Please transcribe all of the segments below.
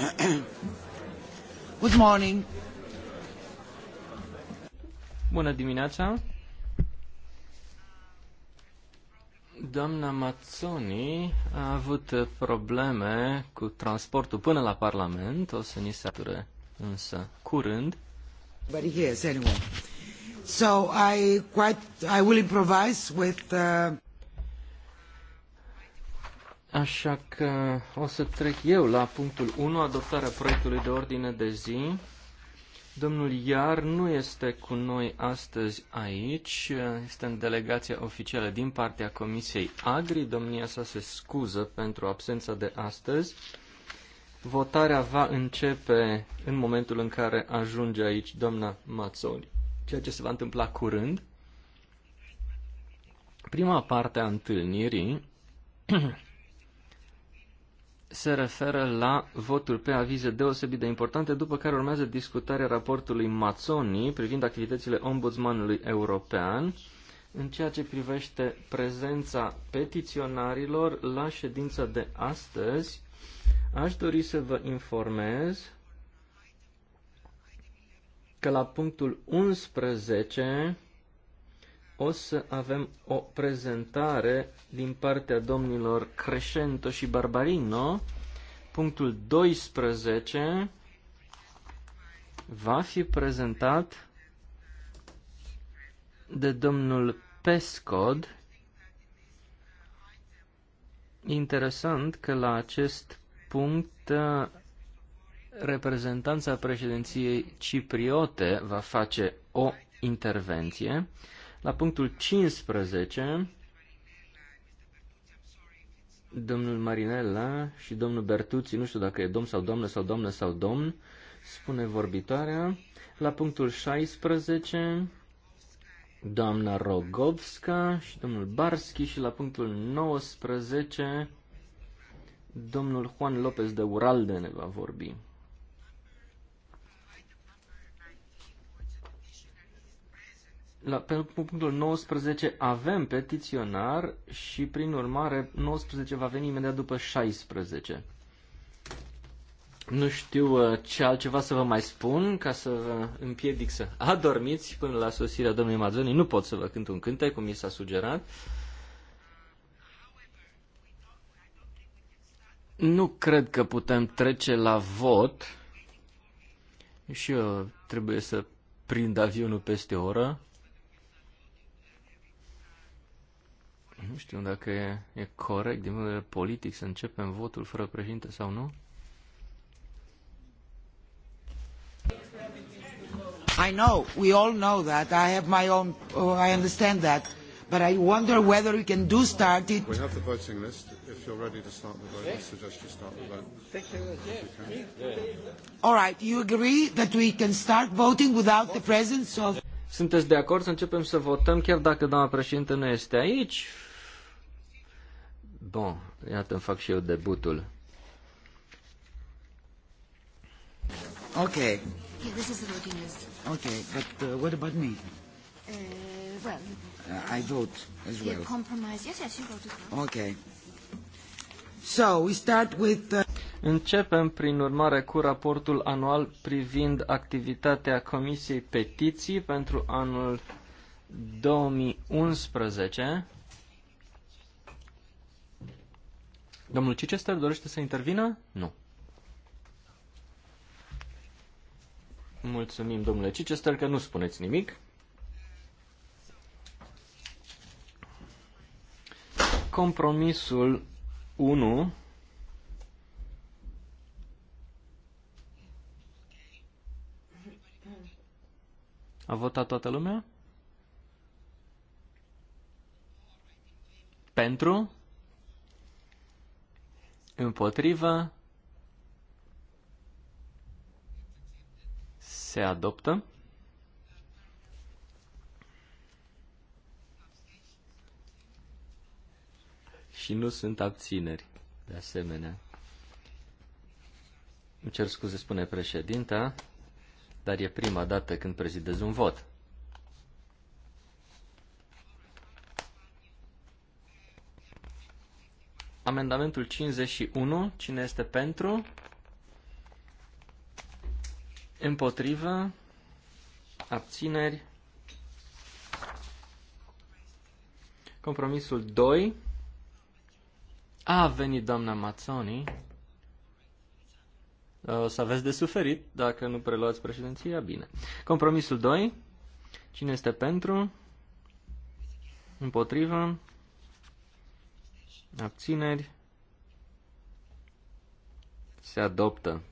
Good morning. Bună dimineața. Doamna Mazzoni a avut probleme cu transportul până la Parlament, o să ni se ature însă curând. But yes, anyway. So I quite I will improvise with uh... Așa că o să trec eu la punctul 1, adoptarea proiectului de ordine de zi. Domnul Iar nu este cu noi astăzi aici, este în delegația oficială din partea Comisiei Agri. Domnia sa se scuză pentru absența de astăzi. Votarea va începe în momentul în care ajunge aici doamna Mazzoni, ceea ce se va întâmpla curând. Prima parte a întâlnirii se referă la votul pe avize deosebit de importante, după care urmează discutarea raportului Mazzoni privind activitățile Ombudsmanului European în ceea ce privește prezența petiționarilor la ședința de astăzi. Aș dori să vă informez că la punctul 11 o să avem o prezentare din partea domnilor Crescento și Barbarino. Punctul 12 va fi prezentat de domnul Pescod. Interesant că la acest punct uh, reprezentanța președinției cipriote va face o intervenție. La punctul 15, domnul Marinella și domnul Bertuzzi, nu știu dacă e domn sau doamnă sau doamnă sau domn, spune vorbitoarea. La punctul 16, doamna Rogovska și domnul Barski și la punctul 19, domnul Juan López de Uralde ne va vorbi. la, punctul 19 avem petiționar și prin urmare 19 va veni imediat după 16. Nu știu uh, ce altceva să vă mai spun ca să vă împiedic să adormiți până la sosirea domnului Mazoni. Nu pot să vă cânt un cântec, cum mi s-a sugerat. Nu cred că putem trece la vot. Și eu uh, trebuie să prind avionul peste o oră. Nu știu dacă e, e corect din vedere politic să începem votul fără președinte sau nu. I know, we all know that. I have my own, oh, I understand that. But I wonder whether we can do start it. We have the voting list. If you're ready to start the vote, I suggest you start the vote. Thank you. all right, you agree that we can start voting without the presence of... Sunteți de acord să începem să votăm chiar dacă doamna președinte nu este aici? Bun, iată îmi fac și eu debutul. Ok. Yeah, this is Ok, but uh, what about me? Uh, well, uh, I vote as well. compromise. Yes, yes, you vote as well. Ok. So, we start with... Uh... Începem prin urmare cu raportul anual privind activitatea Comisiei Petiții pentru anul 2011. Domnul Chichester dorește să intervină? Nu. Mulțumim, domnule Chichester, că nu spuneți nimic. Compromisul 1 A votat toată lumea? Pentru? împotrivă, se adoptă. Și nu sunt abțineri, de asemenea. Îmi cer scuze, spune președinta, dar e prima dată când prezidez un vot. Amendamentul 51, cine este pentru? Împotrivă? Abțineri? Compromisul 2. A venit doamna Mazzoni. O să aveți de suferit dacă nu preluați președinția, bine. Compromisul 2. Cine este pentru? Împotrivă? abțineri, se adoptă.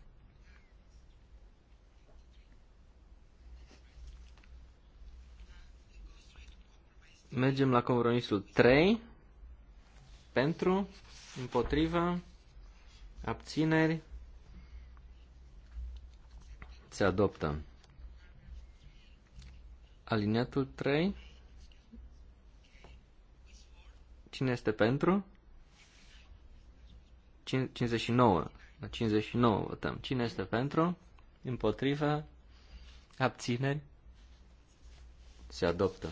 Mergem la compromisul 3, pentru, împotriva, abțineri, se adoptă. Alineatul 3. Cine este pentru? 59. La 59 votăm. Cine este pentru? Împotrivă? Abțineri? Se adoptă.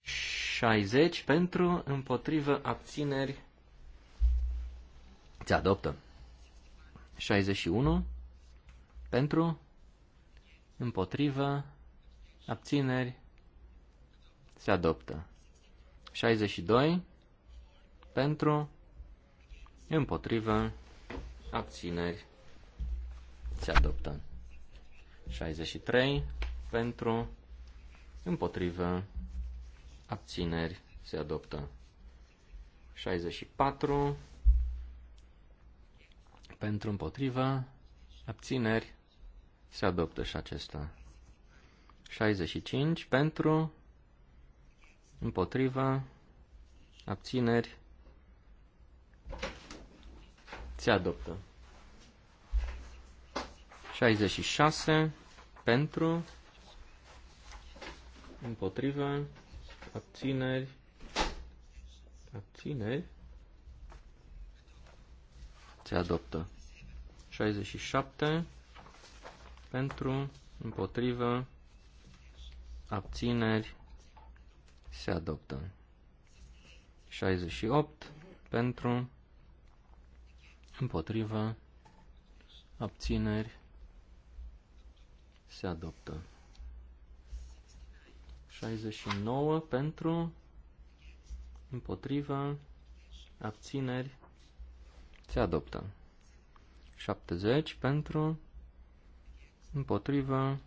60 pentru, împotrivă, abțineri. Se adoptă. 61 pentru, împotrivă, abțineri. Se adoptă. 62 pentru, împotrivă, abțineri, se adoptă. 63 pentru, împotrivă, abțineri, se adoptă. 64 pentru, împotrivă, abțineri, se adoptă și acesta. 65 pentru, împotriva, abțineri, se adoptă. 66 pentru, împotriva, abțineri, abțineri, se adoptă. 67 pentru, împotriva, abțineri, se adoptă. 68 pentru, împotrivă, abțineri, se adoptă. 69 pentru, împotrivă, abțineri, se adoptă. 70 pentru, împotrivă,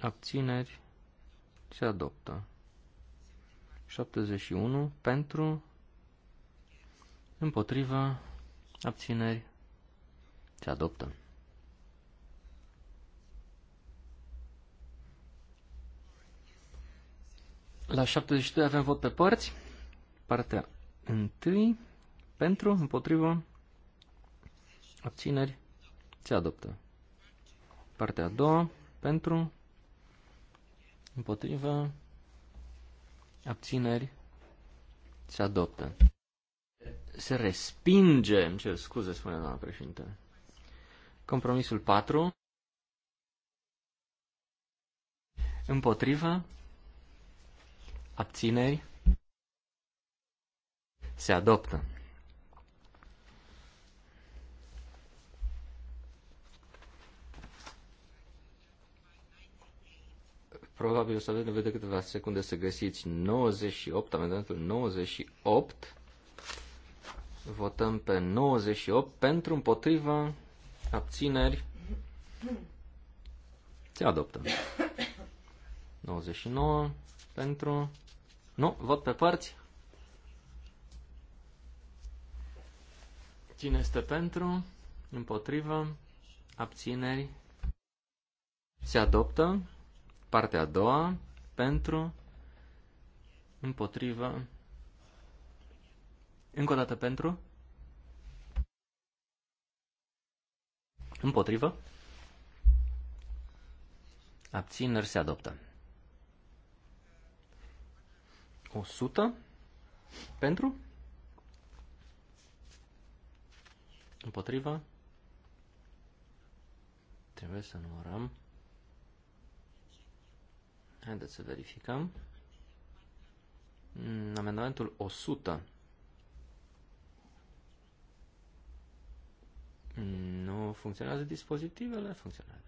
abțineri, se adoptă. 71 pentru, împotriva, abțineri, se adoptă. La 72 avem vot pe părți. Partea 1 pentru, împotrivă, abțineri, se adoptă. Partea a doua pentru, Împotrivă. Abțineri. Se adoptă. Se respinge. Îmi cer scuze, spune doamna președinte. Compromisul 4. Împotrivă. Abțineri. Se adoptă. Probabil o să vedem nevoie de câteva secunde să găsiți 98, amendamentul 98. Votăm pe 98 pentru, împotriva, abțineri. Se adoptă. 99 pentru... Nu, vot pe părți. Cine este pentru? împotriva Abțineri? Se adoptă? Partea a doua, pentru, împotrivă, încă o dată pentru, împotrivă, abțineri se adoptă. 100 pentru, împotriva, trebuie să numărăm. Haideți să verificăm. În mm, amendamentul 100 nu funcționează dispozitivele, funcționează.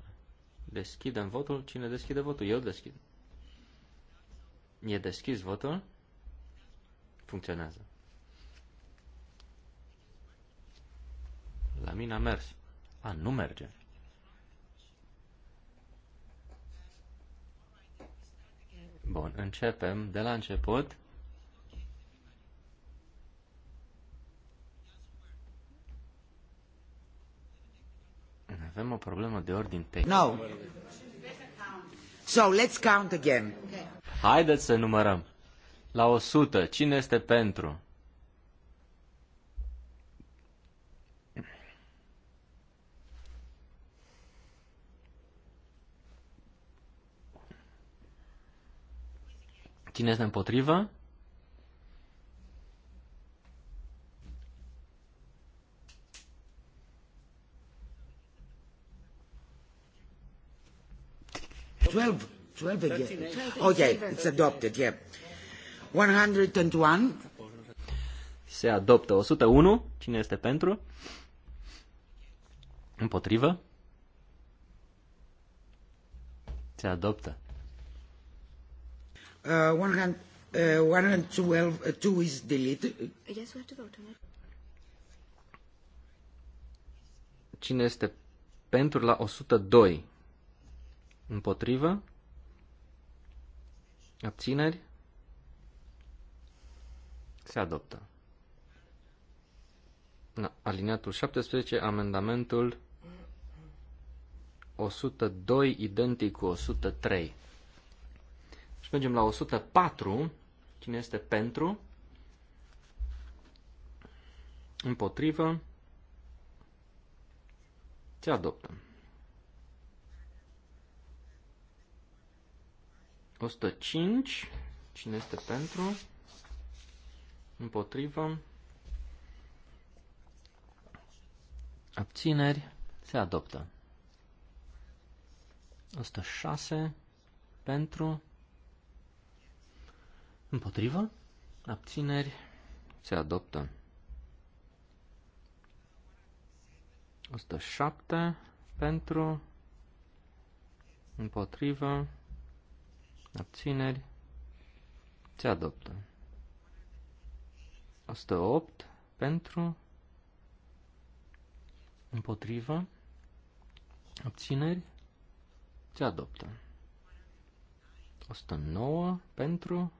Deschidem votul. Cine deschide votul? Eu deschid. E deschis votul. Funcționează. La mine a mers. A, nu merge. Bun, începem de la început. Avem o problemă de ordin tehnic. No. So, let's count again. Haideți să numărăm. La 100, cine este pentru? Cine este împotrivă? Twelve. Twelve again. Okay, it's adopted, yeah. 101. Se adoptă 101. Cine este pentru? Împotrivă? Se adoptă. 112 uh, uh, uh is deleted. Yes, we have to vote on it. Cine este pentru la 102? Împotrivă? Abțineri? Se adoptă. Na, aliniatul 17, amendamentul 102 identic cu 103. Mergem la 104. Cine este pentru? Împotrivă. Se adoptă. 105. Cine este pentru? Împotrivă. Abțineri. Se adoptă. 106. Pentru. Împotrivă? Abțineri? Se adoptă. 107 pentru, împotrivă, abțineri, se adoptă. 108 pentru, împotrivă, abțineri, se adoptă. 109 pentru,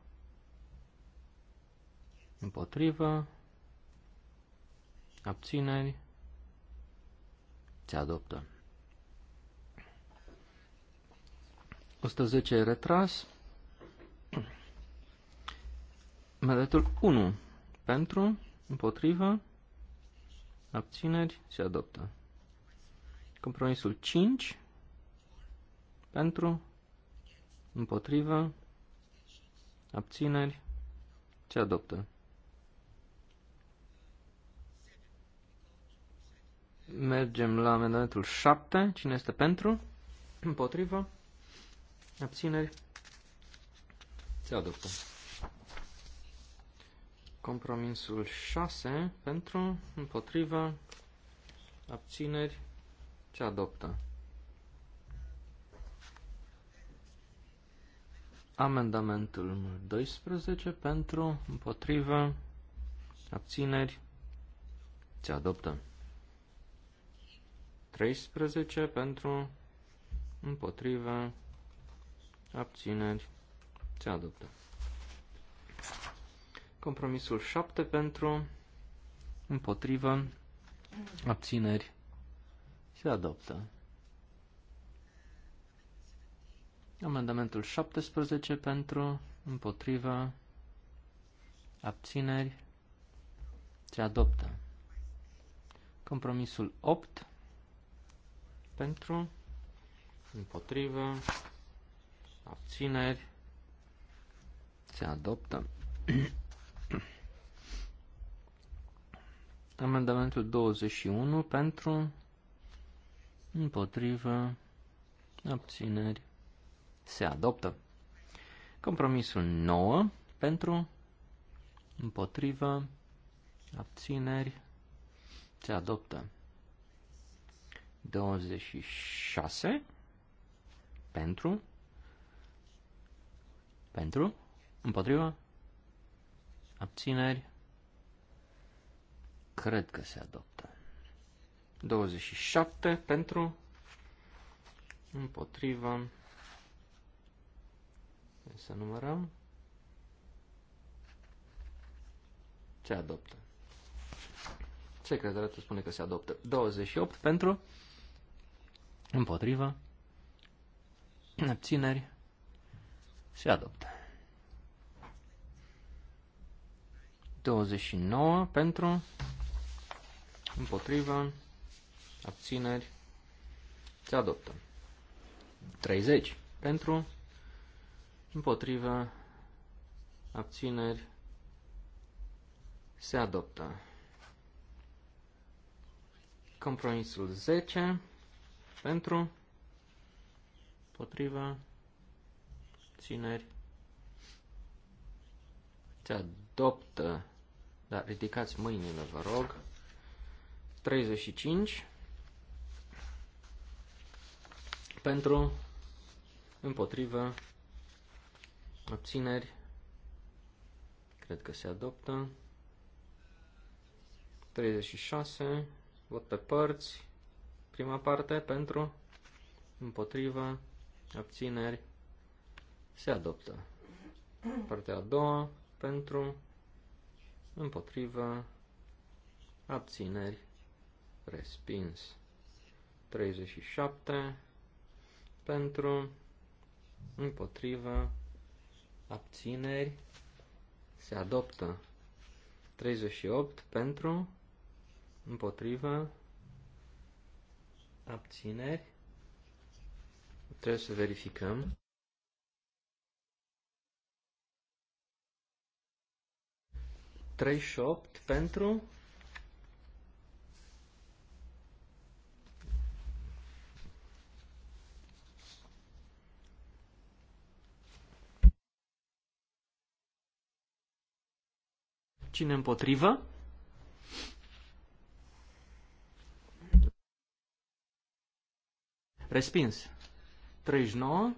împotrivă, abțineri, se adoptă. 110 retras, Medatul 1 pentru, împotrivă, abțineri, se adoptă. Compromisul 5 pentru, împotrivă, abțineri, se adoptă. Mergem la amendamentul 7. Cine este pentru? Împotrivă? Abțineri? Se adoptă. Compromisul 6. Pentru? Împotrivă? Abțineri? Se adoptă. Amendamentul 12 pentru, împotrivă, abțineri, se adoptă. 13 pentru, împotrivă, abțineri, se adoptă. Compromisul 7 pentru, împotrivă, abțineri, se adoptă. Amendamentul 17 pentru, împotriva, abțineri, se adoptă. Compromisul 8 pentru, împotrivă, abțineri, se adoptă. Amendamentul 21 pentru, împotrivă, abțineri, se adoptă. Compromisul 9 pentru, împotrivă, abțineri, se adoptă. 26 pentru, pentru, împotriva, abțineri, cred că se adoptă. 27 pentru, împotriva, să numărăm, se adoptă. Secretariatul spune că se adoptă. 28 pentru, Împotrivă. Abțineri. Se adoptă. 29 pentru. Împotrivă. Abțineri. Se adoptă. 30 pentru. Împotrivă. Abțineri. Se adoptă. Compromisul 10 pentru, potriva, țineri, se adoptă, da, ridicați mâinile, vă rog, 35, pentru, împotrivă, obțineri, cred că se adoptă, 36, vot pe părți, prima parte pentru, împotrivă, abțineri, se adoptă. Partea a doua pentru, împotrivă, abțineri, respins. 37 pentru, împotrivă, abțineri, se adoptă. 38 pentru, împotrivă, abțineri. Trebuie să verificăm. Trei și opt pentru. Cine împotrivă? Respins. 39.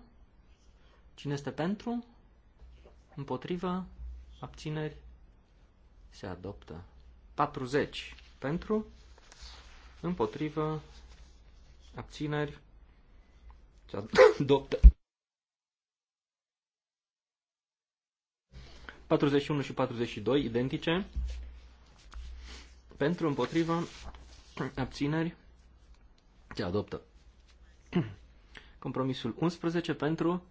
Cine este pentru? Împotrivă? Abțineri. Se adoptă. 40. Pentru. Împotrivă? Abțineri. Se adoptă. 41 și 42, identice. Pentru, împotrivă, abțineri, se adoptă. Compromisul 11 pentru,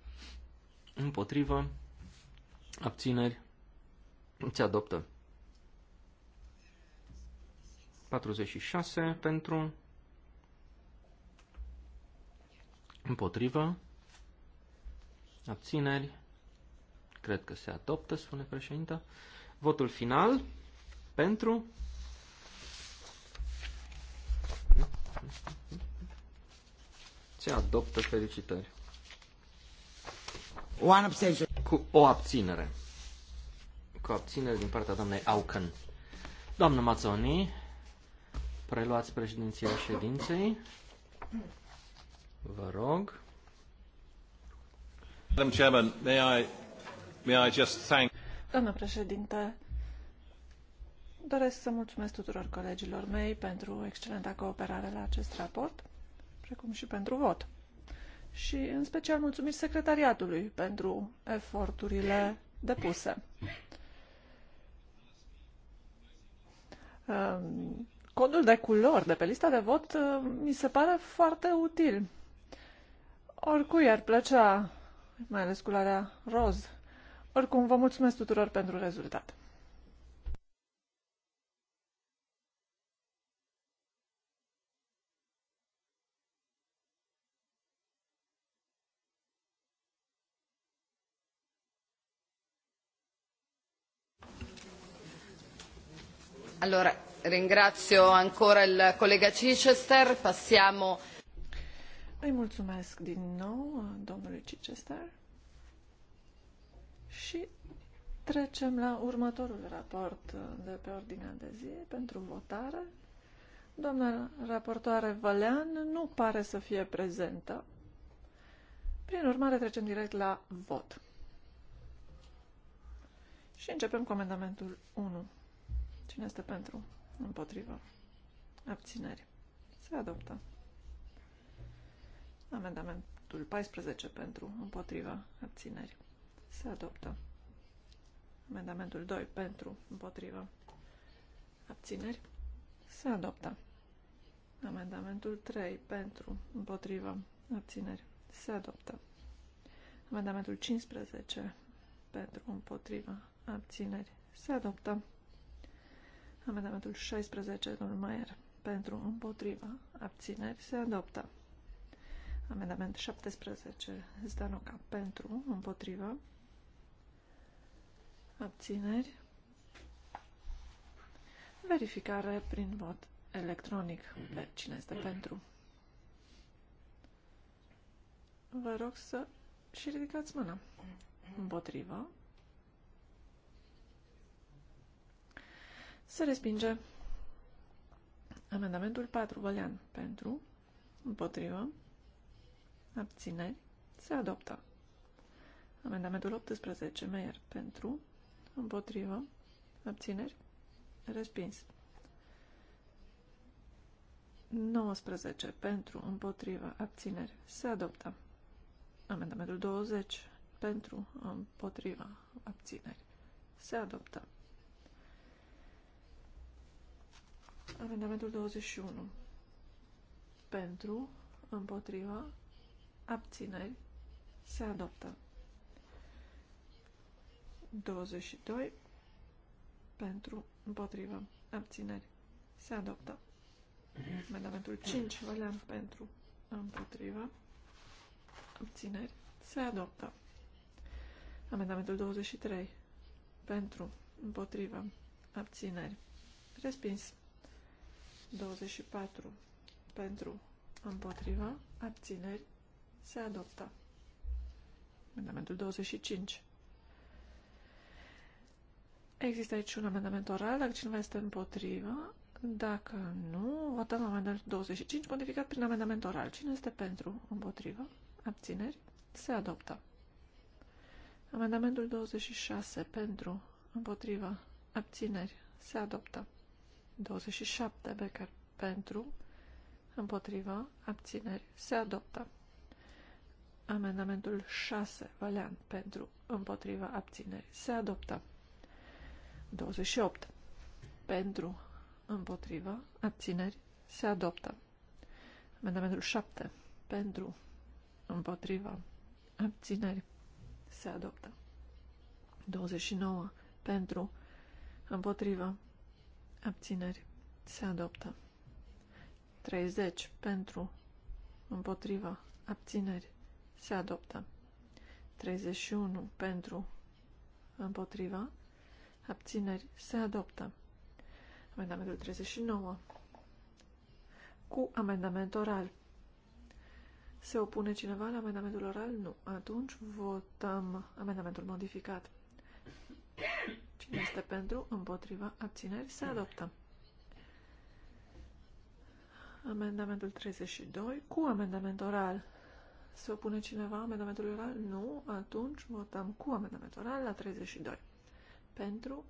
împotrivă, abțineri, se adoptă. 46 pentru, împotrivă, abțineri, cred că se adoptă, spune președinta. Votul final pentru... Se adoptă felicitări. One abstention. Cu o abținere. Cu o abținere din partea doamnei Auken. Doamnă Mazzoni, preluați președinția ședinței. Vă rog. Madam Chairman, may I, may I just thank... Doamnă președinte, doresc să mulțumesc tuturor colegilor mei pentru excelenta cooperare la acest raport precum și pentru vot. Și în special mulțumiri secretariatului pentru eforturile depuse. Ehm, codul de culori de pe lista de vot ehm, mi se pare foarte util. Oricui ar plăcea, mai ales culoarea roz. Oricum, vă mulțumesc tuturor pentru rezultat. Allora, ringrazio ancora il collega Chichester. Passiamo. Îi mulțumesc din nou domnului Chichester. Și trecem la următorul raport de pe ordinea de zi pentru votare. Doamna raportoare Valean nu pare să fie prezentă. Prin urmare, trecem direct la vot. Și începem cu amendamentul 1. Cine este pentru? Împotrivă. Abțineri. Se adoptă. Amendamentul 14 pentru, împotriva, abțineri. Se adoptă. Amendamentul 2 pentru, împotriva, abțineri. Se adoptă. Amendamentul 3 pentru, împotriva, abțineri. Se adoptă. Amendamentul 15 pentru, împotriva, abțineri. Se adoptă. Amendamentul 16, domnul Maier, pentru, împotriva, abțineri, se adoptă. Amendament 17, Zdanoca, pentru, împotriva, abțineri, verificare prin vot electronic. Cine este pentru? Vă rog să și ridicați mâna. Împotrivă. Se respinge amendamentul 4, Vălean, pentru, împotrivă, abțineri, se adoptă. Amendamentul 18, Meier, pentru, împotrivă, abțineri, respins. 19, pentru, împotrivă, abțineri, se adoptă. Amendamentul 20, pentru, împotriva, abțineri, se adoptă. Amendamentul 21. Pentru, împotriva, abțineri, se adoptă. 22. Pentru, împotriva, abțineri, se adoptă. Amendamentul 5. Valean pentru, împotriva, abțineri, se adoptă. Amendamentul 23. Pentru, împotriva, abțineri, respins. 24 pentru împotriva abțineri se adoptă. Amendamentul 25. Există aici un amendament oral, dacă cineva este împotrivă, dacă nu, votăm amendamentul 25, modificat prin amendament oral. Cine este pentru, împotrivă, abțineri, se adoptă. Amendamentul 26, pentru, împotrivă, abțineri, se adoptă. 27 Becker pentru, împotriva, abțineri, se adoptă. Amendamentul 6 Valean pentru, împotriva, abțineri, se adoptă. 28 pentru, împotriva, abțineri, se adoptă. Amendamentul 7 pentru, împotriva, abțineri, se adoptă. 29 pentru, împotriva, Abțineri. Se adoptă. 30. Pentru. Împotriva. Abțineri. Se adoptă. 31. Pentru. Împotriva. Abțineri. Se adoptă. Amendamentul 39. Cu amendament oral. Se opune cineva la amendamentul oral? Nu. Atunci votăm amendamentul modificat este pentru? Împotriva. Abțineri. Se adoptă. Amendamentul 32 cu amendament oral. Se opune cineva amendamentul oral? Nu. Atunci votăm cu amendament oral la 32. Pentru,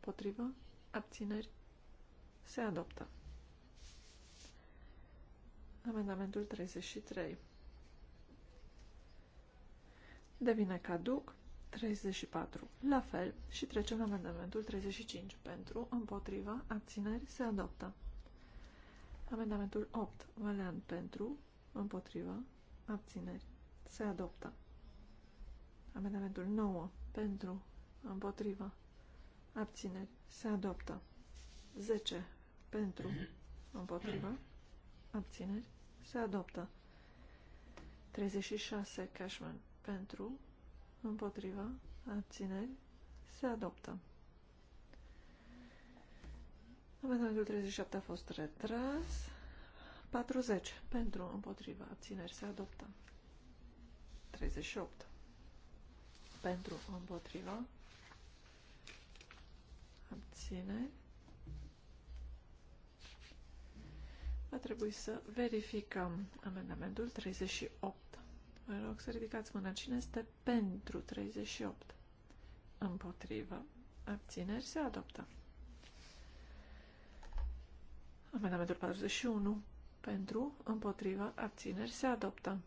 potrivă, abțineri, se adoptă. Amendamentul 33 devine caduc 34. La fel și trecem la amendamentul 35. Pentru, împotriva, abțineri se adoptă. Amendamentul 8. Valean pentru, împotriva, abțineri se adoptă. Amendamentul 9. Pentru, împotriva, abțineri se adoptă. 10. Pentru, împotriva, abțineri se adoptă. 36. Cashman pentru, împotriva, abțineri, se adoptă. Amendamentul 37 a fost retras. 40 pentru, împotriva, abțineri, se adoptă. 38 pentru, împotriva, abțineri. Va trebui să verificăm amendamentul 38. Vă rog să ridicați mâna. Cine este pentru 38? Împotrivă. Abțineri se adoptă. Amendamentul 41. Pentru, împotrivă, abțineri se adoptă.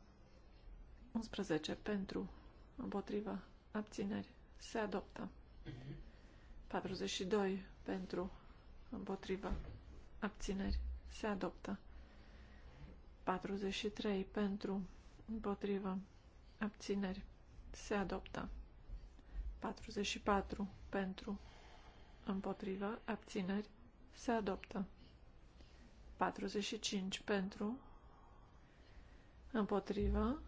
11. Pentru, împotrivă, abțineri se adoptă. 42. Pentru, împotrivă, abțineri se adoptă. 43. Pentru, Împotrivă. Abțineri. Se adoptă. 44. Pentru. Împotrivă. Abțineri. Se adoptă. 45. Pentru. Împotrivă.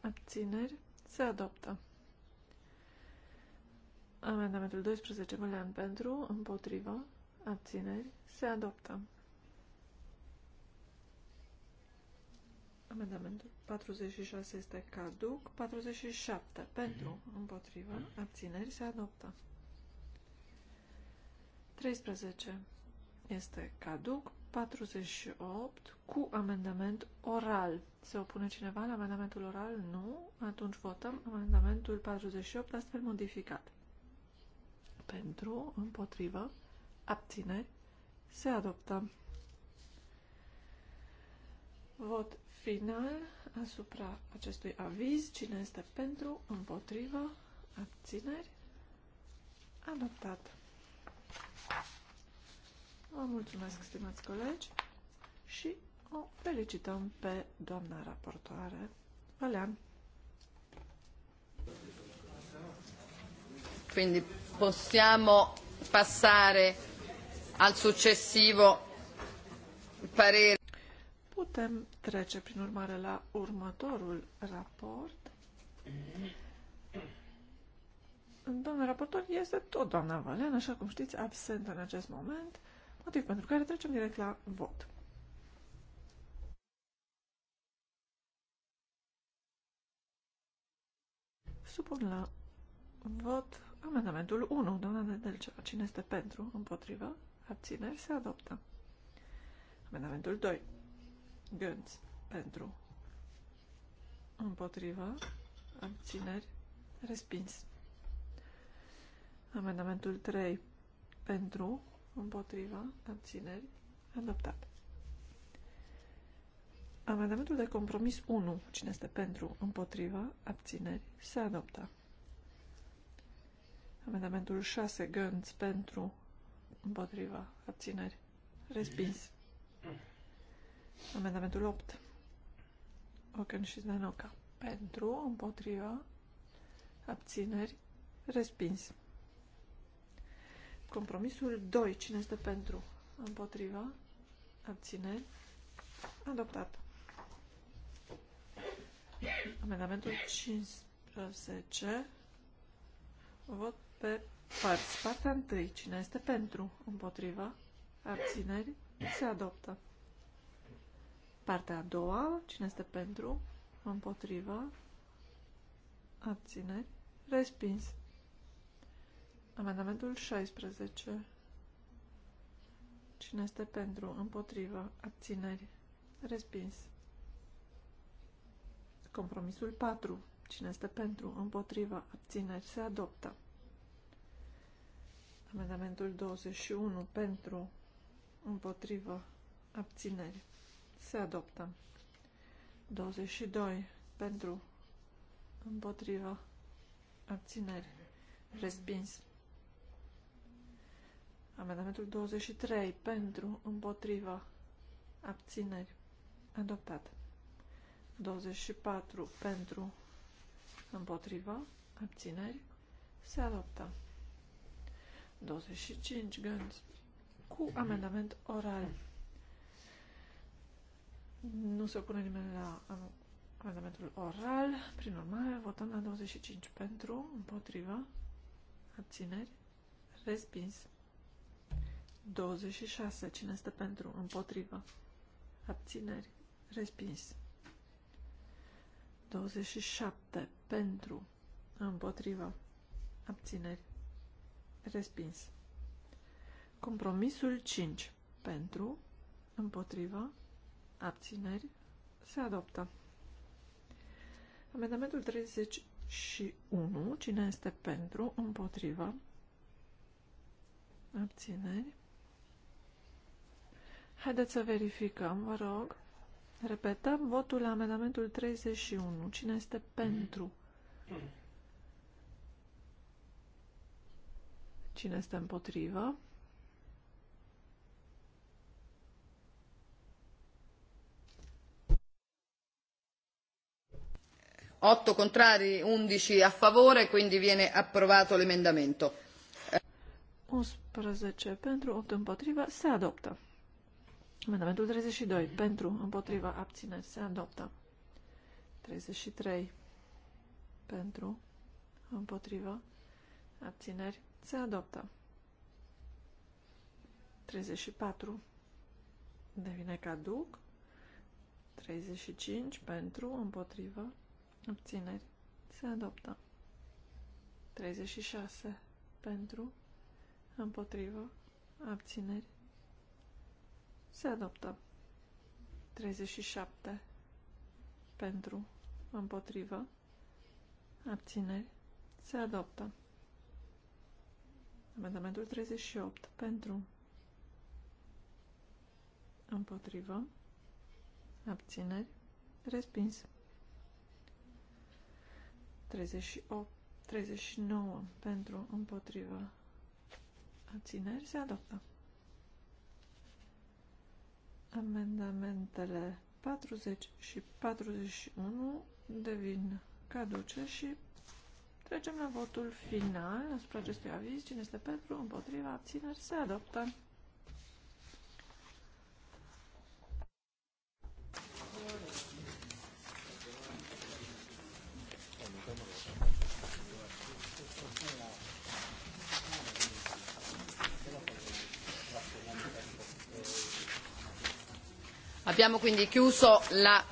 Abțineri. Se adoptă. Amendamentul 12. Mălean pentru. Împotrivă. Abțineri. Se adoptă. Amendamentul 46 este caduc. 47 pentru, împotrivă, abțineri se adoptă. 13 este caduc. 48 cu amendament oral. Se opune cineva la amendamentul oral? Nu. Atunci votăm amendamentul 48 astfel modificat. Pentru, împotrivă, abțineri se adoptă. Vot final asupra acestui aviz. Cine este pentru, împotrivă, abțineri? Adoptat. Vă mulțumesc, stimați colegi, și o felicităm pe doamna raportoare. Valean. Quindi possiamo passare al successivo parere. Putem trece, prin urmare, la următorul raport. Domnul raportor este tot doamna Valen, așa cum știți, absent în acest moment, motiv pentru care trecem direct la vot. Supun la vot amendamentul 1, doamna Nedelcea. Cine este pentru, împotrivă, abțineri, se adoptă. Amendamentul 2 gând Pentru. împotriva Abțineri. Respins. Amendamentul 3. Pentru. Împotriva. Abțineri. Adoptat. Amendamentul de compromis 1. Cine este pentru? Împotriva. Abțineri. Se adoptă. Amendamentul 6. gând Pentru. Împotriva. Abțineri. Respins. Amendamentul 8. Ocan și Zdanoca. Pentru, împotriva, abțineri, respins. Compromisul 2. Cine este pentru? Împotriva, abțineri, adoptat. Amendamentul 15. Vot pe părți. Partea 1. Cine este pentru? Împotriva, abțineri, se adoptă. Partea a doua, cine este pentru, împotrivă, abțineri, respins. Amendamentul 16. Cine este pentru, împotrivă, abțineri, respins. Compromisul 4. Cine este pentru, împotrivă, abțineri, se adoptă. Amendamentul 21 pentru, împotrivă, abțineri se adoptă. 22 pentru împotriva abțineri. Respins. Amendamentul 23 pentru împotriva abțineri. Adoptat. 24 pentru împotriva abțineri. Se adoptă. 25 gândi cu amendament oral. Nu se opune nimeni la amendamentul oral. Prin urmare, votăm la 25 pentru, împotrivă, abțineri, respins. 26. Cine este pentru? împotrivă, Abțineri. Respins. 27. Pentru. împotrivă, Abțineri. Respins. Compromisul 5. Pentru. Împotriva abțineri, se adoptă. Amendamentul 31, cine este pentru, împotrivă, abțineri. Haideți să verificăm, vă rog. Repetăm votul la amendamentul 31. Cine este pentru? Cine este împotrivă? 8 contrari, 11 a favore, quindi viene approvato l'emendamento. 11 pentru, 8 împotriva, se adoptă. Amendamentul 32 pentru, împotriva, abțineri, se adoptă. 33 pentru, împotriva, abțineri, se adoptă. 34 devine caduc. 35 pentru, împotriva, Obțineri. Se adoptă. 36. Pentru. Împotrivă. Abțineri. Se adoptă. 37. Pentru. Împotrivă. Abțineri. Se adoptă. Amendamentul 38. Pentru. Împotrivă. Abțineri. Respins. 38, 39 pentru împotriva abțineri se adoptă. Amendamentele 40 și 41 devin caduce și trecem la votul final asupra acestui aviz. Cine este pentru, împotriva, abțineri, se adoptă. Abbiamo quindi chiuso la,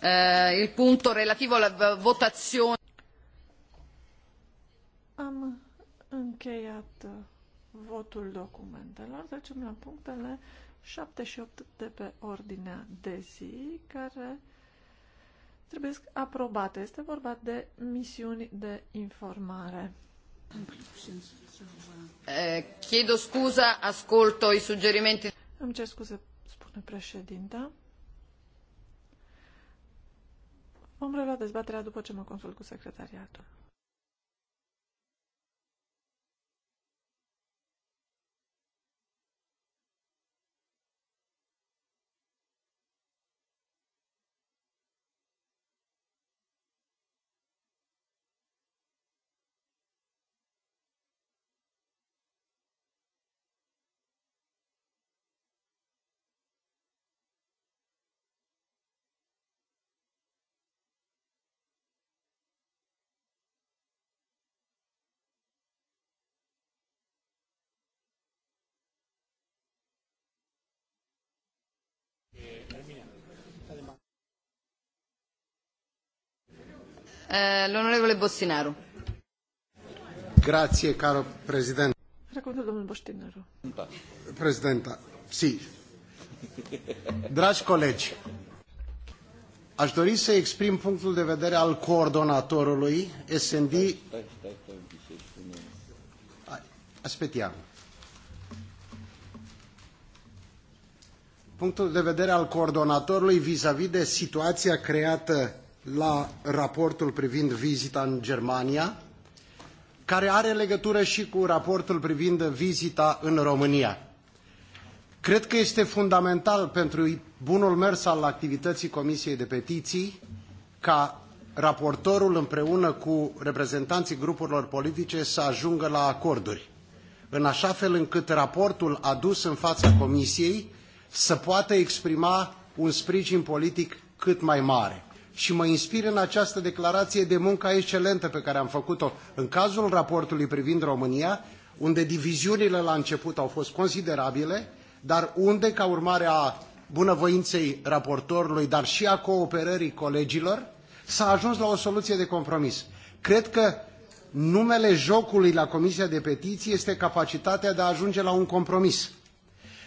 eh, il punto relativo alla votazione. Am încheiat votul documentelor. Trecem la punctele 7 și 8 de pe ordinea de zi, care trebuie aprobate. Este vorba de misiuni de informare. Eh, chiedo scuza, ascolto i suggerimenti. Îmi cer scuze spune președinta. Vom relua dezbaterea după ce mă consult cu secretariatul. Eh, l'onorevole Bostinaru. Grazie, caro Presidente. Recomandă domnul Boștinaru. Prezidenta, si. Dragi colegi, aș dori să exprim punctul de vedere al coordonatorului SND. Aspetiam. Punctul de vedere al coordonatorului vis-a-vis -vis de situația creată la raportul privind vizita în Germania, care are legătură și cu raportul privind vizita în România. Cred că este fundamental pentru bunul mers al activității Comisiei de Petiții ca raportorul împreună cu reprezentanții grupurilor politice să ajungă la acorduri, în așa fel încât raportul adus în fața Comisiei să poată exprima un sprijin politic cât mai mare și mă inspir în această declarație de muncă excelentă pe care am făcut-o în cazul raportului privind România, unde diviziunile la început au fost considerabile, dar unde, ca urmare a bunăvoinței raportorului, dar și a cooperării colegilor, s-a ajuns la o soluție de compromis. Cred că numele jocului la Comisia de Petiții este capacitatea de a ajunge la un compromis.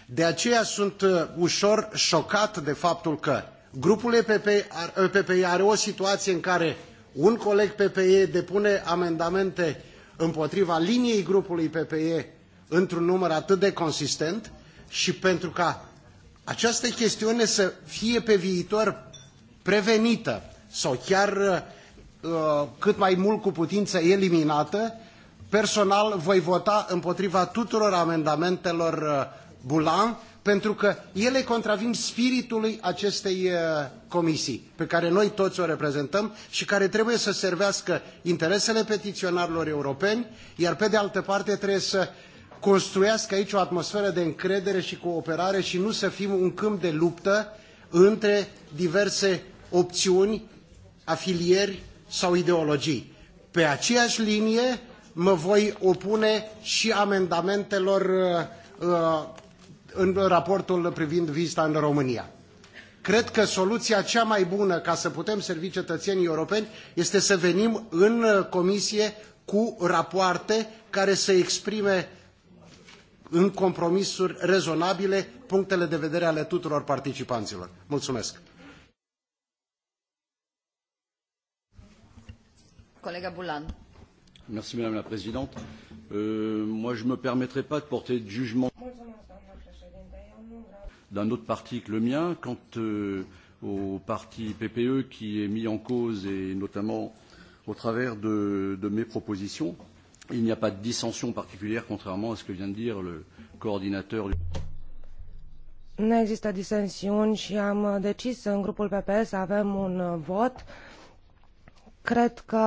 De aceea sunt uh, ușor șocat de faptul că Grupul PPI uh, are o situație în care un coleg PPE depune amendamente împotriva liniei grupului PPE într-un număr atât de consistent și pentru ca această chestiune să fie pe viitor prevenită sau chiar uh, cât mai mult cu putință eliminată, personal voi vota împotriva tuturor amendamentelor uh, Bulan pentru că ele contravin spiritului acestei uh, comisii pe care noi toți o reprezentăm și care trebuie să servească interesele petiționarilor europeni, iar pe de altă parte trebuie să construiască aici o atmosferă de încredere și cooperare și nu să fim un câmp de luptă între diverse opțiuni, afilieri sau ideologii. Pe aceeași linie mă voi opune și amendamentelor uh, uh în raportul privind vizita în România. Cred că soluția cea mai bună ca să putem servi cetățenii europeni este să venim în comisie cu rapoarte care să exprime în compromisuri rezonabile punctele de vedere ale tuturor participanților. Mulțumesc! Colega Bulan. Mulțumesc, Madame la Présidente. Euh, moi, je me permettrai pas de porter de jugement. Mulțumesc d'un autre parti que le mien. Quant euh, au parti PPE qui est mis en cause et notamment au travers de, de mes propositions, il n'y a pas de dissension particulière contrairement à ce que vient de dire le coordinateur. du. Nu există disensiuni și am decis în grupul PPE să avem un uh, vot. Cred că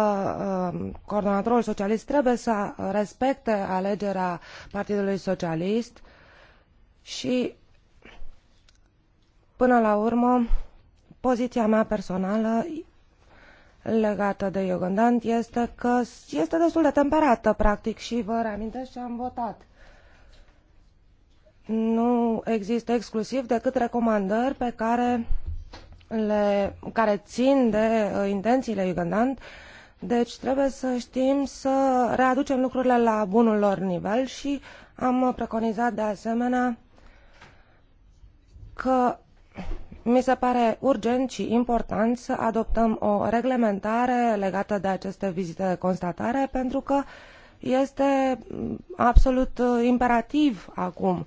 uh, coordonatorul socialist trebuie să respecte alegerea Partidului Socialist și Până la urmă, poziția mea personală legată de Iogandant este că este destul de temperată, practic, și vă reamintesc ce am votat. Nu există exclusiv decât recomandări pe care le, care țin de uh, intențiile Iugandant, deci trebuie să știm să readucem lucrurile la bunul lor nivel și am preconizat de asemenea că mi se pare urgent i important să adoptăm o reglementare legată de aceste vizite de constatare pentru că este mm, absolut uh, imperativ acum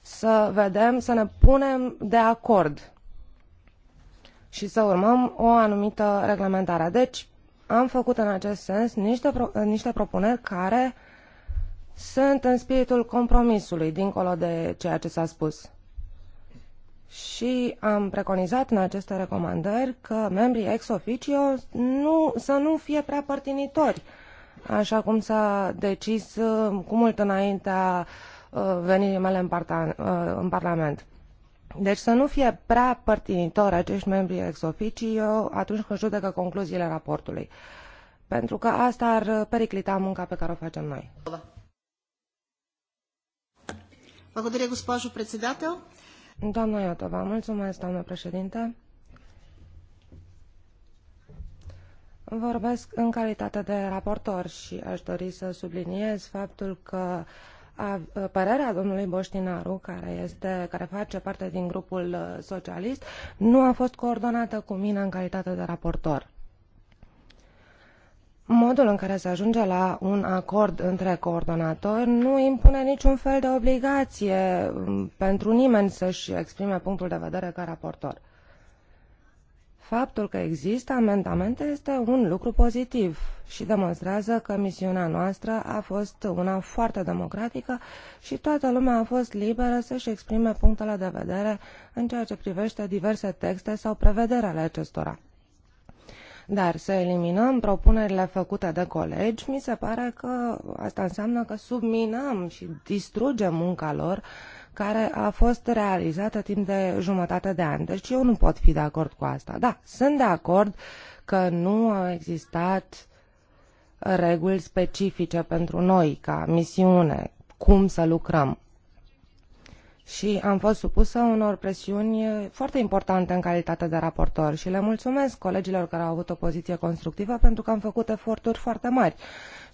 să vedem, să ne punem de acord și să urmăm o anumită reglementare. Deci, am făcut în acest sens niște, pro- uh, niște propuneri care sunt în spiritul compromisului, dincolo de ceea ce s-a spus și am preconizat în aceste recomandări că membrii ex officio nu, să nu fie prea părtinitori, așa cum s-a decis uh, cu mult înaintea uh, venirii mele în, parta, uh, în Parlament. Deci să nu fie prea părtinitori acești membri ex officio atunci când judecă concluziile raportului. Pentru că asta ar periclita munca pe care o facem noi. Благодаря, госпожо председател. Doamna Iotova, mulțumesc, doamnă președinte. Vorbesc în calitate de raportor și aș dori să subliniez faptul că a, părerea domnului Boștinaru, care, este, care face parte din grupul uh, socialist, nu a fost coordonată cu mine în calitate de raportor modul în care se ajunge la un acord între coordonatori nu impune niciun fel de obligație mm, pentru nimeni să-și exprime punctul de vedere ca raportor. Faptul că există amendamente este un lucru pozitiv și demonstrează că misiunea noastră a fost una foarte democratică și toată lumea a fost liberă să-și exprime punctele de vedere în ceea ce privește diverse texte sau prevederi ale acestora. Dar să eliminăm propunerile făcute de colegi, mi se pare că asta înseamnă că subminăm și distrugem munca lor care a fost realizată timp de jumătate de ani. Deci eu nu pot fi de acord cu asta. Da, sunt de acord că nu au existat reguli specifice pentru noi ca misiune, cum să lucrăm și am fost supusă unor presiuni foarte importante în calitate de raportor și le mulțumesc colegilor care au avut o poziție constructivă pentru că am făcut eforturi foarte mari.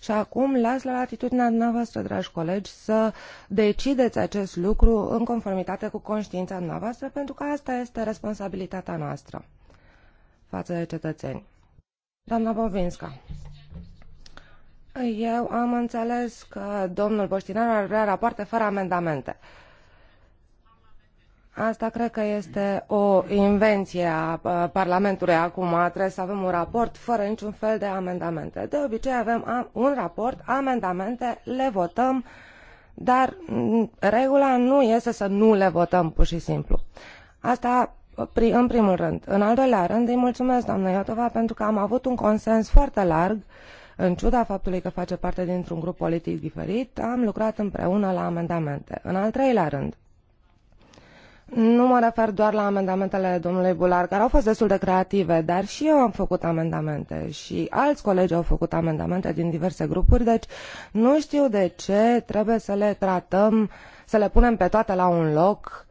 Și acum las la latitudinea dumneavoastră, dragi colegi, să decideți acest lucru în conformitate cu conștiința dumneavoastră pentru că asta este responsabilitatea noastră față de cetățeni. Doamna Bovinska. Eu am înțeles că domnul Boștinar ar vrea rapoarte fără amendamente. Uh, Asta cred că este o invenție a Parlamentului acum. Trebuie să avem un raport fără niciun fel de amendamente. De obicei avem un raport, amendamente, le votăm, dar regula nu este să nu le votăm pur și simplu. Asta în primul rând. În al doilea rând îi mulțumesc doamnă Iotova pentru că am avut un consens foarte larg în ciuda faptului că face parte dintr-un grup politic diferit, am lucrat împreună la amendamente. În al treilea rând, nu mă refer doar la amendamentele domnului Bular, care au fost destul de creative, dar și eu am făcut amendamente și alți colegi au făcut amendamente din diverse grupuri, deci nu știu de ce trebuie să le tratăm, să le punem pe toate la un loc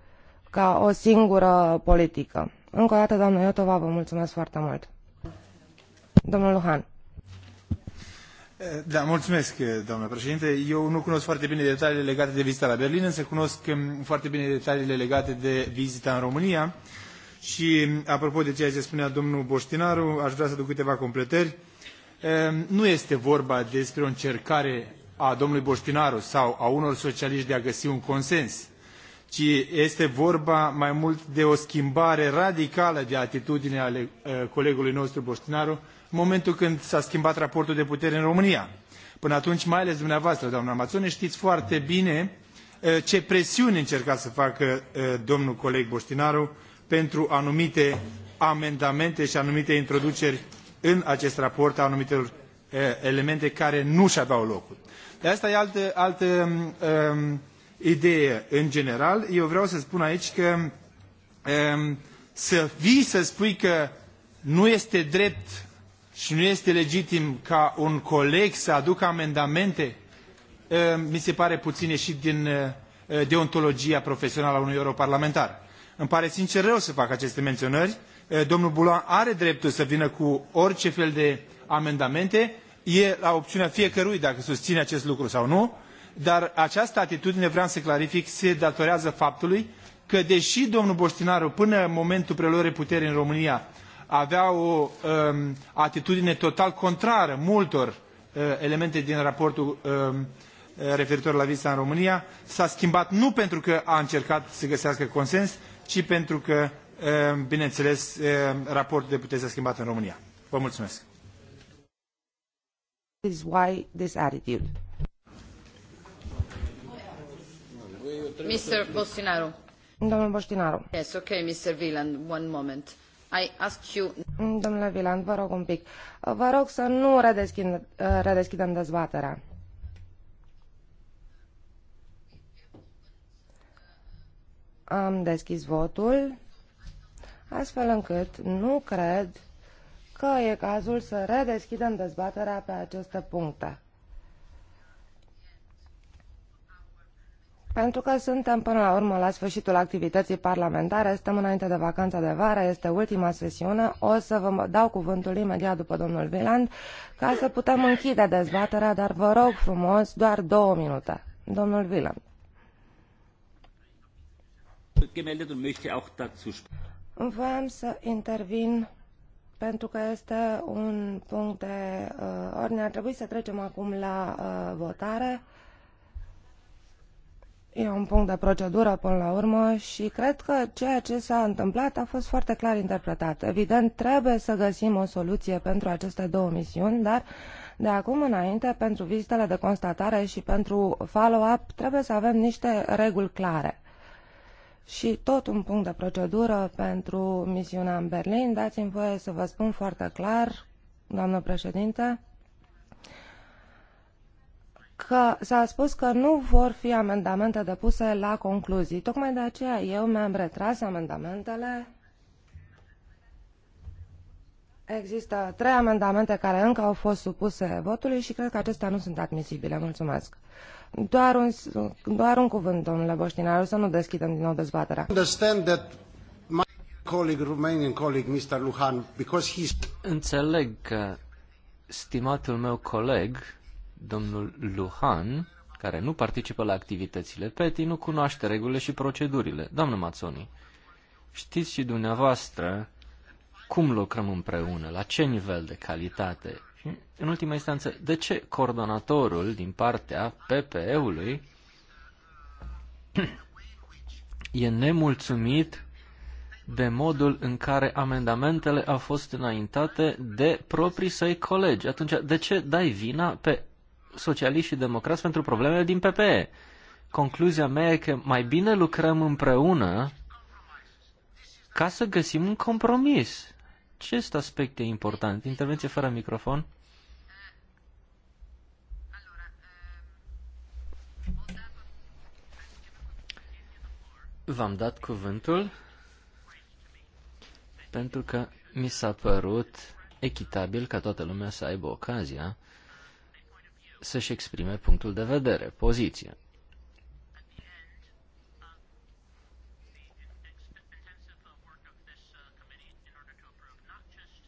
ca o singură politică. Încă o dată, doamnă Iotova, vă mulțumesc foarte mult. Domnul Luhan. Da, mulțumesc, doamnă președinte. Eu nu cunosc foarte bine detaliile legate de vizita la Berlin, însă cunosc mm, foarte bine detaliile legate de vizita în România. Și, mm, apropo de ceea ce spunea domnul Boștinaru, aș vrea să duc câteva completări. Nu este vorba despre o încercare a domnului Boștinaru sau a unor socialiști de a găsi un consens, ci este vorba mai mult de o schimbare radicală de atitudine ale eh, colegului nostru Boștinaru momentul când s-a schimbat raportul de putere în România. Până atunci, mai ales dumneavoastră, doamna Mațone, știți foarte bine eh, ce presiuni încerca să facă eh, domnul coleg Boștinaru pentru anumite amendamente și anumite introduceri în acest raport a anumitelor eh, elemente care nu și aveau locul. De asta e altă, altă um, idee în general. Eu vreau să spun aici că um, să vii să spui că nu este drept și nu este legitim ca un coleg să aducă amendamente, ă, mi se pare puțin ieșit din ă, ă, deontologia profesională a unui europarlamentar. Îmi pare sincer rău să fac aceste menționări. Domnul Bulan are dreptul să vină cu orice fel de amendamente. E la opțiunea fiecărui dacă susține acest lucru sau nu. Dar această atitudine, vreau să clarific, se datorează faptului că deși domnul Boștinaru până în momentul preluării puterii în România avea o um, atitudine total contrară multor uh, elemente din raportul um, uh, referitor la visa în România, s-a schimbat nu pentru că a încercat să găsească consens, ci pentru că, um, bineînțeles, um, raportul de putere s-a schimbat în România. Vă mulțumesc! This why this attitude. Mr. Bostinaru. Domnul Bostinaru. Yes, okay, Mr. Wieland, one moment. I you... Domnule Viland, vă rog un pic. Vă rog să nu redeschidem dezbaterea. Am deschis votul, astfel încât nu cred că e cazul să redeschidem dezbaterea pe aceste puncte. Pentru că suntem până la urmă la sfârșitul activității parlamentare, stăm înainte de vacanța de vară, este ultima sesiune, o să vă dau cuvântul imediat după domnul Viland ca să putem închide dezbaterea, dar vă rog frumos, doar două minute. Domnul Viland. Vreau să intervin pentru că este un punct de uh, ordine. Ar trebui să trecem acum la uh, votare. E un punct de procedură până la urmă și cred că ceea ce s-a întâmplat a fost foarte clar interpretat. Evident, trebuie să găsim o soluție pentru aceste două misiuni, dar de acum înainte, pentru vizitele de constatare și pentru follow-up, trebuie să avem niște reguli clare. Și tot un punct de procedură pentru misiunea în Berlin. Dați-mi voie să vă spun foarte clar, doamnă președinte, că s-a spus că nu vor fi amendamente depuse la concluzii. Tocmai de aceea eu mi-am retras amendamentele. Există trei amendamente care încă au fost supuse votului și cred că acestea nu sunt admisibile. Mulțumesc. Doar un, doar un cuvânt, domnule Boștinaru, să nu deschidem din nou dezbaterea. Colleague, Romanian colleague, Mr. Luhan, because he's... Înțeleg că stimatul meu coleg, Domnul Luhan, care nu participă la activitățile PETI, nu cunoaște regulile și procedurile. Doamnă Mazzoni, știți și dumneavoastră cum lucrăm împreună, la ce nivel de calitate. Și, în ultima instanță, de ce coordonatorul din partea PPE-ului e nemulțumit de modul în care amendamentele au fost înaintate de proprii săi colegi. Atunci, de ce dai vina pe socialiști și democrați pentru problemele din PPE. Concluzia mea e că mai bine lucrăm împreună ca să găsim un compromis. Acest aspect e important. Intervenție fără microfon. V-am dat cuvântul pentru că mi s-a părut echitabil ca toată lumea să aibă ocazia să-și exprime punctul de vedere, poziția.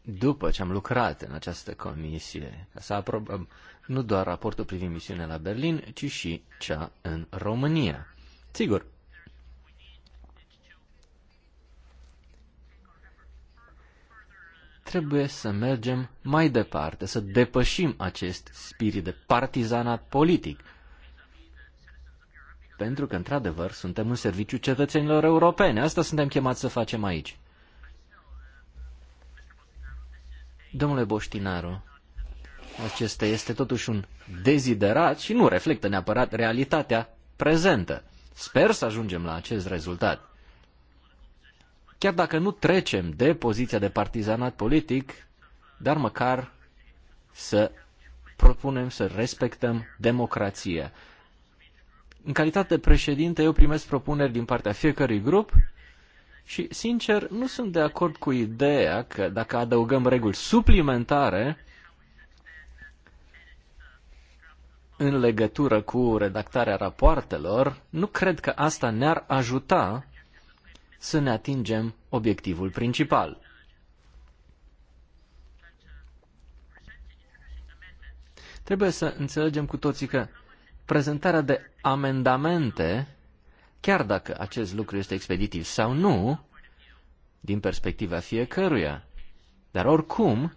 După ce am lucrat în această comisie, ca să aprobăm nu doar raportul privind misiunea la Berlin, ci și cea în România. Sigur, trebuie să mergem mai departe, să depășim acest spirit de partizanat politic. Pentru că, într-adevăr, suntem în serviciu cetățenilor europene. Asta suntem chemați să facem aici. Domnule Boștinaru, acesta este totuși un deziderat și nu reflectă neapărat realitatea prezentă. Sper să ajungem la acest rezultat. Chiar dacă nu trecem de poziția de partizanat politic, dar măcar să propunem să respectăm democrația. În calitate de președinte, eu primesc propuneri din partea fiecărui grup și, sincer, nu sunt de acord cu ideea că dacă adăugăm reguli suplimentare în legătură cu redactarea rapoartelor, nu cred că asta ne-ar ajuta să ne atingem obiectivul principal. Trebuie să înțelegem cu toții că prezentarea de amendamente, chiar dacă acest lucru este expeditiv sau nu, din perspectiva fiecăruia, dar oricum,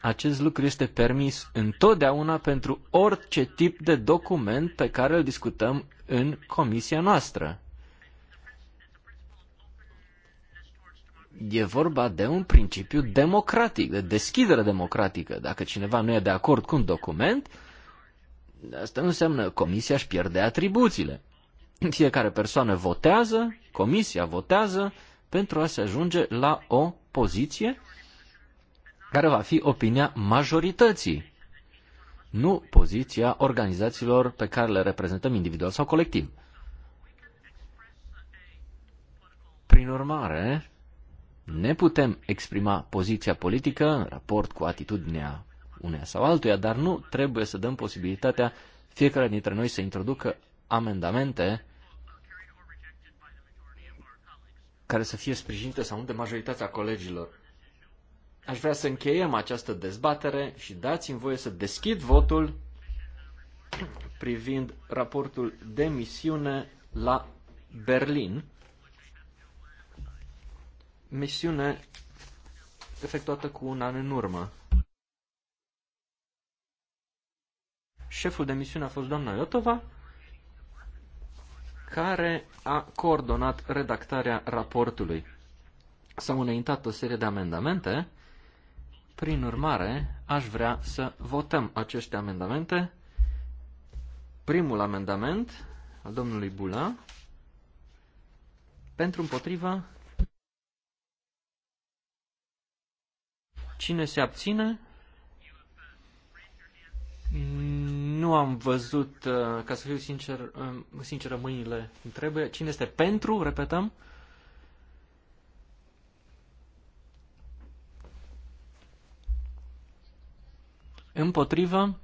acest lucru este permis întotdeauna pentru orice tip de document pe care îl discutăm în comisia noastră. E vorba de un principiu democratic, de deschidere democratică. Dacă cineva nu e de acord cu un document, asta nu înseamnă comisia își pierde atribuțiile. Fiecare persoană votează, comisia votează pentru a se ajunge la o poziție care va fi opinia majorității, nu poziția organizațiilor pe care le reprezentăm individual sau colectiv. Prin urmare, ne putem exprima poziția politică în raport cu atitudinea uneia sau altuia, dar nu trebuie să dăm posibilitatea fiecare dintre noi să introducă amendamente care să fie sprijinite sau nu de majoritatea colegilor. Aș vrea să încheiem această dezbatere și dați-mi voie să deschid votul privind raportul de misiune la Berlin misiune efectuată cu un an în urmă. Șeful de misiune a fost doamna Iotova, care a coordonat redactarea raportului. S-au înaintat o serie de amendamente, prin urmare, aș vrea să votăm aceste amendamente. Primul amendament al domnului Bula, pentru împotriva Cine se abține? Nu am văzut, uh, ca să fiu sincer, um, sinceră, mâinile trebuie. Cine este pentru? Repetăm. Împotrivă.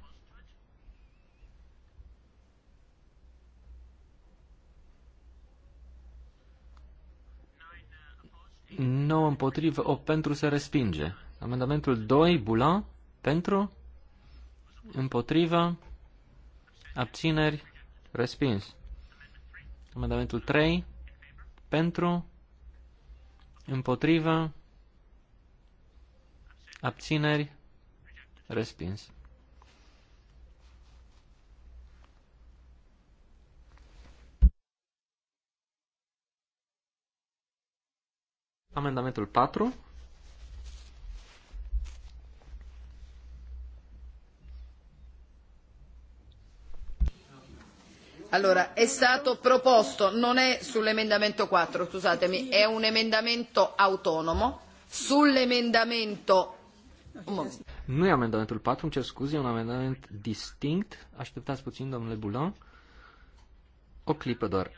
Nu împotrivă, o pentru se respinge. Amendamentul 2, Bula, pentru, împotriva, abțineri, respins. Amendamentul 3, pentru, împotriva, abțineri, respins. Amendamentul 4, Allora, è stato proposto, non è sull'emendamento 4, scusatemi, è un emendamento autonomo. Sull'emendamento... Nu e amendamentul 4, îmi cer scuze, e un amendament distinct. Așteptați puțin, domnule Boulon. O clipă doar.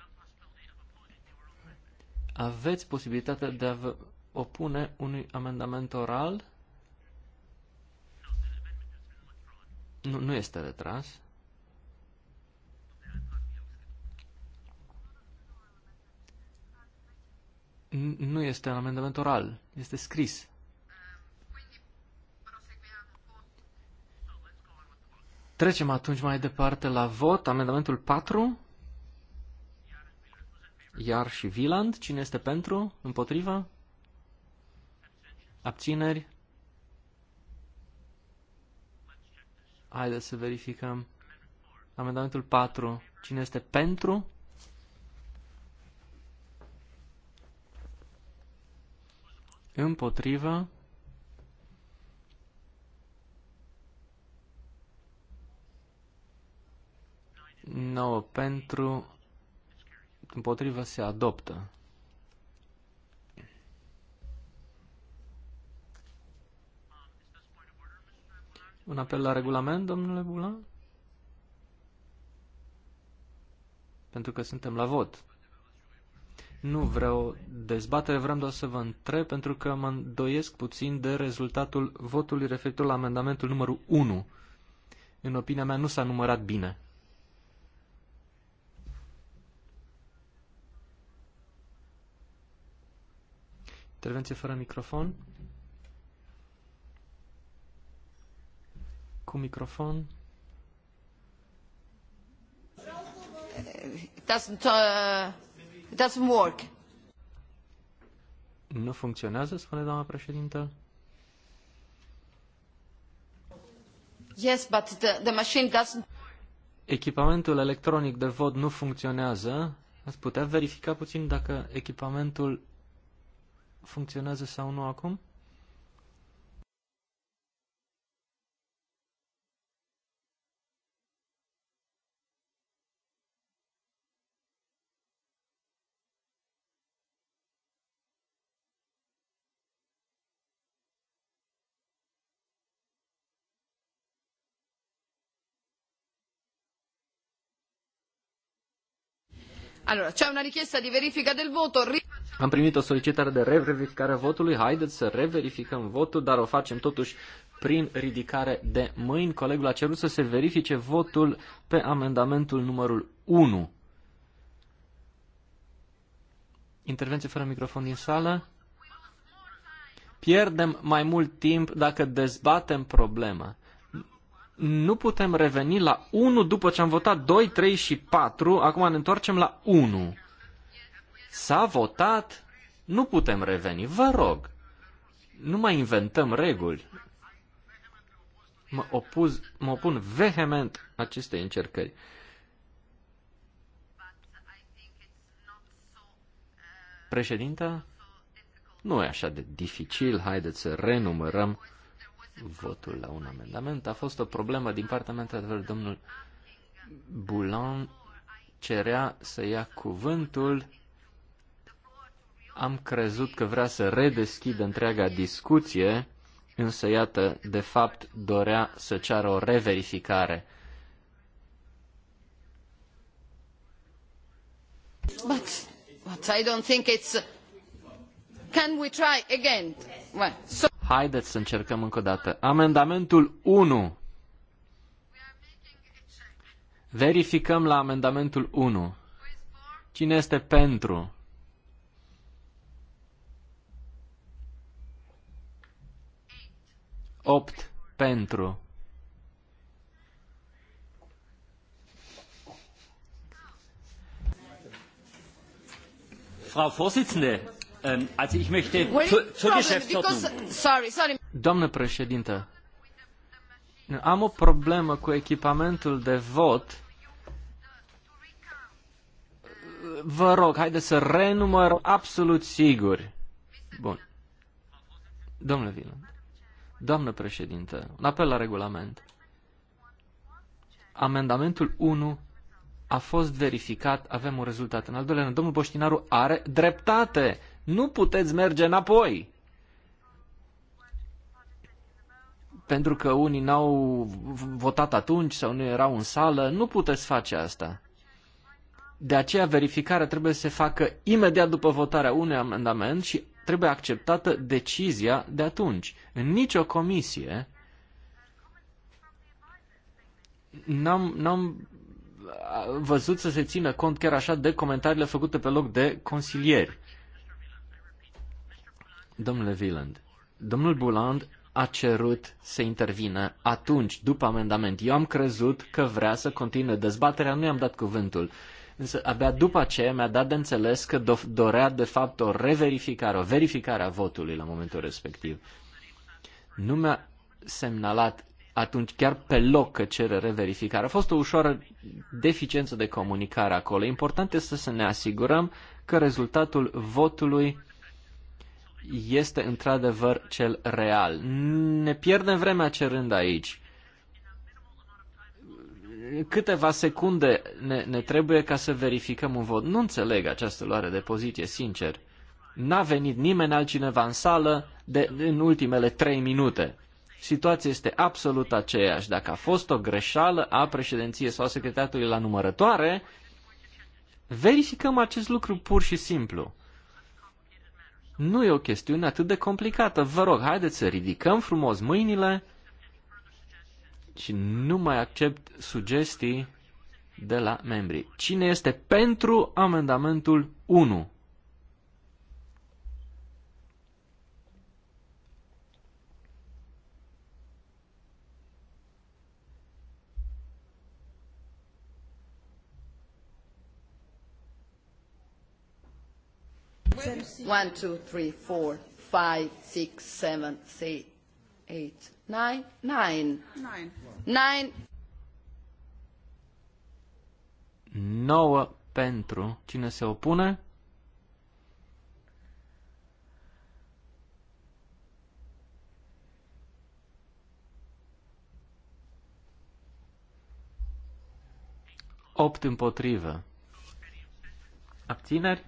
Aveți posibilitatea de a vă opune unui amendament oral? Nu, nu este retras. Nu este un amendament oral, este scris. Trecem atunci mai departe la vot. Amendamentul 4. Iar și Viland. Cine este pentru? Împotriva? Abțineri? Haideți să verificăm. Amendamentul 4. Cine este pentru? împotriva nouă pentru, împotriva se adoptă. Un apel la regulament, domnule Bula? Pentru că suntem la vot. Nu vreau dezbatere, vreau doar să vă întreb, pentru că mă îndoiesc puțin de rezultatul votului referitor la amendamentul numărul 1. În opinia mea, nu s-a numărat bine. Intervenție fără microfon. Cu microfon. Das sind, äh, It doesn't work. Nu funcționează, spune doamna președintă. Yes, but the, the machine doesn't... Echipamentul electronic de vot nu funcționează. Ați putea verifica puțin dacă echipamentul funcționează sau nu acum? Allora, c'è una richiesta di verifica del voto. Am primit o solicitare de reverificare a votului. Haideți să reverificăm votul, dar o facem totuși prin ridicare de mâini. Colegul a cerut să se verifice votul pe amendamentul numărul 1. Intervenție fără microfon din sală. Pierdem mai mult timp dacă dezbatem problema nu putem reveni la 1 după ce am votat 2, 3 și 4, acum ne întoarcem la 1. S-a votat, nu putem reveni, vă rog. Nu mai inventăm reguli. Mă, opuz, mă opun vehement acestei încercări. Președinta, nu e așa de dificil, haideți să renumărăm votul la un amendament. A fost o problemă din partea mea, într-adevăr, domnul Boulan cerea să ia cuvântul. Am crezut că vrea să redeschidă întreaga discuție, însă, iată, de fapt, dorea să ceară o reverificare. But, but I don't think it's... Can we try again? Well, so... Haideți să încercăm încă o dată. Amendamentul 1. Verificăm la amendamentul 1. Cine este pentru? Opt pentru. Frau Vorsitzende, Um, also ich möchte zur Geschäftsordnung. Uh, sorry, sorry. Doamnă președintă, am o problemă cu echipamentul de vot. Vă rog, haideți să renumăr absolut siguri. Bun. Domnule Viland, doamnă președintă, un apel la regulament. Amendamentul 1 a fost verificat, avem un rezultat. În al doilea rând, domnul Boștinaru are dreptate. Nu puteți merge înapoi. Pentru că unii n-au votat atunci sau nu erau în sală, nu puteți face asta. De aceea verificarea trebuie să se facă imediat după votarea unui amendament și trebuie acceptată decizia de atunci. În nicio comisie n-am, văzut să se țină cont chiar așa de comentariile făcute pe loc de consilieri. Domnule Wieland, domnul Buland a cerut să intervină atunci, după amendament. Eu am crezut că vrea să continue dezbaterea, nu i-am dat cuvântul. Însă abia după aceea mi-a dat de înțeles că do- dorea de fapt o reverificare, o verificare a votului la momentul respectiv. Nu mi-a semnalat atunci chiar pe loc că cere reverificare. A fost o ușoară deficiență de comunicare acolo. Important este să ne asigurăm că rezultatul votului este într-adevăr cel real. Ne pierdem vremea cerând aici. Câteva secunde ne, ne trebuie ca să verificăm un vot. Nu înțeleg această luare de poziție, sincer. N-a venit nimeni altcineva în sală de, în ultimele trei minute. Situația este absolut aceeași. Dacă a fost o greșeală a președinției sau a secretarului la numărătoare, verificăm acest lucru pur și simplu. Nu e o chestiune atât de complicată. Vă rog, haideți să ridicăm frumos mâinile și nu mai accept sugestii de la membri. Cine este pentru amendamentul 1? 1, 2, 3, 4, 5, 6, 7, 8, 9, 9. 9. 9. pentru. Cine se opune? Opt împotrivă. Abțineri?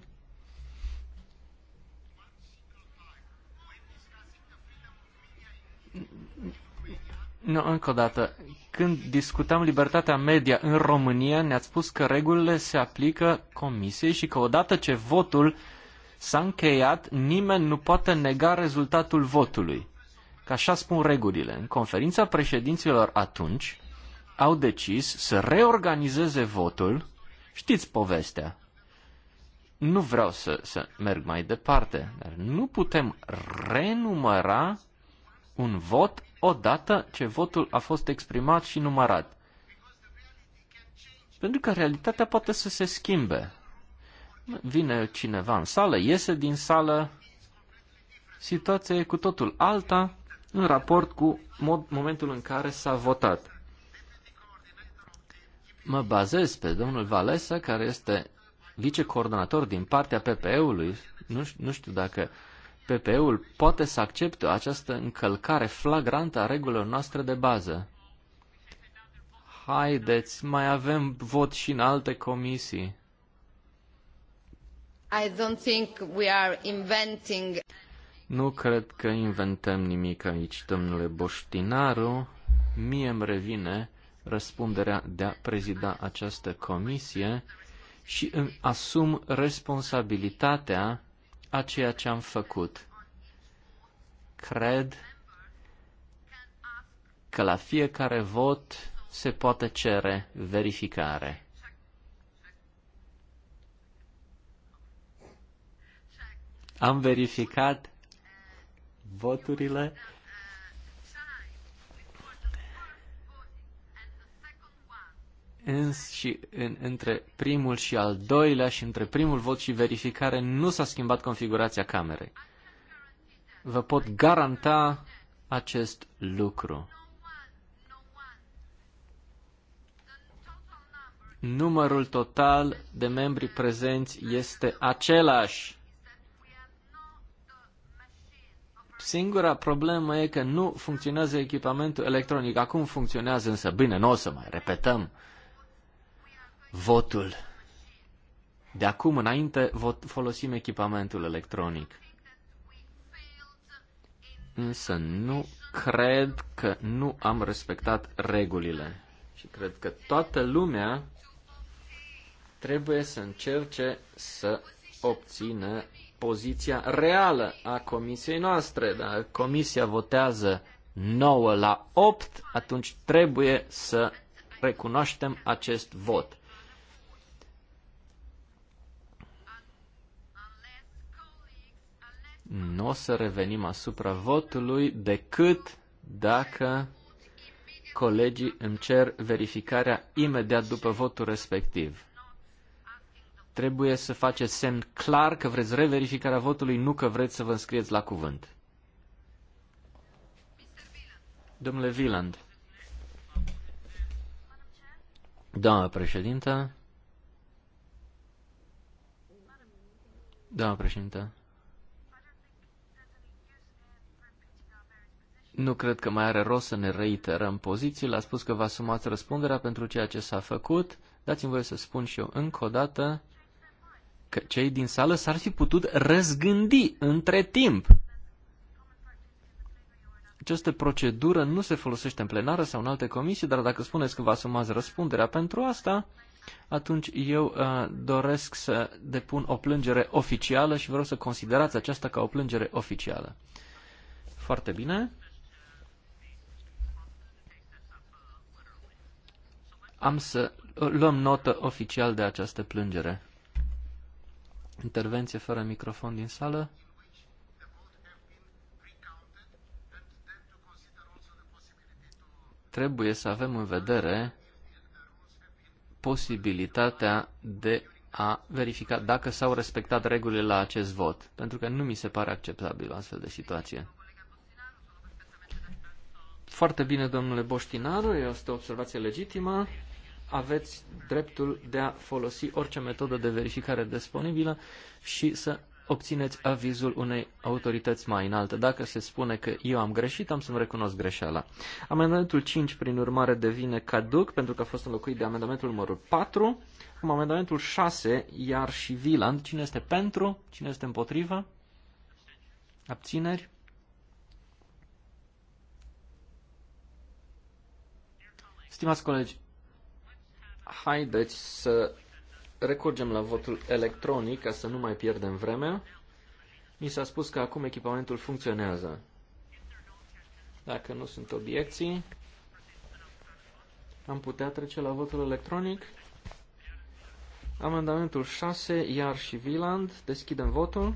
Nu, încă o dată. Când discutam libertatea media în România, ne-ați spus că regulile se aplică comisiei și că odată ce votul s-a încheiat, nimeni nu poate nega rezultatul votului. Ca așa spun regulile. În conferința președinților atunci au decis să reorganizeze votul. Știți povestea. Nu vreau să, să merg mai departe, dar nu putem renumăra un vot odată ce votul a fost exprimat și numărat. Pentru că realitatea poate să se schimbe. Vine cineva în sală, iese din sală, situația e cu totul alta în raport cu mod, momentul în care s-a votat. Mă bazez pe domnul Valesa, care este vicecoordonator din partea PPE-ului, nu, nu știu dacă uh, pp ul poate să accepte această încălcare flagrantă a regulilor noastre de bază. Haideți, mai avem vot și în alte comisii. I don't think we are inventing... Nu cred că inventăm nimic aici, domnule Boștinaru. Mie îmi revine răspunderea de a prezida această comisie și îmi asum responsabilitatea a ceea ce am făcut. Cred că la fiecare vot se poate cere verificare. Am verificat voturile îns și în, între primul și al doilea și între primul vot și verificare nu s-a schimbat configurația camerei. Vă pot garanta acest lucru. Numărul total de membri prezenți este același. Singura problemă e că nu funcționează echipamentul electronic. Acum funcționează însă bine, nu o să mai repetăm votul. De acum înainte vot, folosim echipamentul electronic. Însă nu cred că nu am respectat regulile. Și cred că toată lumea trebuie să încerce să obțină poziția reală a comisiei noastre. Dacă comisia votează 9 la 8, atunci trebuie să recunoaștem acest vot. Nu o să revenim asupra votului decât dacă colegii îmi cer verificarea imediat după votul respectiv. Trebuie să faceți semn clar că vreți reverificarea votului, nu că vreți să vă înscrieți la cuvânt. Domnule Viland. Doamna președintă. Doamna președintă. Nu cred că mai are rost să ne reiterăm pozițiile. A spus că vă asumați răspunderea pentru ceea ce s-a făcut. Dați-mi voie să spun și eu încă o dată că cei din sală s-ar fi putut răzgândi între timp. Această procedură nu se folosește în plenară sau în alte comisii, dar dacă spuneți că vă asumați răspunderea pentru asta, atunci eu uh, doresc să depun o plângere oficială și vreau să considerați aceasta ca o plângere oficială. Foarte bine. Am să luăm notă oficial de această plângere. Intervenție fără microfon din sală. Trebuie să avem în vedere posibilitatea de a verifica dacă s-au respectat regulile la acest vot, pentru că nu mi se pare acceptabil astfel de situație. Foarte bine, domnule Boștinaru, este o observație legitimă aveți dreptul de a folosi orice metodă de verificare disponibilă și să obțineți avizul unei autorități mai înalte. Dacă se spune că eu am greșit, am să-mi recunosc greșeala. Amendamentul 5, prin urmare, devine caduc pentru că a fost înlocuit de amendamentul numărul 4. Acum amendamentul 6, iar și Viland. Cine este pentru? Cine este împotrivă? Abțineri? Stimați colegi, Haideți să recurgem la votul electronic ca să nu mai pierdem vremea. Mi s-a spus că acum echipamentul funcționează. Dacă nu sunt obiecții, am putea trece la votul electronic. Amendamentul 6, Iar și Viland. Deschidem votul.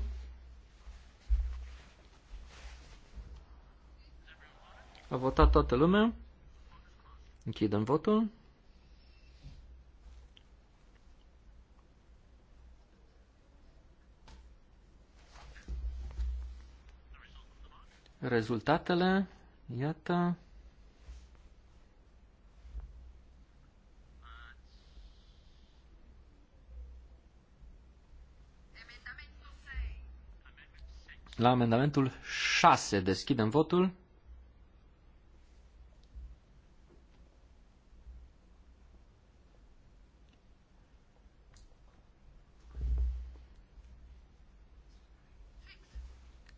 A votat toată lumea. Închidem votul. rezultatele. Iată. La amendamentul 6 deschidem votul.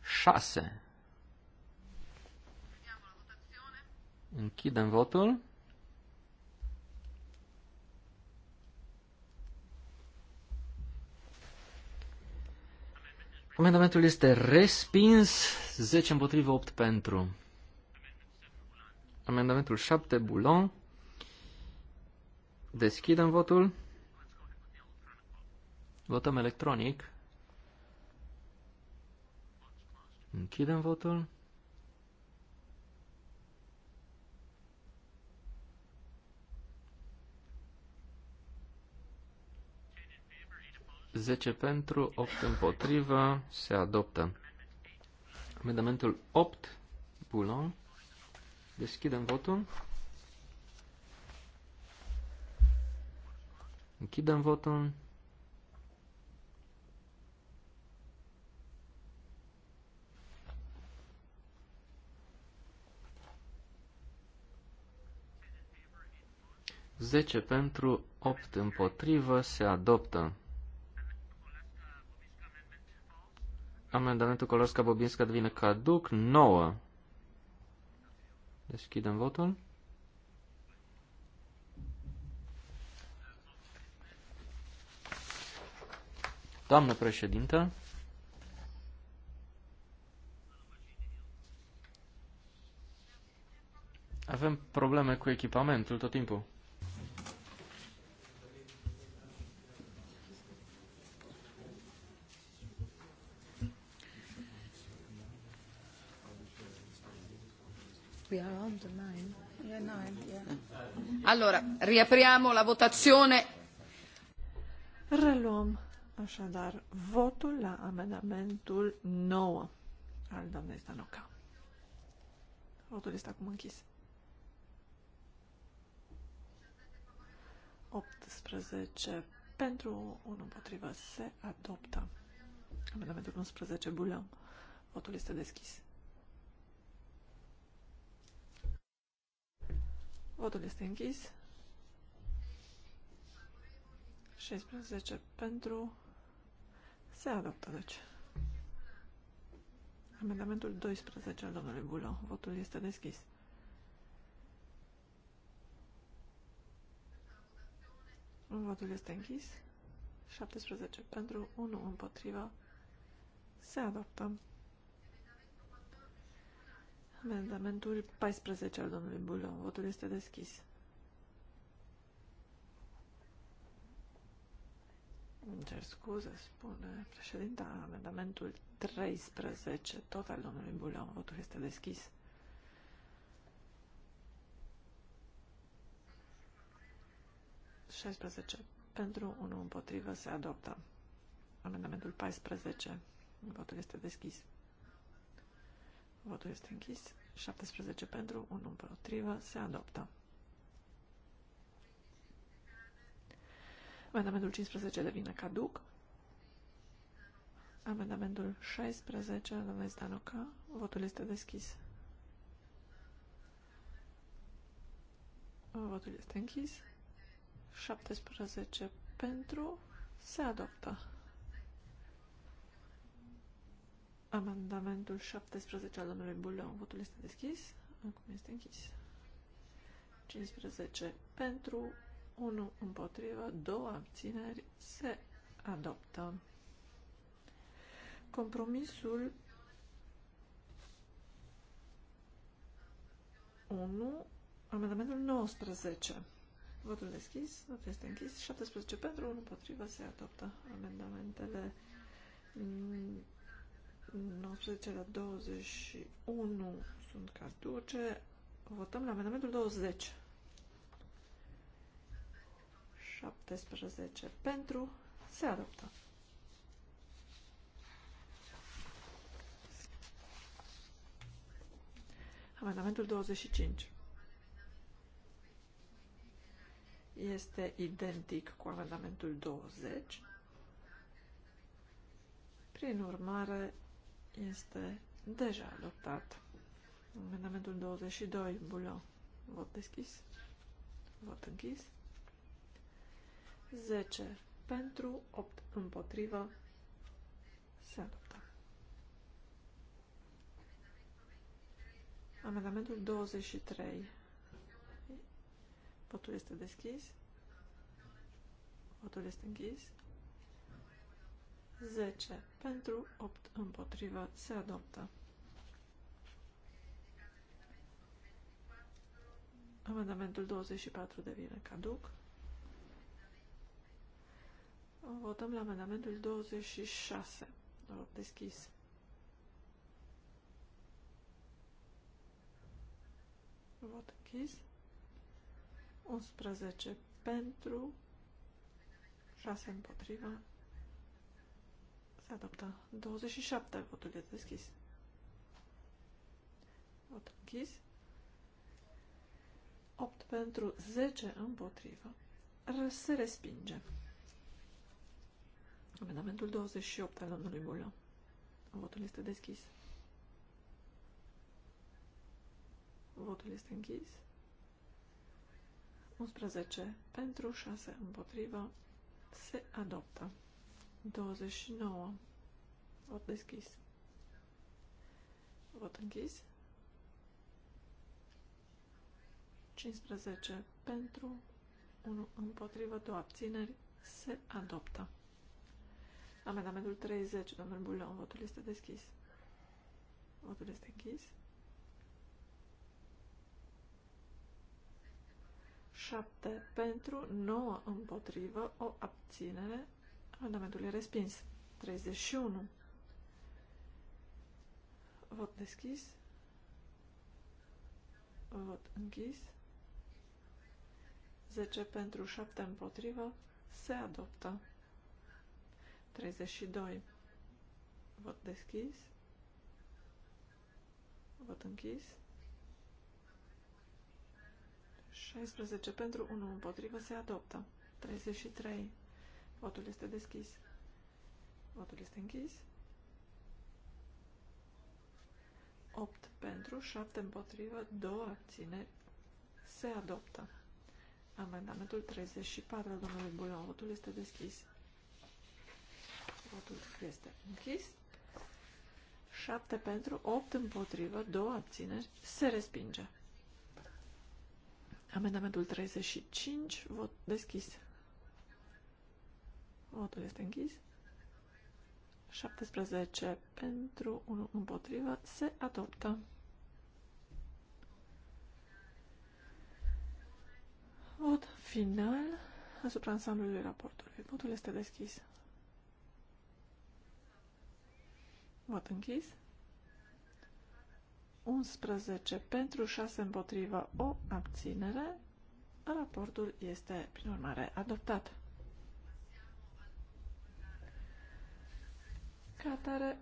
Șase. Închidem votul. Amendamentul este respins, 10 împotrivă, 8 pentru. Amendamentul 7, bulon. Deschidem votul. Votăm electronic. Închidem votul. 10 pentru, 8 împotrivă, se adoptă. Amendamentul 8, Boulon. Deschidem votul. Închidem votul. Zece pentru, opt împotrivă, se adoptă. Amendamentul Colosca Bobinska devine caduc. 9. Deschidem votul. Doamnă președintă, avem probleme cu echipamentul tot timpul. Allora, riapriamo la votazione. Reluăm așadar votul la amendamentul 9 al doamnei Stanoca. Votul este acum închis. 18 pentru, 1 împotrivă se adoptă. Amendamentul 11, Bulăm. Votul este deschis. Votul este închis. 16 pentru. Se adoptă, deci. Amendamentul 12 al domnului Bulo. Votul este deschis. Votul este închis. 17 pentru, 1 împotrivă. Se adoptă. Amendamentul 14 al domnului Bulon. Votul este deschis. Îmi cer scuze, spune președinta. Amendamentul 13, tot al domnului Bulon. Votul este deschis. Șaisprezece. Pentru unul împotrivă se adoptă. Amendamentul 14. Votul este deschis. Votul este închis. 17 pentru, 1 împotrivă. Se adoptă. Amendamentul 15 devine caduc. Amendamentul 16, domnule Zdanoca, votul este deschis. Votul este închis. 17 pentru. Se adoptă. Amendamentul 17 al domnului Bulon. Votul este deschis. Acum este închis. 15 pentru, 1 împotrivă, 2 abțineri. Se adoptă. Compromisul 1, amendamentul 19. Votul deschis, votul este închis, 17 pentru, 1 împotrivă, se adoptă amendamentele în 18 la 21 sunt caduce. Votăm la amendamentul 20. 17 pentru. Se adoptă. Amendamentul 25 este identic cu amendamentul 20. Prin urmare, este deja adoptat. Amendamentul 22, Bulon. Vot deschis. Vot închis. 10 pentru, 8 împotrivă. Se adoptă. Amendamentul 23. Votul este deschis. Votul este închis. 10 pentru 8 împotrivă se adoptă. Amendamentul 24 devine caduc. Votăm la amendamentul 26. Vot deschis. Vot închis. 11 pentru, 6 împotriva, se adoptă. 27. Votul este deschis. Vot închis. 8 pentru 10 împotrivă. Se respinge. Amendamentul 28 al domnului Bulă. Votul este deschis. Votul este închis. 11 pentru 6 împotrivă. Se adoptă. 29. Vot deschis. Vot închis. 15 pentru, 1 împotrivă, 2 abțineri, se adoptă. Amendamentul 30, domnul Bulon, votul este deschis. Votul este închis. 7 pentru, 9 împotrivă, o abținere randamentul e respins. 31. Vot deschis. Vot închis. 10 pentru 7 împotrivă. Se adoptă. 32. Vot deschis. Vot închis. 16 pentru 1 împotrivă se adoptă. 33 Votul este deschis. Votul este închis. 8 pentru, 7 împotrivă, 2 abțineri. Se adoptă. Amendamentul 34 al domnului Bulon. Votul este deschis. Votul este închis. 7 pentru, 8 împotrivă, 2 abțineri. Se respinge. Amendamentul 35, vot deschis. Votul este închis. 17 pentru, 1 împotrivă, se adoptă. Vot final asupra ansamblului raportului. Votul este deschis. Vot închis. 11 pentru, 6 împotrivă, o abținere. Raportul este, prin urmare, adoptat. Ca atare,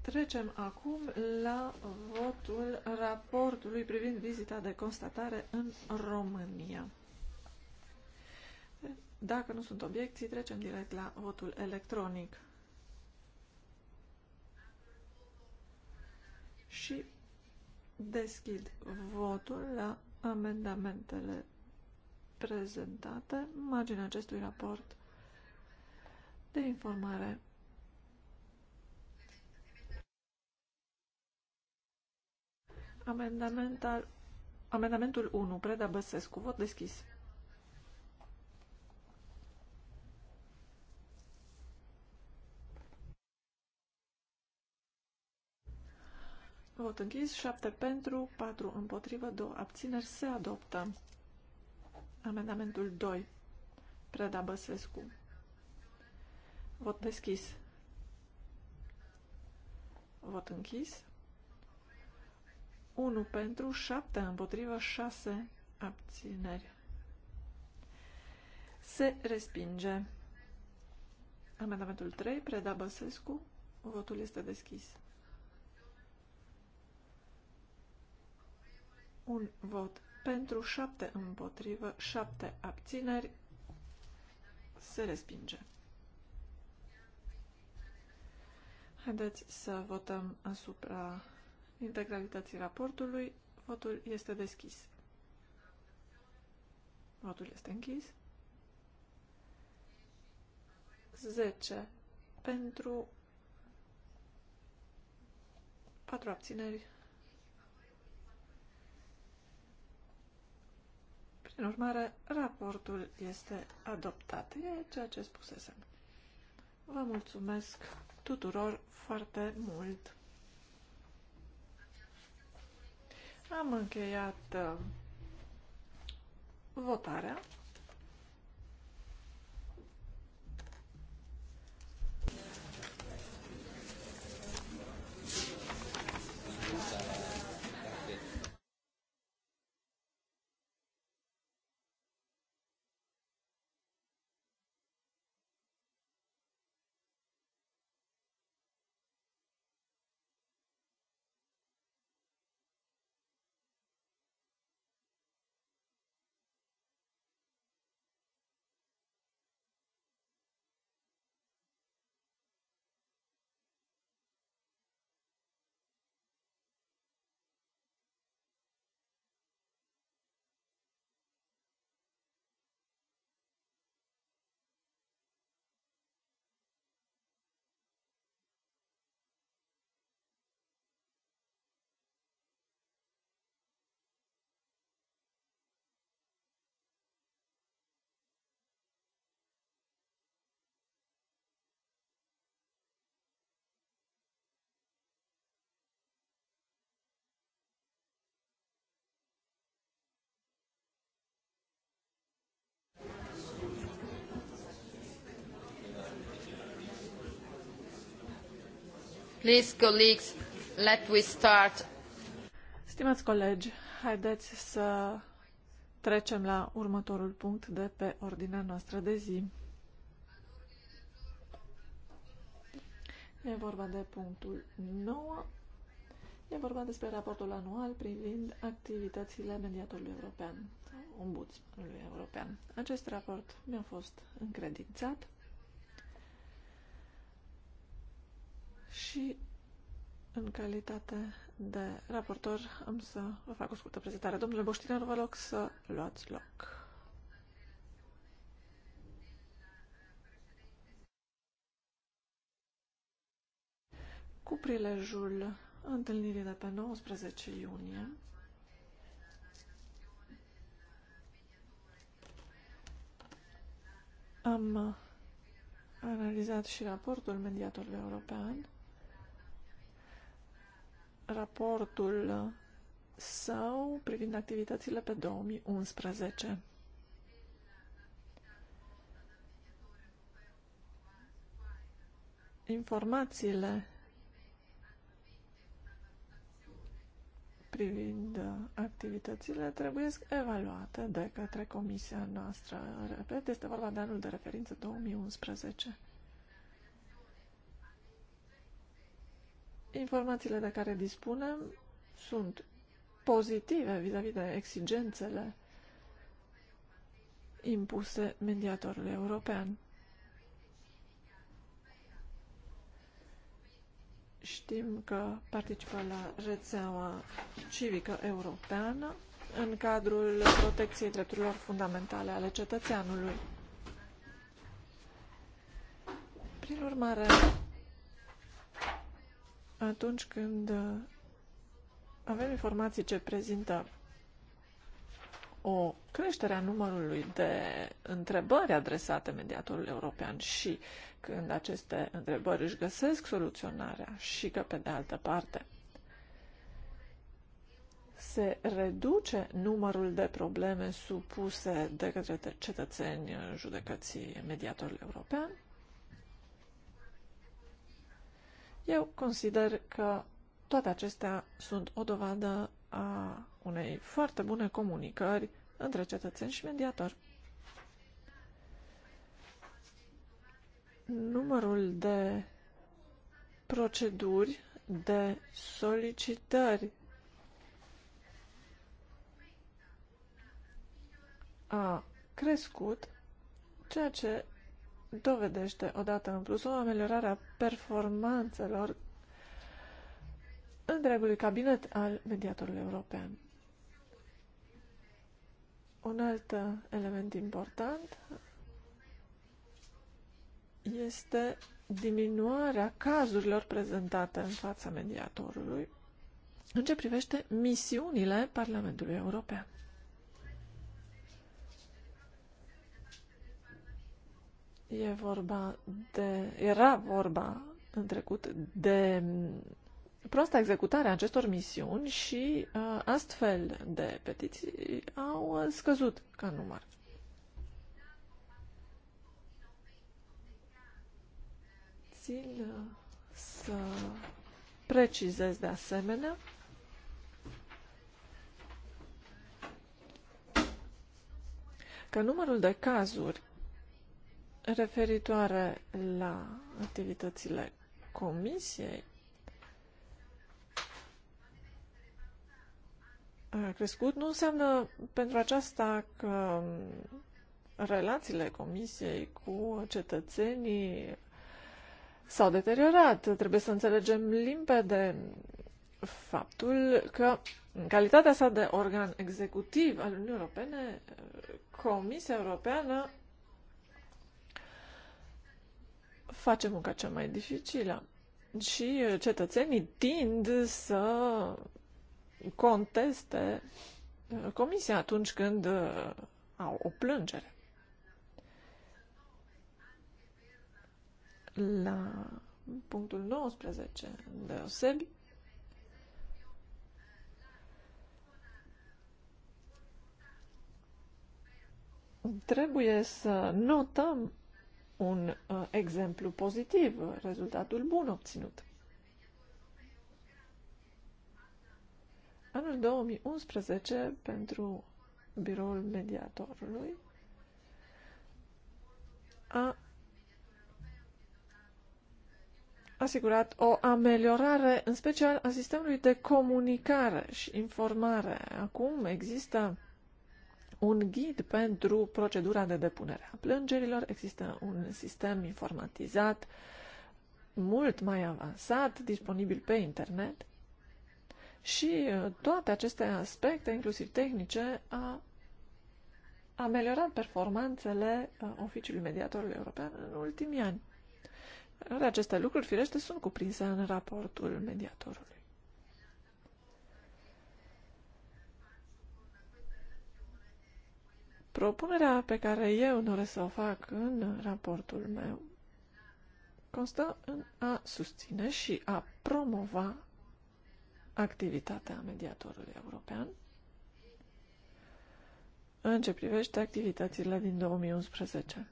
Trecem acum la votul raportului privind vizita de constatare în România. Dacă nu sunt obiecții, trecem direct la votul electronic. Și deschid votul la amendamentele prezentate în marginea acestui raport de informare. Amendamental, amendamentul 1, Preda Băsescu, vot deschis. Vot închis, 7 pentru, 4 împotrivă, 2 abțineri, se adoptă. Amendamentul 2. Preda Băsescu. Vot deschis. Vot închis. 1 pentru, 7 împotrivă, 6 abțineri. Se respinge. Amendamentul 3, Preda Băsescu. Votul este deschis. Un vot pentru 7 împotrivă, 7 abțineri, se respinge. Haideți să votăm asupra integralității raportului. Votul este deschis. Votul este închis. 10 pentru 4 abțineri Prin urmare, raportul este adoptat. E ceea ce spusesem. Vă mulțumesc tuturor foarte mult! Am încheiat uh, votarea. Stimați colegi, haideți să trecem la următorul punct de pe ordinea noastră de zi. E vorba de punctul 9. E vorba despre raportul anual privind activitățile mediatorului european, ombudsmanului european. Acest raport mi-a fost încredințat și în calitate de raportor am să vă fac o scurtă prezentare. Domnule Boștinar, vă rog să luați loc. Cu prilejul întâlnirii de pe 19 iunie, am analizat și raportul mediatorului european raportul său privind activitățile pe 2011. Informațiile privind activitățile trebuie evaluate de către comisia noastră. Repet, este vorba de anul de referință 2011. Informațiile de care dispunem sunt pozitive vis-a-vis -vis de exigențele impuse mediatorului european. Știm că participă la rețeaua civică europeană în cadrul protecției drepturilor fundamentale ale cetățeanului. Prin urmare, atunci când uh, avem informații ce prezintă o creștere a numărului de întrebări adresate mediatorului european și când aceste întrebări își găsesc soluționarea și că, pe de altă parte, se reduce numărul de probleme supuse de către cetățeni judecății mediatorului european, Eu consider că toate acestea sunt o dovadă a unei foarte bune comunicări între cetățeni și mediator. Numărul de proceduri, de solicitări a crescut, ceea ce dovedește odată în plus o ameliorare a performanțelor întregului cabinet al mediatorului european. Un alt element important este diminuarea cazurilor prezentate în fața mediatorului în ce privește misiunile Parlamentului European. E vorba de, era vorba în trecut de proasta executare a acestor misiuni și uh, astfel de petiții au scăzut ca număr. Țin uh, să precizez de asemenea că numărul de cazuri referitoare la activitățile comisiei, a crescut, nu înseamnă pentru aceasta că relațiile comisiei cu cetățenii s-au deteriorat. Trebuie să înțelegem limpede faptul că, în calitatea sa de organ executiv al Uniunii Europene, Comisia Europeană face munca cea mai dificilă. Și cetățenii tind să conteste comisia atunci când au o plângere. La punctul 19 deosebi, trebuie să notăm un uh, exemplu pozitiv, rezultatul bun obținut. Anul 2011, pentru biroul mediatorului, a asigurat o ameliorare, în special a sistemului de comunicare și informare. Acum există un ghid pentru procedura de depunere a plângerilor, există un sistem informatizat mult mai avansat, disponibil pe internet și uh, toate aceste aspecte, inclusiv tehnice, a ameliorat performanțele uh, Oficiului Mediatorului European în ultimii ani. Aceste lucruri, firește, sunt cuprinse în raportul mediatorului. Propunerea pe care eu doresc să o fac în raportul meu constă în a susține și a promova activitatea mediatorului european în ce privește activitățile din 2011.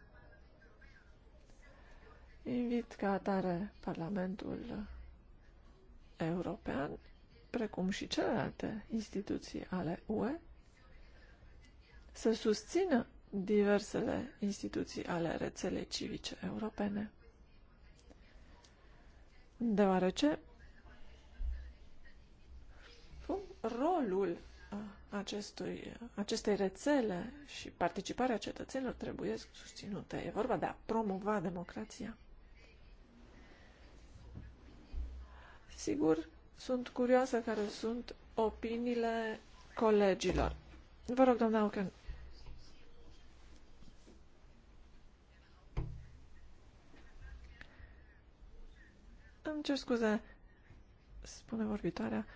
Invit ca atare Parlamentul European, precum și celelalte instituții ale UE, să susțină diversele instituții ale rețelei civice europene. Deoarece rolul acestui, acestei rețele și participarea cetățenilor trebuie susținută. E vorba de a promova democrația. Sigur, sunt curioasă care sunt opiniile colegilor. Vă rog, doamna Auken, Îmi cer scuze, spune vorbitoarea.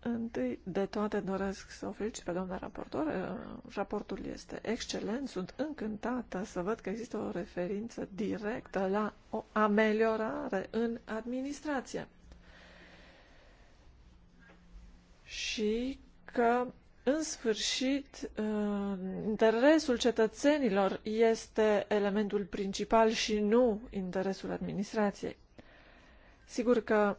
Întâi de toate doresc să o felicit pe doamna raportor. Raportul este excelent. Sunt încântată să văd că există o referință directă la o ameliorare în administrație. Și că, în sfârșit, uh, interesul cetățenilor este elementul principal și nu interesul administrației. Sigur că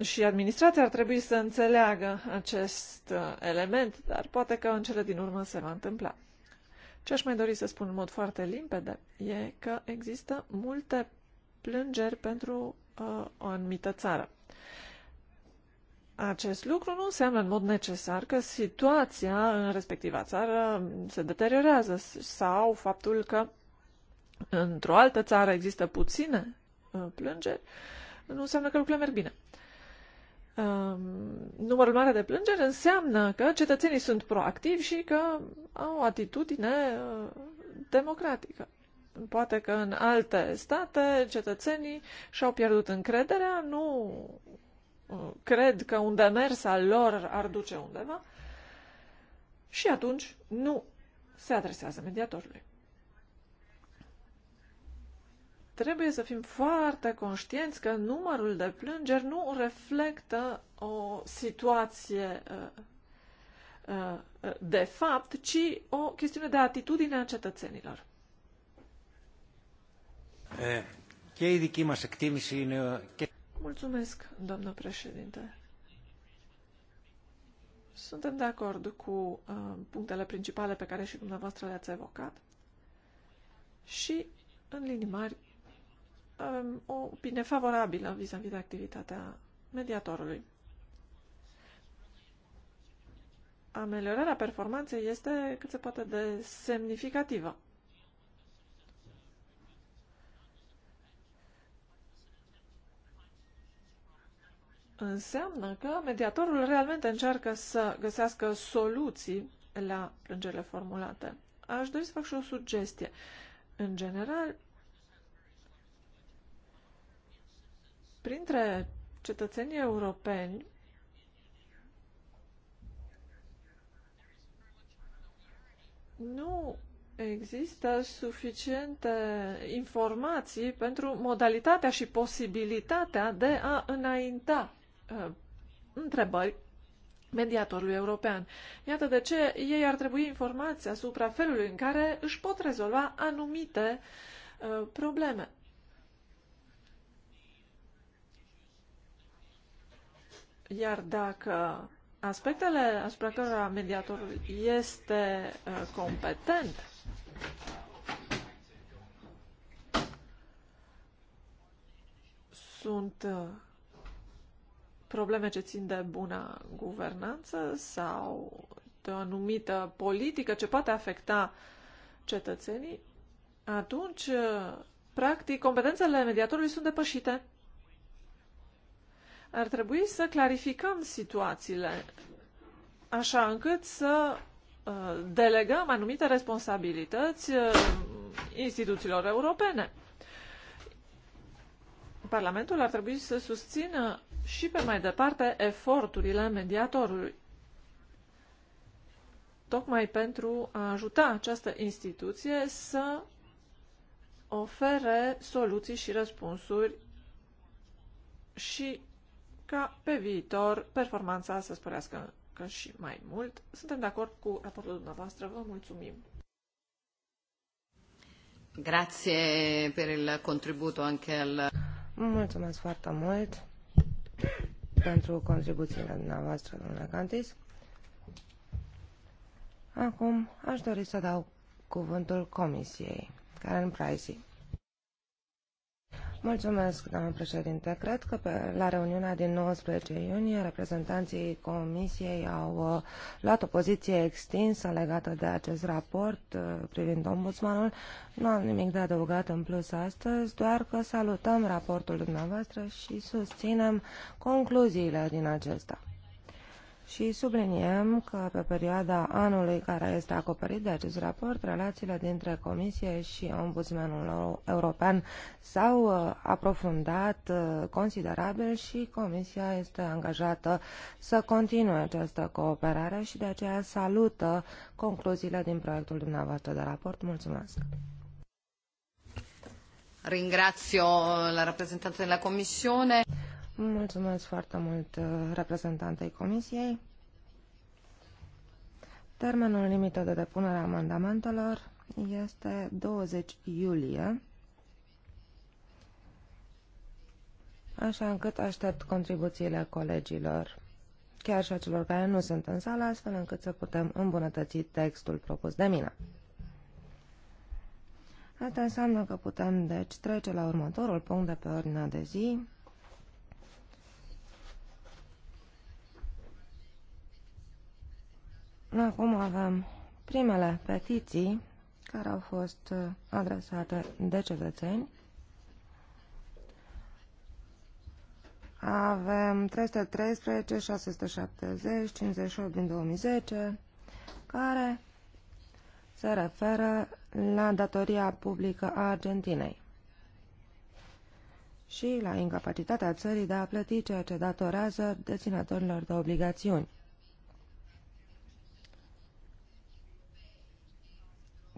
și administrația ar trebui să înțeleagă acest uh, element, dar poate că în cele din urmă se va întâmpla. Ce aș mai dori să spun în mod foarte limpede e că există multe plângeri pentru uh, o anumită țară. Acest lucru nu înseamnă în mod necesar că situația în respectiva țară se deteriorează sau faptul că într-o altă țară există puține Uh, plângeri, nu înseamnă că lucrurile merg bine. Um, numărul mare de plângeri înseamnă că cetățenii sunt proactivi și că au o atitudine uh, democratică. Poate că în alte state cetățenii și-au pierdut încrederea, nu uh, cred că un demers al lor ar duce undeva și atunci nu se adresează mediatorului. Trebuie să fim foarte conștienți că numărul de plângeri nu reflectă o situație uh, uh, de fapt, ci o chestiune de atitudine a cetățenilor. Mulțumesc, doamnă președinte. Suntem de acord cu uh, punctele principale pe care și dumneavoastră le-ați evocat și, în linii mari, um, o opinie favorabilă vis-a-vis -vis de activitatea mediatorului. Ameliorarea performanței este cât se poate de semnificativă. Înseamnă că mediatorul realmente încearcă să găsească soluții la plângerile formulate. Aș dori să fac și o sugestie. În general, printre cetățenii europeni nu există suficiente informații pentru modalitatea și posibilitatea de a înainta uh, întrebări mediatorului european. Iată de ce ei ar trebui informați asupra felului în care își pot rezolva anumite uh, probleme. Iar dacă aspectele asupra cărora mediatorul este uh, competent sunt uh, probleme ce țin de bună guvernanță sau de o anumită politică ce poate afecta cetățenii, atunci, uh, practic, competențele mediatorului sunt depășite. Ar trebui să clarificăm situațiile așa încât să uh, delegăm anumite responsabilități uh, instituțiilor europene. Parlamentul ar trebui să susțină și pe mai departe eforturile mediatorului, tocmai pentru a ajuta această instituție să ofere soluții și răspunsuri și ca pe viitor performanța să sporească încă și mai mult. Suntem de acord cu raportul dumneavoastră. Vă mulțumim! Grazie per il contributo anche al... Mulțumesc foarte mult pentru contribuțiile dumneavoastră, domnule Cantis. Acum aș dori să dau cuvântul Comisiei, Karen Pricey. Mulțumesc, doamnă președinte. Cred că pe, la reuniunea din 19 iunie reprezentanții Comisiei au uh, luat o poziție extinsă legată de acest raport uh, privind ombudsmanul. Nu am nimic de adăugat în plus astăzi, doar că salutăm raportul dumneavoastră și susținem concluziile din acesta și subliniem că pe perioada anului care este acoperit de acest raport, relațiile dintre Comisie și Ombudsmanul European s-au uh, aprofundat uh, considerabil și Comisia este angajată să continue această cooperare și de aceea salută concluziile din proiectul dumneavoastră de raport. Mulțumesc! Ringrazio la rappresentante della Commissione. Mulțumesc foarte mult uh, reprezentantei Comisiei. Termenul limită de depunere a amendamentelor este 20 iulie, așa încât aștept contribuțiile colegilor, chiar și a celor care nu sunt în sală, astfel încât să putem îmbunătăți textul propus de mine. Asta înseamnă că putem, deci, trece la următorul punct de pe ordinea de zi, Acum avem primele petiții care au fost uh, adresate de cetățeni. Avem 313, 670, 58 din 2010, care se referă la datoria publică a Argentinei și la incapacitatea țării de a plăti ceea ce datorează deținătorilor de obligațiuni.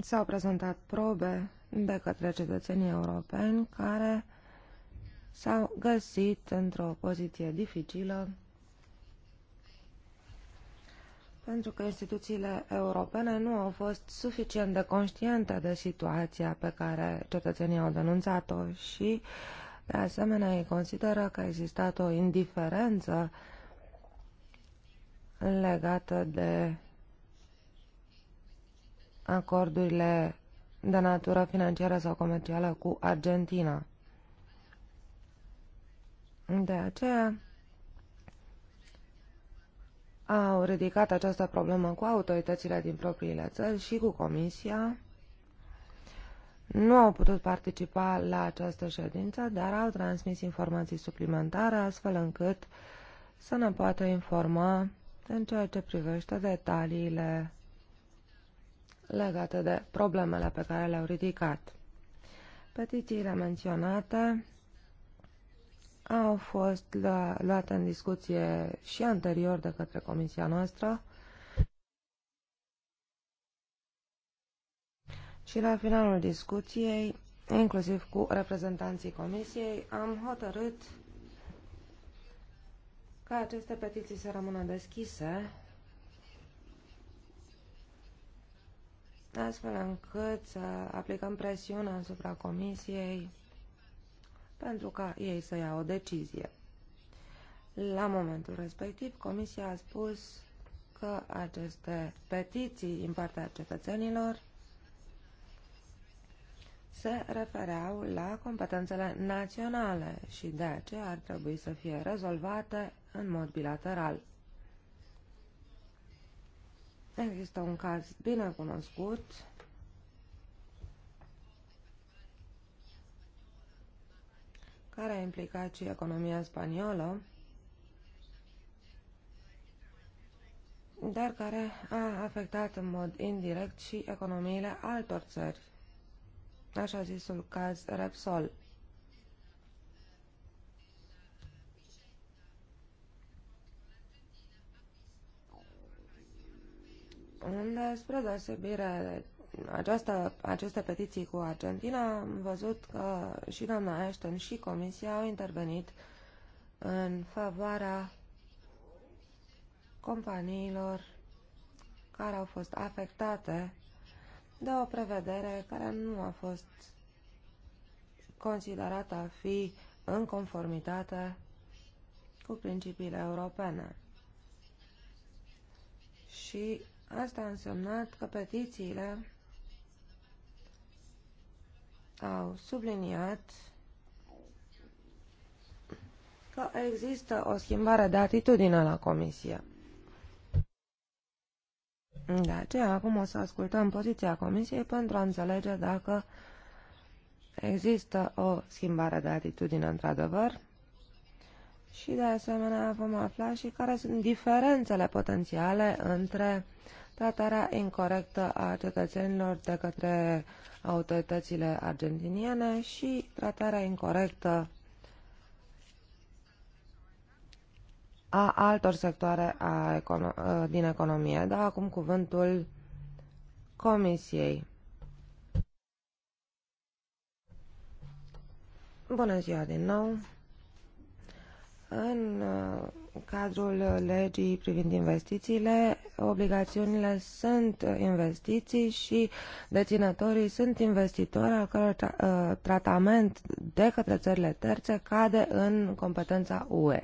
s-au prezentat probe de către cetățenii europeni care s-au găsit într-o poziție dificilă pentru că instituțiile europene nu au fost suficient de conștiente de situația pe care cetățenii au denunțat-o și, de asemenea, ei consideră că a existat o indiferență legată de acordurile de natură financiară sau comercială cu Argentina. De aceea au ridicat această problemă cu autoritățile din propriile țări și cu Comisia. Nu au putut participa la această ședință, dar au transmis informații suplimentare astfel încât să ne poată informa în ceea ce privește detaliile legate de problemele pe care le-au ridicat. Petițiile menționate au fost luate în discuție și anterior de către comisia noastră și la finalul discuției, inclusiv cu reprezentanții comisiei, am hotărât ca aceste petiții să rămână deschise astfel încât să aplicăm presiune asupra Comisiei pentru ca ei să ia o decizie. La momentul respectiv, Comisia a spus că aceste petiții din partea cetățenilor se refereau la competențele naționale și de aceea ar trebui să fie rezolvate în mod bilateral. Există un caz bine cunoscut care a implicat și economia spaniolă, dar care a afectat în mod indirect și economiile altor țări, așa zisul caz Repsol. unde, spre deosebire această, aceste petiții cu Argentina, am văzut că și doamna Ashton și Comisia au intervenit în favoarea companiilor care au fost afectate de o prevedere care nu a fost considerată a fi în conformitate cu principiile europene. Și Asta a însemnat că petițiile au subliniat că există o schimbare de atitudine la Comisie. De aceea, acum o să ascultăm poziția Comisiei pentru a înțelege dacă există o schimbare de atitudine într-adevăr și, de asemenea, vom afla și care sunt diferențele potențiale între uh, tratarea incorrectă a cetățenilor de către autoritățile argentiniene și tratarea incorrectă a altor sectoare a econo din economie. Da, acum cuvântul Comisiei. Bună ziua din nou! În uh, cadrul legii privind investițiile, obligațiunile sunt investiții și deținătorii sunt investitori al căror tra uh, tratament de către țările terțe cade în competența UE.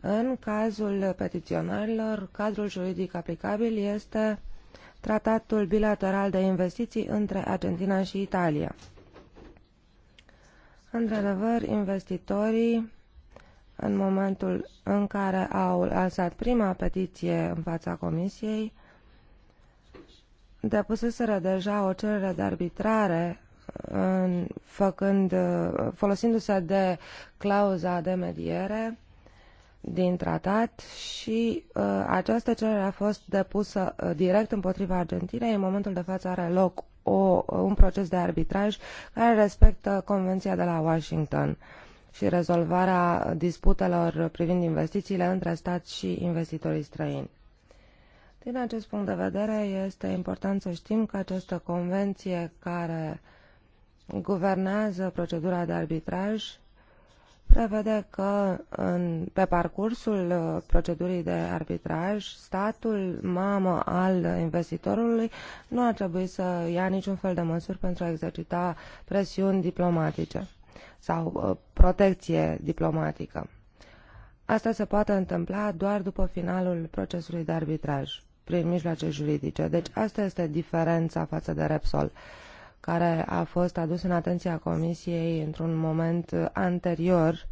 În cazul petiționarilor, cadrul juridic aplicabil este tratatul bilateral de investiții între Argentina și Italia. Într-adevăr, investitorii în momentul în care au lansat prima petiție în fața Comisiei, depuseseră deja o cerere de arbitrare folosindu-se de clauza de mediere din tratat și uh, această cerere a fost depusă uh, direct împotriva Argentinei. În momentul de față are loc o, un proces de arbitraj care respectă Convenția de la Washington. Uh, și rezolvarea disputelor privind investițiile între stat și investitorii străini. Din acest punct de vedere, este important să știm că această convenție care guvernează procedura de arbitraj prevede că în, pe parcursul procedurii de arbitraj, statul mamă al investitorului nu ar trebui să ia niciun fel de măsuri pentru a exercita presiuni diplomatice sau uh, protecție diplomatică. Asta se poate întâmpla doar după finalul procesului de arbitraj, prin mijloace juridice. Deci asta este diferența față de Repsol, care a fost adus în atenția Comisiei într-un moment anterior,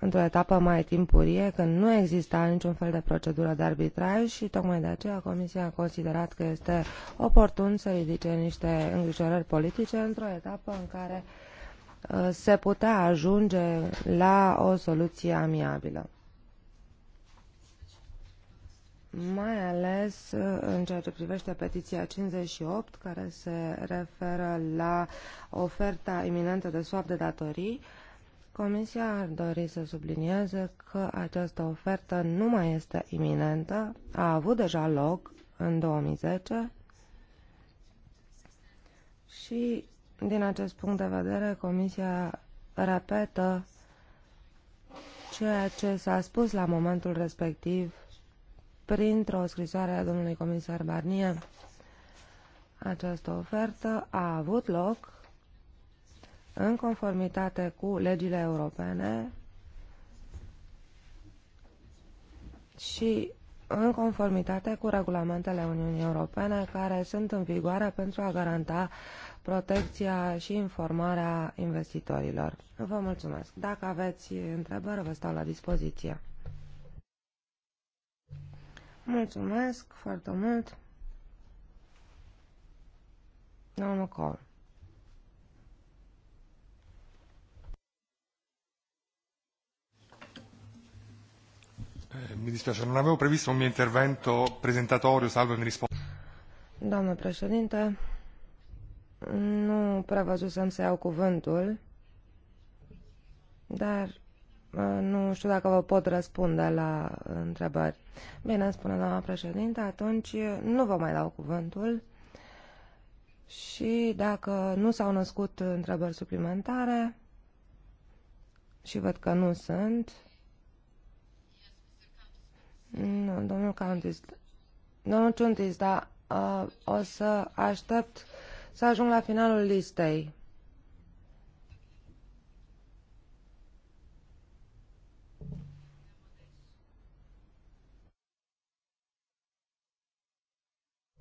într-o etapă mai timpurie, când nu exista niciun fel de procedură de arbitraj și tocmai de aceea Comisia a considerat că este oportun să ridice niște îngrijorări politice într-o etapă în care uh, Uh, se putea ajunge la o soluție amiabilă. Mai ales uh, în ceea ce privește petiția 58, care se referă la oferta iminentă de swap de datorii, Comisia ar dori să sublinieze că această ofertă nu mai este iminentă, a avut deja loc în 2010 și din acest punct de vedere, Comisia repetă ceea ce s-a spus la momentul respectiv printr-o scrisoare a domnului comisar Barnier. Această ofertă a avut loc în conformitate cu legile europene și în conformitate cu regulamentele Uniunii Europene care sunt în vigoare pentru a garanta uh, protecția și informarea investitorilor. Vă mulțumesc. Dacă aveți întrebări, vă stau la dispoziție. Mulțumesc foarte mult. Domnul Col. Mi dispiace, non avevo previsto un mio intervento presentatorio, salvo mi risposta. Doamnă președinte, nu prevăzusem să iau cuvântul, dar nu știu dacă vă pot răspunde la întrebări. Bine, spune doamna președinte, atunci nu vă mai dau cuvântul și dacă nu s-au născut întrebări suplimentare și văd că nu sunt, nu, domnul Countis, domnul Ciuntis, da, o să aștept să ajung la finalul listei.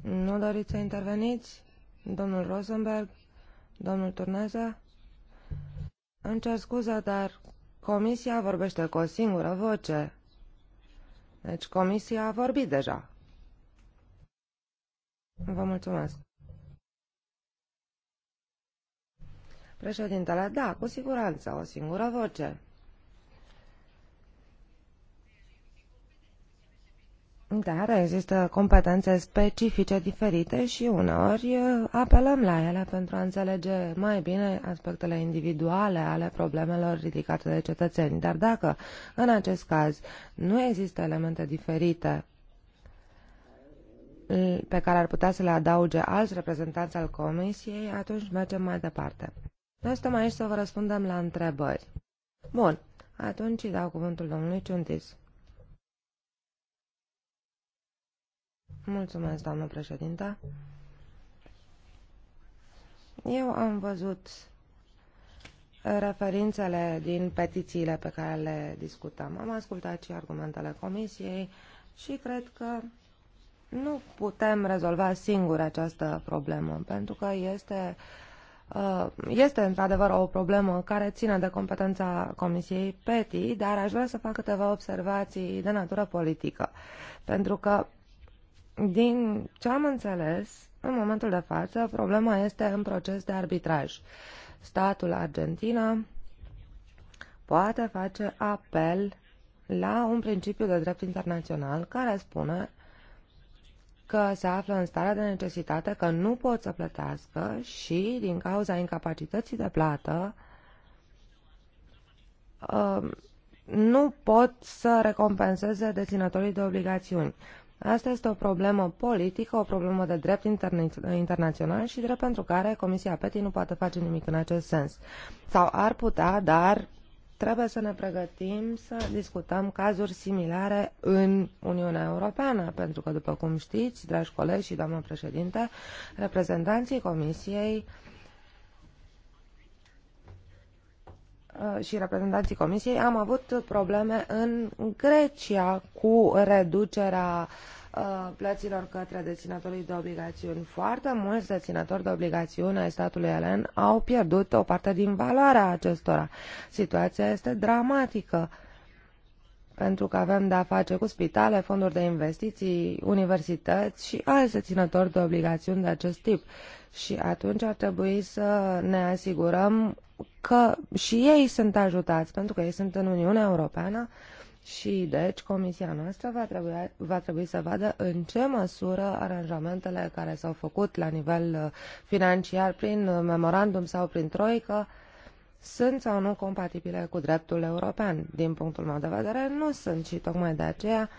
Nu doriți să interveniți? Domnul Rosenberg? Domnul Turneza? Îmi cer scuza, dar comisia vorbește cu o singură voce. Deci comisia a vorbit deja. Vă mulțumesc. Președintele, da, cu siguranță, o singură voce. Dar există competențe specifice diferite și uneori eh, apelăm la ele pentru a înțelege mai bine aspectele individuale ale problemelor ridicate de cetățeni. Dar dacă în acest caz nu există elemente diferite pe care ar putea să le adauge alți reprezentanți al Comisiei, atunci mergem mai departe. Noi stăm aici să vă răspundem la întrebări. Bun, atunci îi dau cuvântul domnului Ciuntis. Mulțumesc, doamnă președinte. Eu am văzut referințele din petițiile pe care le discutăm. Am ascultat și argumentele comisiei și cred că nu putem rezolva singur această problemă, pentru că este uh, Uh, este într-adevăr o problemă care ține de competența Comisiei PETI, dar aș vrea să fac câteva observații de natură politică. Pentru că, din ce am înțeles, în momentul de față, problema este în proces de arbitraj. Statul Argentina poate face apel la un principiu de drept internațional care spune că se află în stare de necesitate, că nu pot să plătească și, din cauza incapacității de plată, um, nu pot să recompenseze deținătorii de obligațiuni. Asta este o problemă politică, o problemă de drept interna- internațional și drept pentru care Comisia PETI nu poate face nimic în acest sens. Sau ar putea, dar trebuie să ne pregătim să discutăm cazuri similare în Uniunea Europeană, pentru că, după cum știți, dragi colegi și doamnă președinte, reprezentanții Comisiei uh, și reprezentanții Comisiei am avut probleme în Grecia cu reducerea uh, Uh, plăților către deținătorii de obligațiuni. Foarte mulți deținători de obligațiuni ai statului elen au pierdut o parte din valoarea acestora. Situația este dramatică pentru că avem de-a face cu spitale, fonduri de investiții, universități și alți deținători de obligațiuni de acest tip. Și atunci ar trebui să ne asigurăm că și ei sunt ajutați, pentru că ei sunt în Uniunea Europeană și deci comisia noastră va trebui, va trebui să vadă în ce măsură aranjamentele care s-au făcut la nivel uh, financiar prin uh, memorandum sau prin troică sunt sau nu compatibile cu dreptul european. Din punctul meu de vedere, nu sunt și tocmai de aceea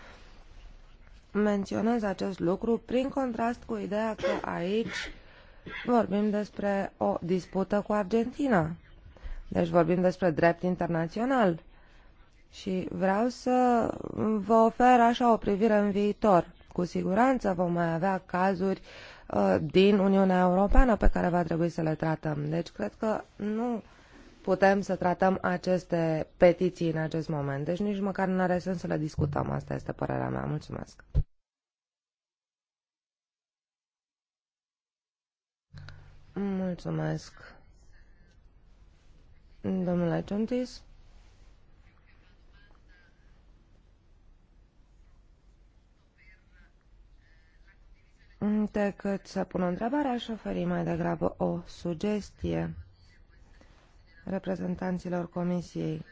menționez acest lucru prin contrast cu ideea că aici vorbim despre o dispută cu Argentina. Deci vorbim despre drept internațional și vreau să vă ofer așa o privire în viitor. Cu siguranță vom mai avea cazuri uh, din Uniunea Europeană pe care va trebui să le tratăm. Deci cred că nu putem să tratăm aceste petiții în acest moment. Deci nici măcar nu are sens să le discutăm. Asta este părerea mea. Mulțumesc. Mulțumesc. Domnule Ciuntis? decât să pun o întrebare, aș oferi mai degrabă o sugestie reprezentanților Comisiei.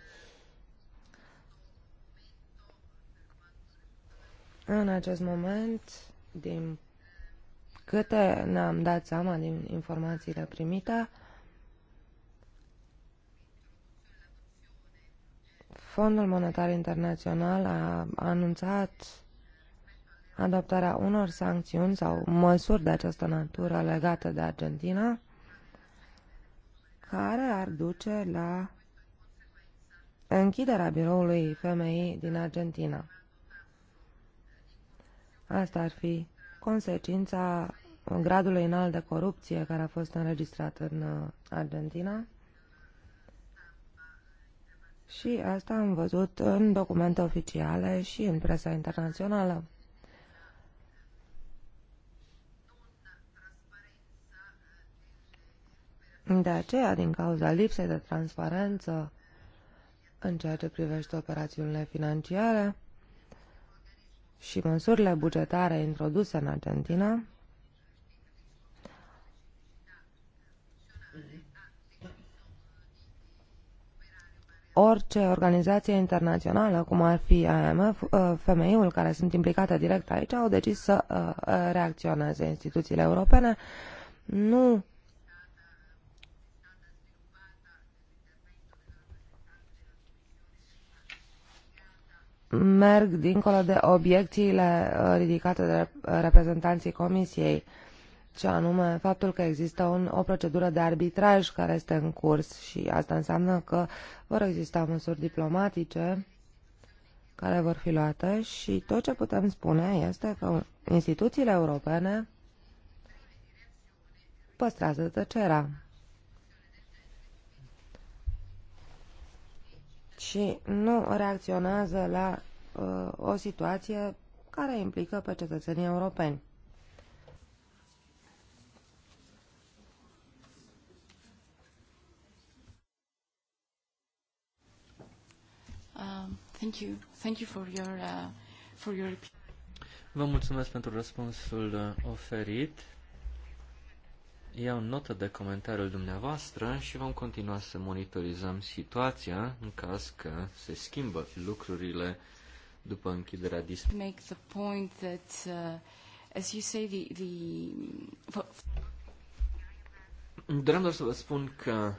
În acest moment, din câte ne-am dat seama din informațiile primite, Fondul Monetar Internațional a anunțat adoptarea unor sancțiuni sau măsuri de această natură legate de Argentina, care ar duce la închiderea biroului femeii din Argentina. Asta ar fi consecința gradului înalt de corupție care a fost înregistrat în uh, Argentina. Și asta am văzut în documente oficiale și în presa internațională. De aceea, din cauza lipsei de transparență în ceea ce privește operațiunile financiare și măsurile bugetare introduse în Argentina, orice organizație internațională, cum ar fi AMF, uh, femeiul care sunt implicate direct aici, au decis să uh, reacționeze. Instituțiile europene nu merg dincolo de obiecțiile uh, ridicate de reprezentanții Comisiei, ce anume faptul că există un, o procedură de arbitraj care este în curs și asta înseamnă că vor exista măsuri diplomatice care vor fi luate și tot ce putem spune este că instituțiile europene păstrează tăcerea. și nu reacționează la uh, o situație care implică pe cetățenii europeni. Um, thank you. Thank you for your, uh, for your... Vă mulțumesc pentru răspunsul uh, oferit iau notă de comentariul dumneavoastră și vom continua să monitorizăm situația în caz că se schimbă lucrurile după închiderea discuției. Uh, Doream doar să vă spun că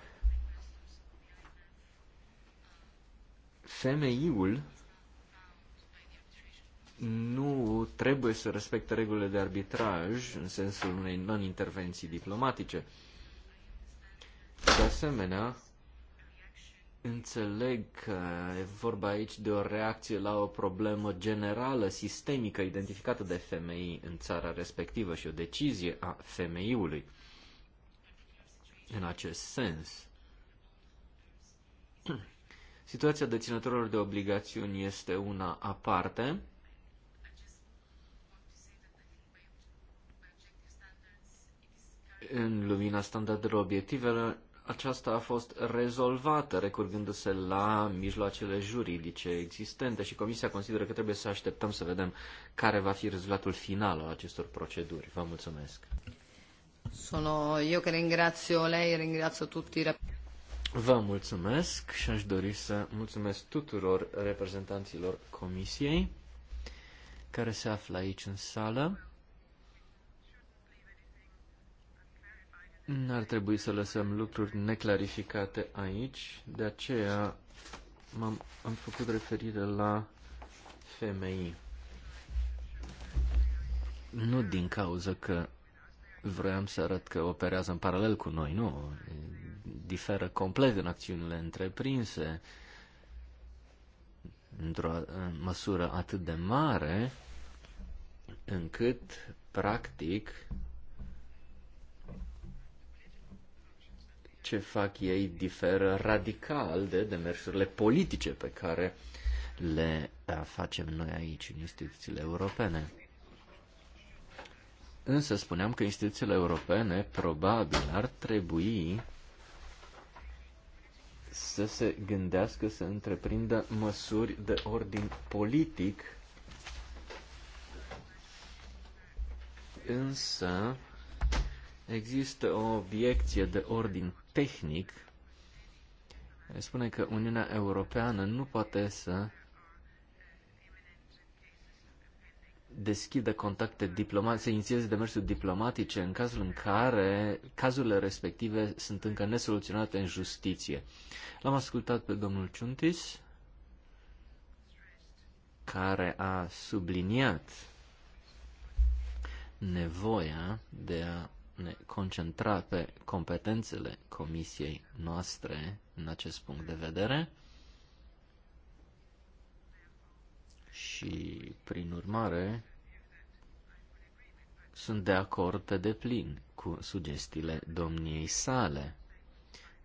femeiul nu trebuie să respecte regulile de arbitraj în sensul unei non-intervenții diplomatice. De asemenea, înțeleg că e vorba aici de o reacție la o problemă generală, sistemică, identificată de femei în țara respectivă și o decizie a femeiului în acest sens. Situația deținătorilor de obligațiuni este una aparte în lumina standardelor obiective, aceasta a fost rezolvată recurgându-se la mijloacele juridice existente și Comisia consideră că trebuie să așteptăm să vedem care va fi rezultatul final al acestor proceduri. Vă mulțumesc. Sono eu care ringrazio lei, ringrazio tutti. Vă mulțumesc și aș dori să mulțumesc tuturor reprezentanților Comisiei care se află aici în sală. n ar trebui să lăsăm lucruri neclarificate aici, de aceea am am făcut referire la femei. Nu din cauza că vroiam să arăt că operează în paralel cu noi, nu. Diferă complet în acțiunile întreprinse într-o măsură atât de mare încât, practic, ce fac ei diferă radical de demersurile politice pe care le uh, facem noi aici în instituțiile europene. Însă spuneam că instituțiile europene probabil ar trebui să se gândească să întreprindă măsuri de ordin politic, însă există o obiecție de ordin tehnic spune că Uniunea Europeană nu poate să deschidă contacte diplomatice, să inițieze demersuri diplomatice în cazul în care cazurile respective sunt încă nesoluționate în justiție. L-am ascultat pe domnul Ciuntis, care a subliniat nevoia de a ne concentra pe competențele comisiei noastre în acest punct de vedere și, prin urmare, sunt de acord pe deplin cu sugestiile domniei sale.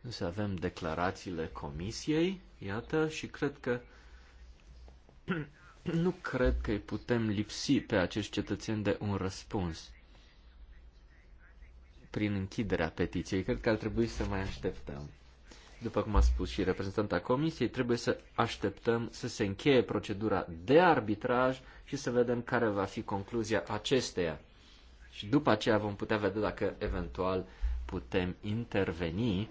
Însă avem declarațiile comisiei, iată, și cred că nu cred că îi putem lipsi pe acești cetățeni de un răspuns prin închiderea petiției. Cred că ar trebui să mai așteptăm. După cum a spus și reprezentanta comisiei, trebuie să așteptăm să se încheie procedura de arbitraj și să vedem care va fi concluzia acesteia. Și după aceea vom putea vedea dacă eventual putem interveni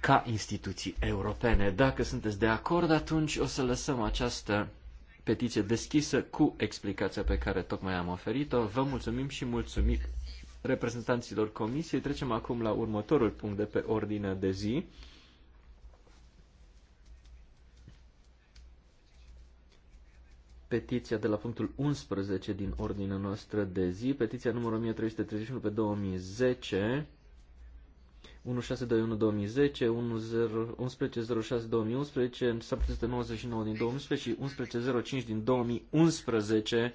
ca instituții europene. Dacă sunteți de acord, atunci o să lăsăm această petiție deschisă cu explicația pe care tocmai am oferit-o. Vă mulțumim și mulțumim reprezentanților comisiei. Trecem acum la următorul punct de pe ordinea de zi. Petiția de la punctul 11 din ordinea noastră de zi, petiția numărul 1331 pe 2010, 1621-2010, 1106-2011, 799 din 2011 și 1105 din 2011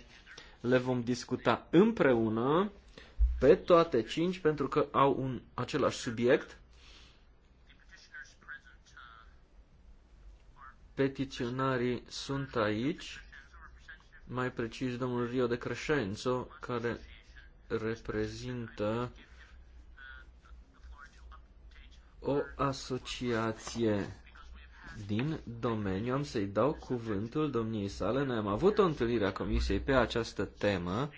le vom discuta împreună pe toate cinci pentru că au un același subiect. Petiționarii sunt aici, mai precis domnul Rio de Crescenzo, care reprezintă o asociație din domeniu. Am să-i dau cuvântul domniei sale. Noi am avut o întâlnire a comisiei pe această temă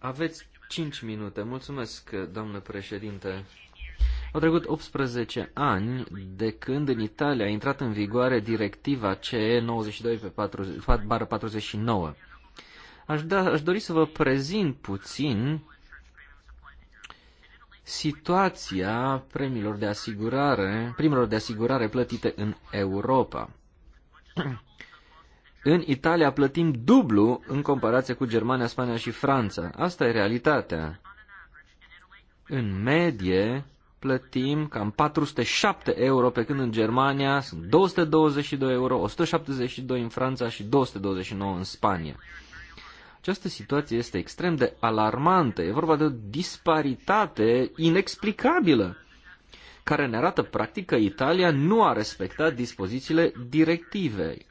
aveți 5 minute. Mulțumesc, doamnă președinte. Au trecut 18 ani de când în Italia a intrat în vigoare directiva CE 92 pe 49. Aș, da, aș dori să vă prezint puțin situația premiilor de asigurare, primilor de asigurare plătite în Europa. În Italia plătim dublu în comparație cu Germania, Spania și Franța. Asta e realitatea. În medie plătim cam 407 euro, pe când în Germania sunt 222 euro, 172 în Franța și 229 în Spania. Această situație este extrem de alarmantă. E vorba de o disparitate inexplicabilă care ne arată practic că Italia nu a respectat dispozițiile directivei.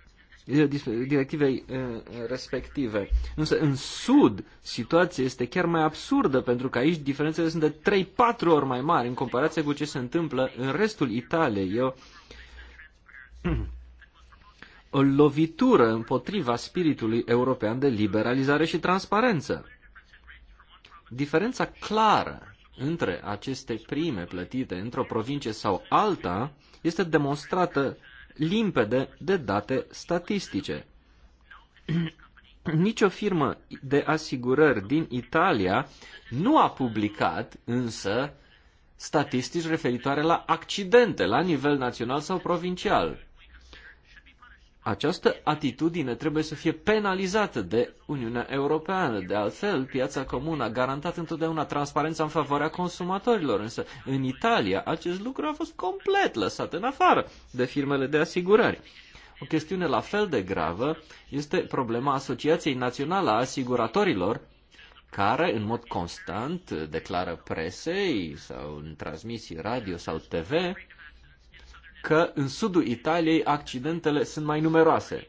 Eh, directivei eh, respective. Însă în Sud situația este chiar mai absurdă pentru că aici diferențele sunt de 3-4 ori mai mari în comparație cu ce se întâmplă în restul Italiei. Eu o lovitură împotriva spiritului european de liberalizare și transparență. Diferența clară între aceste prime plătite într-o provincie sau alta este demonstrată limpede de date statistice. Nicio firmă de asigurări din Italia nu a publicat însă statistici referitoare la accidente la nivel național sau provincial. Această atitudine trebuie să fie penalizată de Uniunea Europeană. De altfel, piața comună a garantat întotdeauna transparența în favoarea consumatorilor, însă în Italia acest lucru a fost complet lăsat în afară de firmele de asigurări. O chestiune la fel de gravă este problema Asociației Naționale a Asiguratorilor, care în mod constant declară presei sau în transmisii radio sau TV că în sudul Italiei accidentele sunt mai numeroase.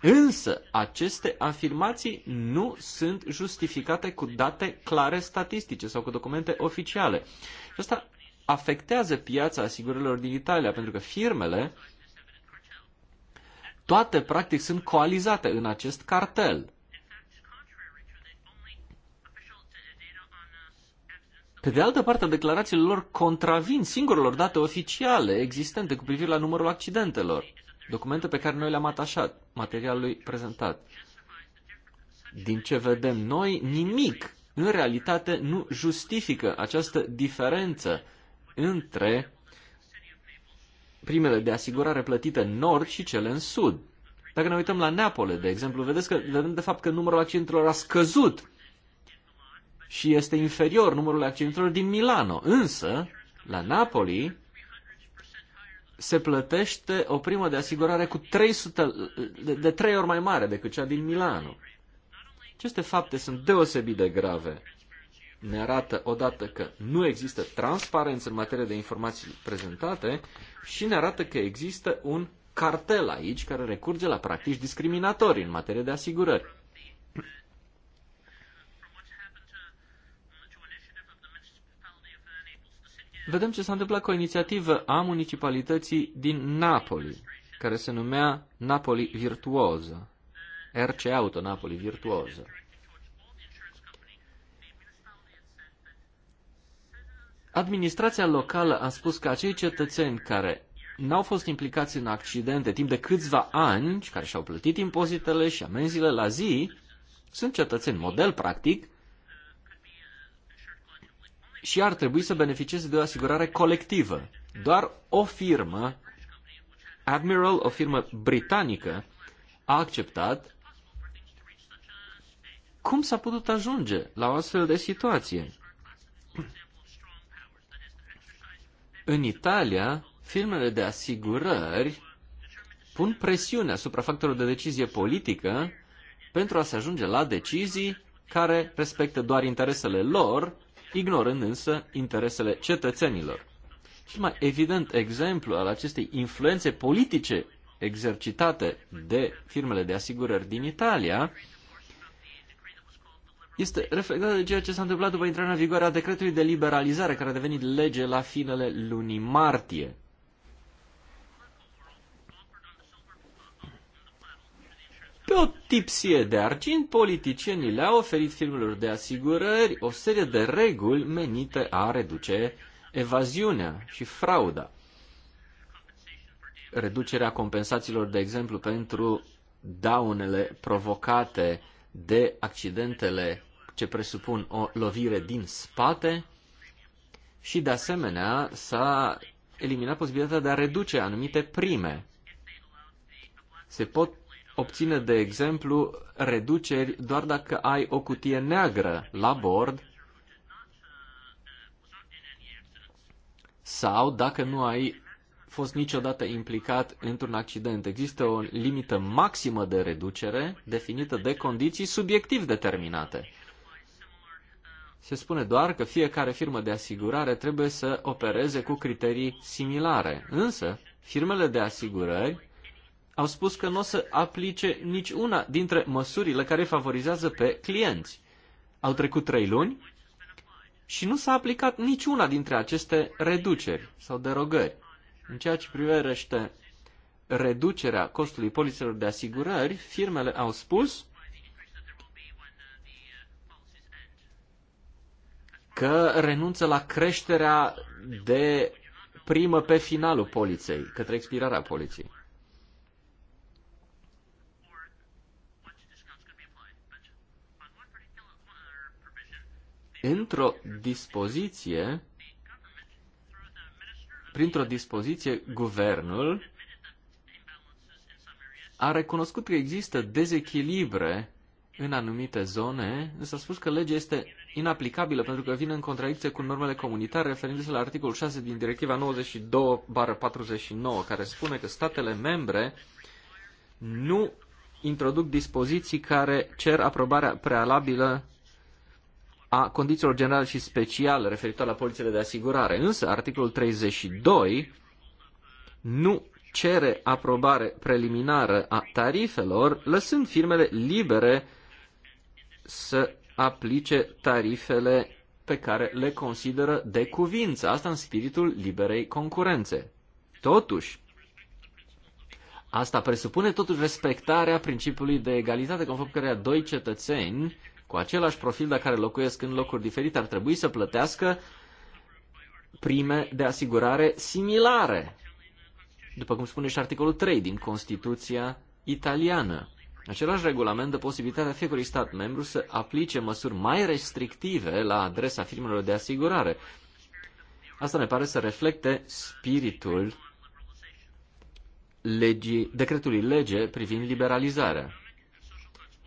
Însă, aceste afirmații nu sunt justificate cu date clare statistice sau cu documente oficiale. Și asta afectează piața asigurărilor din Italia, pentru că firmele toate practic sunt coalizate în acest cartel. Pe de altă parte, declarațiile lor contravin singurilor date oficiale existente cu privire la numărul accidentelor, documente pe care noi le-am atașat materialului prezentat. Din ce vedem noi, nimic în realitate nu justifică această diferență între primele de asigurare plătite în nord și cele în sud. Dacă ne uităm la Neapole, de exemplu, vedeți că, vedem de fapt că numărul accidentelor a scăzut și este inferior numărul accidentelor din Milano. Însă, la Napoli se plătește o primă de asigurare cu 300, de, de 3 ori mai mare decât cea din Milano. Aceste fapte sunt deosebit de grave. Ne arată odată că nu există transparență în materie de informații prezentate și ne arată că există un cartel aici care recurge la practici discriminatorii în materie de asigurări. vedem ce s-a întâmplat cu o inițiativă a municipalității din Napoli, care se numea Napoli Virtuoză, RC Auto Napoli Virtuoză. Administrația locală a spus că acei cetățeni care n-au fost implicați în accidente timp de câțiva ani, care și-au plătit impozitele și amenziile la zi, sunt cetățeni model, practic, și ar trebui să beneficieze de o asigurare colectivă. Doar o firmă, Admiral, o firmă britanică, a acceptat. Cum s-a putut ajunge la o astfel de situație? În Italia, firmele de asigurări pun presiune asupra factorilor de decizie politică pentru a se ajunge la decizii care respectă doar interesele lor ignorând însă interesele cetățenilor. Cel mai evident exemplu al acestei influențe politice exercitate de firmele de asigurări din Italia este reflectată de ceea ce s-a întâmplat după intrarea în vigoare a decretului de liberalizare care a devenit lege la finele lunii martie. Pe o tipsie de argint, politicienii le-au oferit firmelor de asigurări o serie de reguli menite a reduce evaziunea și frauda. Reducerea compensațiilor, de exemplu, pentru daunele provocate de accidentele ce presupun o lovire din spate și, de asemenea, s-a eliminat posibilitatea de a reduce anumite prime. Se pot obține, de exemplu, reduceri doar dacă ai o cutie neagră la bord sau dacă nu ai fost niciodată implicat într-un accident. Există o limită maximă de reducere definită de condiții subiectiv determinate. Se spune doar că fiecare firmă de asigurare trebuie să opereze cu criterii similare. Însă, firmele de asigurări au spus că nu o să aplice nici una dintre măsurile care favorizează pe clienți. Au trecut trei luni și nu s-a aplicat niciuna dintre aceste reduceri sau derogări. În ceea ce privește reducerea costului polițelor de asigurări, firmele au spus că renunță la creșterea de primă pe finalul poliței, către expirarea poliției. într-o dispoziție, printr-o dispoziție, guvernul a recunoscut că există dezechilibre în anumite zone, însă a spus că legea este inaplicabilă pentru că vine în contradicție cu normele comunitare referindu-se la articolul 6 din directiva 92-49, care spune că statele membre nu introduc dispoziții care cer aprobarea prealabilă a condițiilor generale și speciale referitor la polițele de asigurare. Însă, articolul 32 nu cere aprobare preliminară a tarifelor, lăsând firmele libere să aplice tarifele pe care le consideră de cuvință, asta în spiritul liberei concurențe. Totuși, asta presupune totuși respectarea principiului de egalitate, conform căreia doi cetățeni cu același profil, dar care locuiesc în locuri diferite, ar trebui să plătească prime de asigurare similare, după cum spune și articolul 3 din Constituția italiană. Același regulament dă posibilitatea fiecărui stat membru să aplice măsuri mai restrictive la adresa firmelor de asigurare. Asta ne pare să reflecte spiritul legii, decretului lege privind liberalizarea.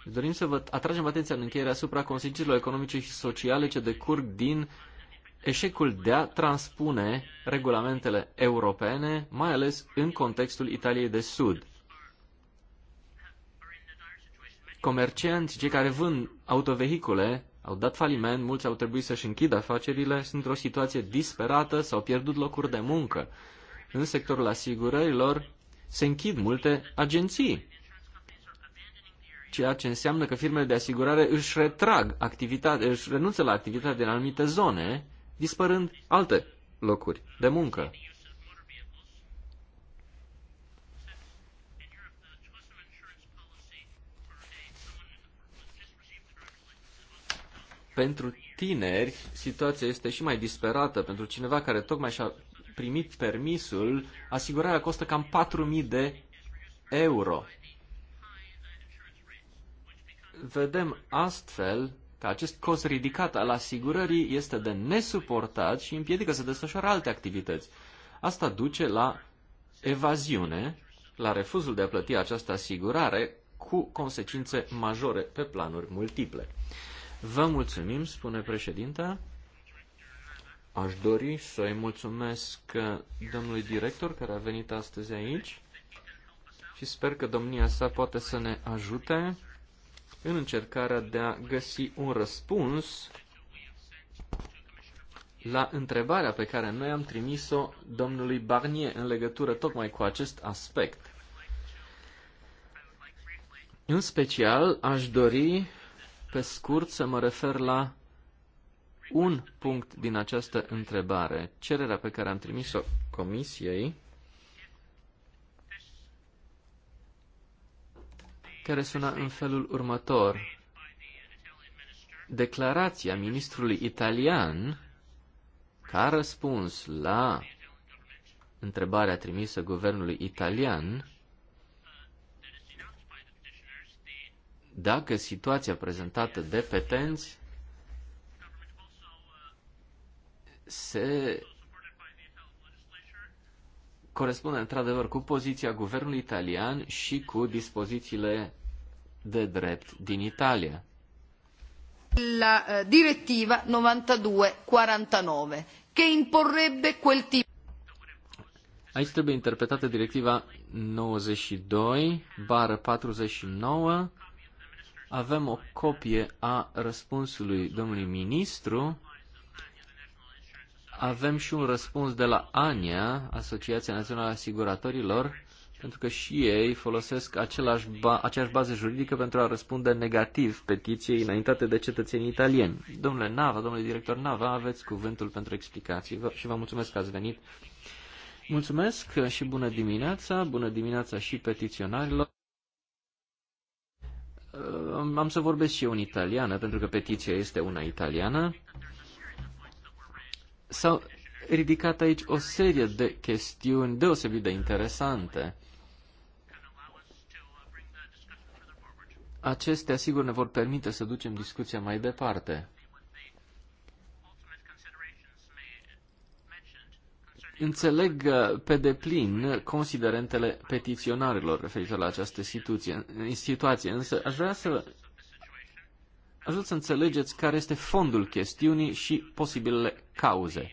Și dorim să vă atragem atenția în încheiere asupra consecințelor economice și sociale ce decurg din eșecul de a transpune regulamentele europene, mai ales în contextul Italiei de Sud. Comercianți, cei care vând autovehicule, au dat faliment, mulți au trebuit să-și închidă afacerile, sunt într-o situație disperată, s-au pierdut locuri de muncă. În sectorul asigurărilor se închid multe agenții ceea ce înseamnă că firmele de asigurare își retrag activitatea, își renunță la activitatea din anumite zone, dispărând alte locuri de muncă. Pentru tineri, situația este și mai disperată. Pentru cineva care tocmai și-a primit permisul, asigurarea costă cam 4.000 de euro vedem astfel că acest cost ridicat al asigurării este de nesuportat și împiedică să desfășoare alte activități. Asta duce la evaziune, la refuzul de a plăti această asigurare cu consecințe majore pe planuri multiple. Vă mulțumim, spune președinta. Aș dori să-i mulțumesc domnului director care a venit astăzi aici și sper că domnia sa poate să ne ajute în încercarea de a găsi un răspuns la întrebarea pe care noi am trimis-o domnului Barnier în legătură tocmai cu acest aspect. În special, aș dori, pe scurt, să mă refer la un punct din această întrebare, cererea pe care am trimis-o Comisiei care suna în felul următor. Declarația ministrului italian ca răspuns la întrebarea trimisă guvernului italian dacă situația prezentată de petenți se corespunde într-adevăr cu poziția guvernului italian și cu dispozițiile de drept din Italia. La uh, directiva 92-49, che imporrebbe quel tipo. Aici trebuie interpretată directiva 92 bară 49. Avem o copie a răspunsului domnului ministru avem și un răspuns de la ANIA, Asociația Națională a Asiguratorilor, pentru că și ei folosesc același ba- aceeași bază juridică pentru a răspunde negativ petiției înaintate de cetățenii italieni. Domnule Nava, domnule director Nava, aveți cuvântul pentru explicații și vă mulțumesc că ați venit. Mulțumesc și bună dimineața, bună dimineața și petiționarilor. Am să vorbesc și eu în italiană, pentru că petiția este una italiană. S-au ridicat aici o serie de chestiuni deosebit de interesante. Acestea, sigur, ne vor permite să ducem discuția mai departe. Înțeleg uh, pe deplin considerentele petiționarilor referitor la această situație, situație, însă aș vrea să ajut să înțelegeți care este fondul chestiunii și posibilele cauze.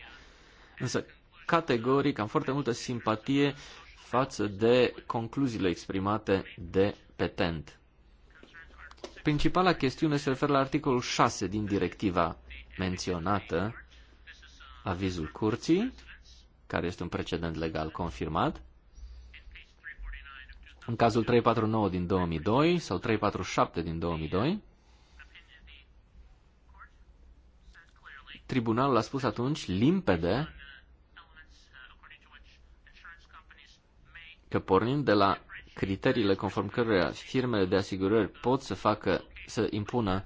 Însă, categoric, am foarte multă simpatie față de concluziile exprimate de petent. Principala chestiune se referă la articolul 6 din directiva menționată, avizul curții, care este un precedent legal confirmat. În cazul 349 din 2002 sau 347 din 2002, Tribunalul a spus atunci limpede că pornind de la criteriile conform cărora firmele de asigurări pot să facă, să impună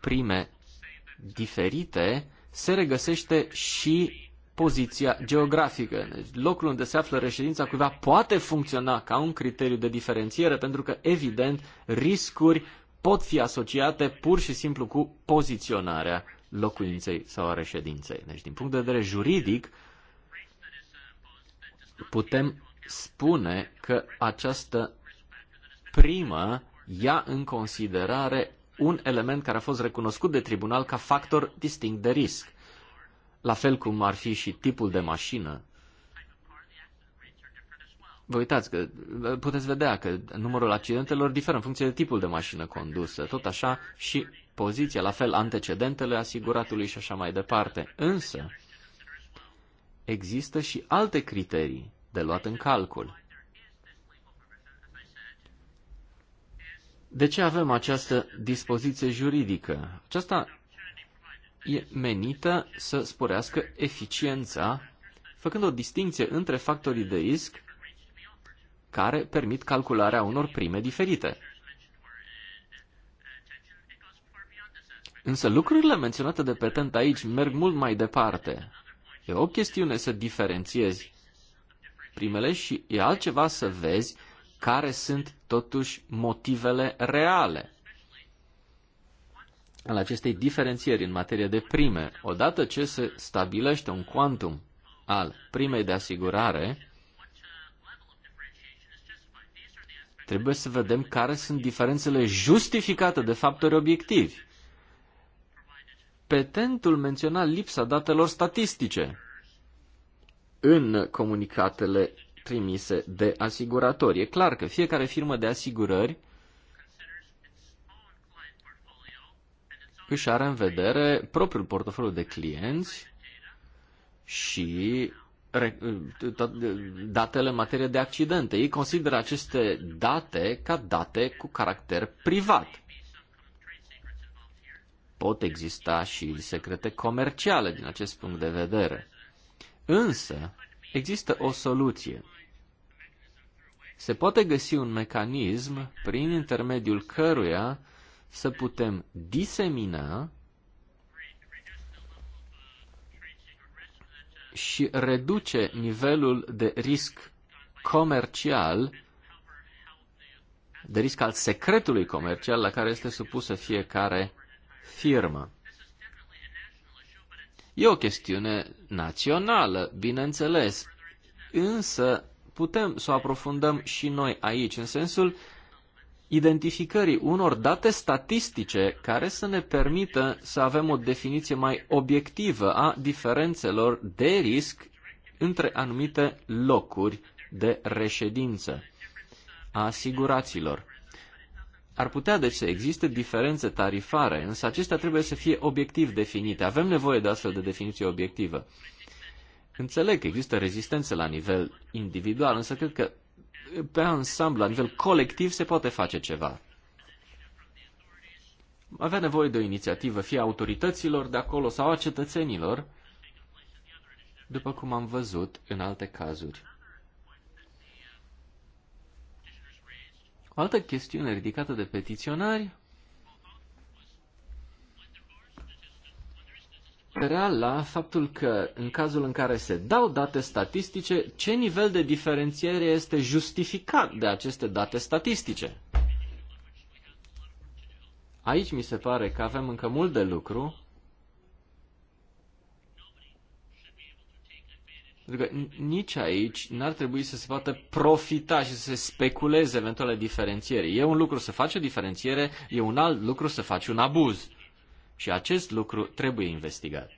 prime diferite, se regăsește și poziția geografică. Deci locul unde se află reședința cuiva poate funcționa ca un criteriu de diferențiere pentru că, evident, riscuri pot fi asociate pur și simplu cu poziționarea locuinței sau a reședinței. Deci, din punct de vedere juridic, putem spune că această primă ia în considerare un element care a fost recunoscut de tribunal ca factor distinct de risc. La fel cum ar fi și tipul de mașină. Vă uitați că puteți vedea că numărul accidentelor diferă în funcție de tipul de mașină condusă. Tot așa și poziția, la fel antecedentele asiguratului și așa mai departe. Însă, există și alte criterii de luat în calcul. De ce avem această dispoziție juridică? Aceasta e menită să sporească eficiența, făcând o distinție între factorii de risc care permit calcularea unor prime diferite. Însă lucrurile menționate de petent aici merg mult mai departe. E o chestiune să diferențiezi primele și e altceva să vezi care sunt totuși motivele reale al acestei diferențieri în materie de prime. Odată ce se stabilește un quantum al primei de asigurare, trebuie să vedem care sunt diferențele justificate de factori obiectivi. Petentul menționa lipsa datelor statistice în comunicatele trimise de asiguratori. E clar că fiecare firmă de asigurări își are în vedere propriul portofoliu de clienți și datele în materie de accidente. Ei consideră aceste date ca date cu caracter privat pot exista și secrete comerciale din acest punct de vedere. Însă, există o soluție. Se poate găsi un mecanism prin intermediul căruia să putem disemina și reduce nivelul de risc comercial, de risc al secretului comercial la care este supusă fiecare firmă. E o chestiune națională, bineînțeles, însă putem să o aprofundăm și noi aici, în sensul identificării unor date statistice care să ne permită să avem o definiție mai obiectivă a diferențelor de risc între anumite locuri de reședință a asiguraților. Ar putea deci să existe diferențe tarifare, însă acestea trebuie să fie obiectiv definite. Avem nevoie de astfel de definiție obiectivă. Înțeleg că există rezistențe la nivel individual, însă cred că pe ansamblu, la nivel colectiv, se poate face ceva. Avea nevoie de o inițiativă, fie a autorităților de acolo sau a cetățenilor, după cum am văzut în alte cazuri. O altă chestiune ridicată de petiționari era la faptul că în cazul în care se dau date statistice, ce nivel de diferențiere este justificat de aceste date statistice? Aici mi se pare că avem încă mult de lucru Pentru că nici aici n-ar trebui să se poată profita și să se speculeze eventuale diferențiere. E un lucru să faci o diferențiere, e un alt lucru să faci un abuz. Și acest lucru trebuie investigat.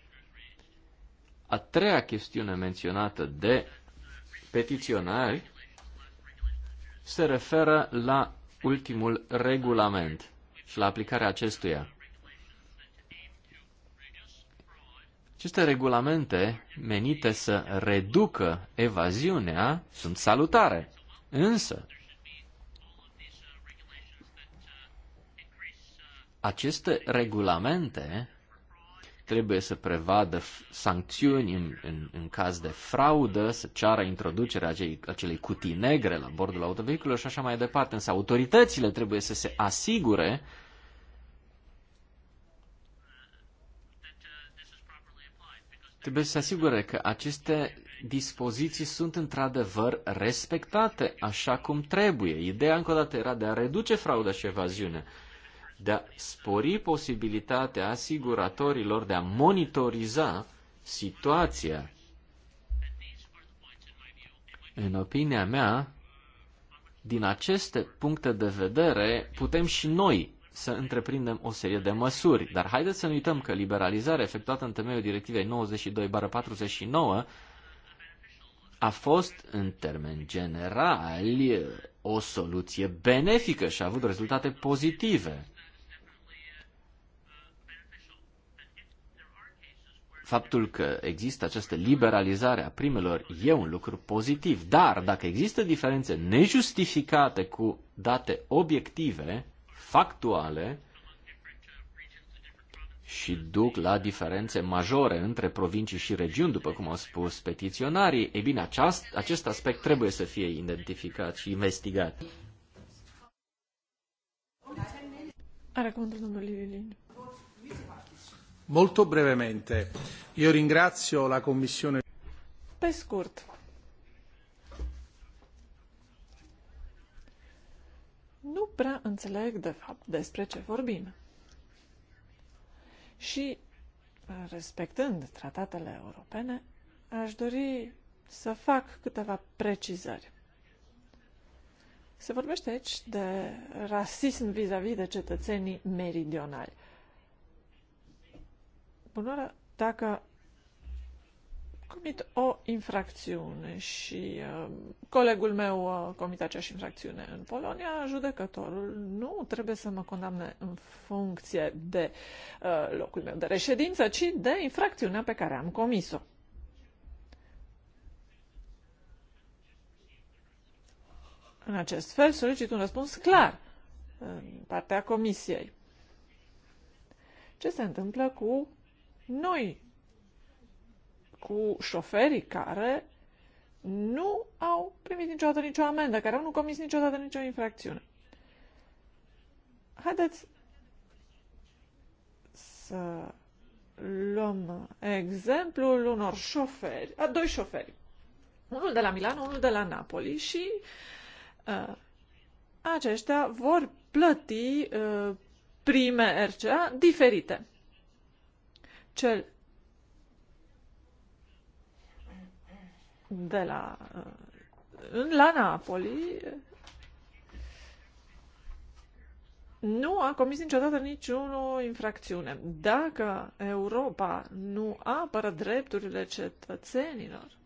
A treia chestiune menționată de petiționari se referă la ultimul regulament și la aplicarea acestuia. Aceste regulamente menite să reducă evaziunea sunt salutare, însă aceste regulamente trebuie să prevadă sancțiuni în, în, în caz de fraudă, să ceară introducerea acei, acelei cutii negre la bordul autovehiculului, și așa mai departe. Însă autoritățile trebuie să se asigure trebuie să se asigure că aceste dispoziții sunt într-adevăr respectate așa cum trebuie. Ideea, încă o dată, era de a reduce frauda și evaziunea, de a spori posibilitatea asiguratorilor de a monitoriza situația. În opinia mea, din aceste puncte de vedere, putem și noi să întreprindem o serie de măsuri. Dar haideți să nu uităm că liberalizarea efectuată în temeiul directivei 92-49 a fost, în termen general o soluție benefică și a avut rezultate pozitive. Faptul că există această liberalizare a primelor e un lucru pozitiv, dar dacă există diferențe nejustificate cu date obiective, factuale și duc la diferențe majore între provincii și regiuni, după cum au spus petiționarii, e bine, aceast, acest aspect trebuie să fie identificat și investigat. Molto brevemente, eu ringrazio la Commissione. Pe scurt, nu prea înțeleg, de fapt, despre ce vorbim. Și, respectând tratatele europene, aș dori să fac câteva precizări. Se vorbește aici de rasism vis-a-vis -vis de cetățenii meridionali. Bună, dacă comit o infracțiune și uh, colegul meu uh, comit aceeași infracțiune în Polonia, judecătorul nu trebuie să mă condamne în funcție de uh, locul meu de reședință, ci de infracțiunea pe care am comis-o. În acest fel solicit un răspuns clar în partea comisiei. Ce se întâmplă cu noi cu șoferii care nu au primit niciodată nicio amendă, care au nu comis niciodată nicio infracțiune. Haideți să luăm exemplul unor șoferi, a doi șoferi, unul de la Milano, unul de la Napoli și a, aceștia vor plăti a, prime RCA diferite. Cel de la, la Napoli nu a comis niciodată niciunul infracțiune. Dacă Europa nu apără drepturile cetățenilor,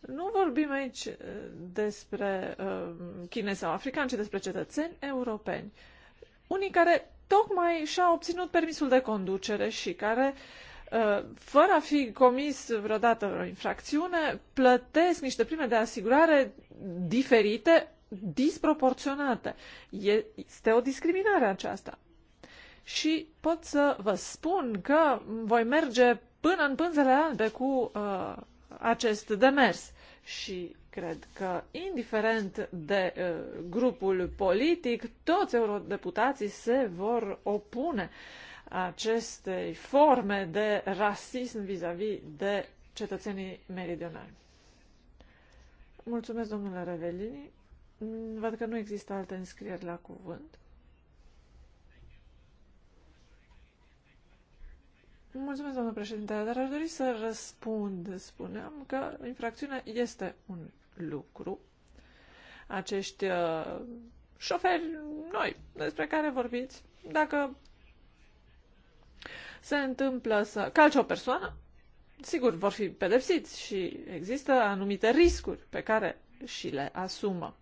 nu vorbim aici uh, despre uh, chinezi sau africani, ci despre cetățeni europeni. Unii care tocmai și-au obținut permisul de conducere și care uh, Uh, fără a fi comis vreodată o infracțiune, plătesc niște prime de asigurare diferite, disproporționate. Este o discriminare aceasta. Și pot să vă spun că voi merge până în pânzele albe cu uh, acest demers. Și cred că, indiferent de uh, grupul politic, toți eurodeputații se vor opune uh, acestei forme de rasism vis-a-vis -vis de cetățenii meridionali. Mulțumesc, domnule Revelini. Văd că nu există alte înscrieri la cuvânt. Mulțumesc, domnule președinte, dar aș dori să răspund. Spuneam că infracțiunea este un lucru. Acești uh, șoferi noi despre care vorbiți, dacă se întâmplă să calce o persoană, sigur, vor fi pedepsiți și există anumite riscuri pe care și le asumă.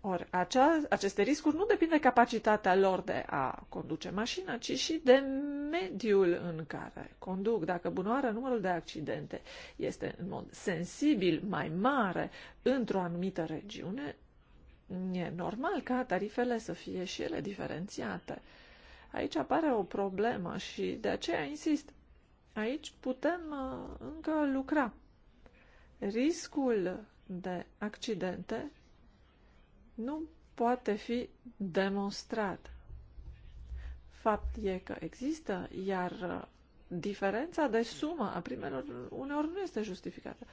Ori acea, aceste riscuri nu depind de capacitatea lor de a conduce mașina, ci și de mediul în care conduc. Dacă bunoară numărul de accidente este în mod sensibil mai mare într-o anumită regiune, e normal ca tarifele să fie și ele diferențiate. Aici apare o problemă și de aceea insist. Aici putem uh, încă lucra. Riscul de accidente nu poate fi demonstrat. Fapt e că există, iar uh, diferența de sumă a primelor uneori nu este justificată.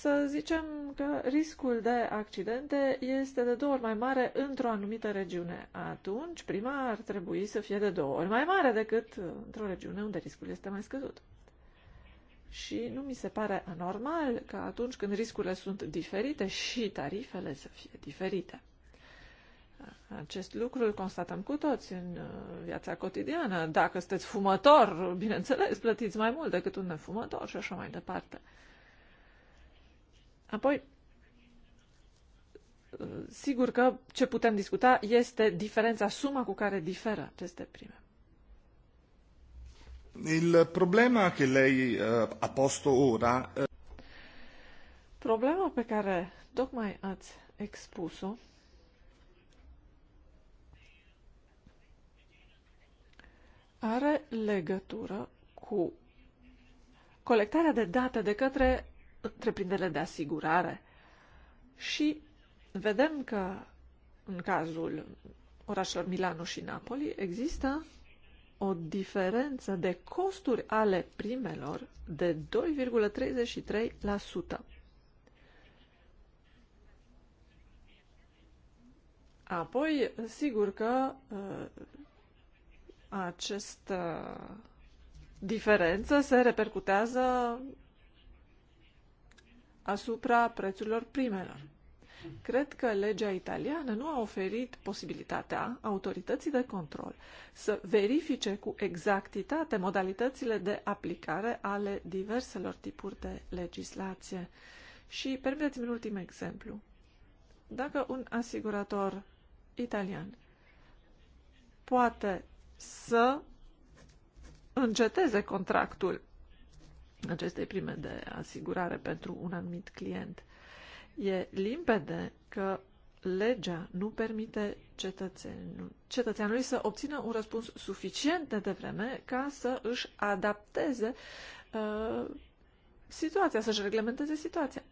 Să zicem că riscul de accidente este de două ori mai mare într-o anumită regiune. Atunci, prima ar trebui să fie de două ori mai mare decât într-o regiune unde riscul este mai scăzut. Și nu mi se pare anormal că atunci când riscurile sunt diferite și tarifele să fie diferite. Acest lucru îl constatăm cu toți în uh, viața cotidiană. Dacă sunteți fumător, bineînțeles, plătiți mai mult decât un nefumător și așa mai departe. Apoi, sigur că ce putem discuta este diferența, suma cu care diferă aceste prime. Il problema che lei uh, ha posto ora... Uh... Problema pe care tocmai ați expus-o are legătură cu colectarea de date de către întreprinderile de asigurare. Și vedem că în cazul orașelor Milano și Napoli există o diferență de costuri ale primelor de 2,33%. Apoi, sigur că ă, această diferență se repercutează asupra prețurilor primelor. Cred că legea italiană nu a oferit posibilitatea autorității de control să verifice cu exactitate modalitățile de aplicare ale diverselor tipuri de legislație. Și permiteți-mi un ultim exemplu. Dacă un asigurator italian poate să înceteze contractul acestei prime de asigurare pentru un anumit client. E limpede că legea nu permite cetățeanului să obțină un răspuns suficient de devreme ca să își adapteze uh, situația, să-și reglementeze situația.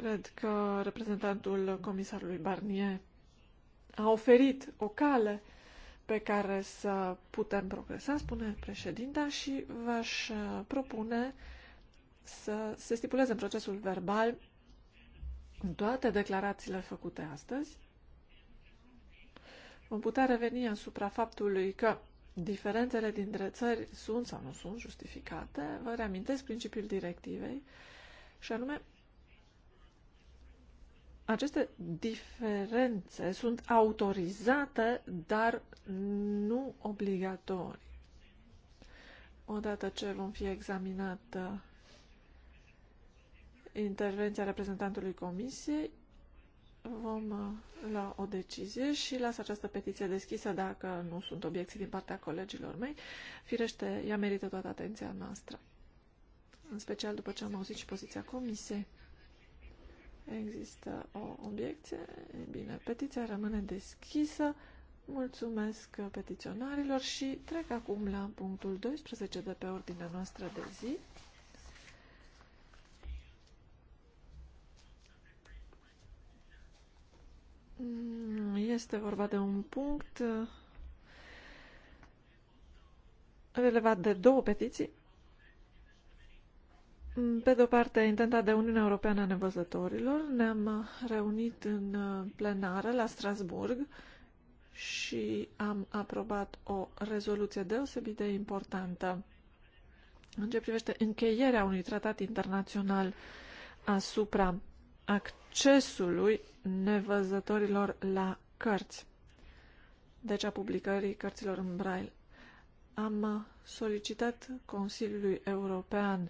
Cred că reprezentantul comisarului Barnier a oferit o cale pe care să putem progresa, spune președinta, și v-aș uh, propune să se stipuleze în procesul verbal toate declarațiile făcute astăzi. Vom putea reveni asupra faptului că diferențele dintre țări sunt sau nu sunt justificate. Vă reamintesc principiul directivei și anume aceste diferențe sunt autorizate, dar nu obligatorii. Odată ce vom fi examinată intervenția reprezentantului Comisiei, vom uh, lua o decizie și las această petiție deschisă dacă nu sunt obiecții din partea colegilor mei. Firește, ea merită toată atenția noastră, în special după ce am auzit și poziția Comisiei. Există o obiecție? E bine, petiția rămâne deschisă. Mulțumesc petiționarilor și trec acum la punctul 12 de pe ordinea noastră de zi. Este vorba de un punct relevat de două petiții pe de o parte, intenta de Uniunea Europeană a Nevăzătorilor, ne-am reunit în plenară la Strasburg și am aprobat o rezoluție deosebit de importantă în ce privește încheierea unui tratat internațional asupra accesului nevăzătorilor la cărți, deci a publicării cărților în braille. Am solicitat Consiliului European uh,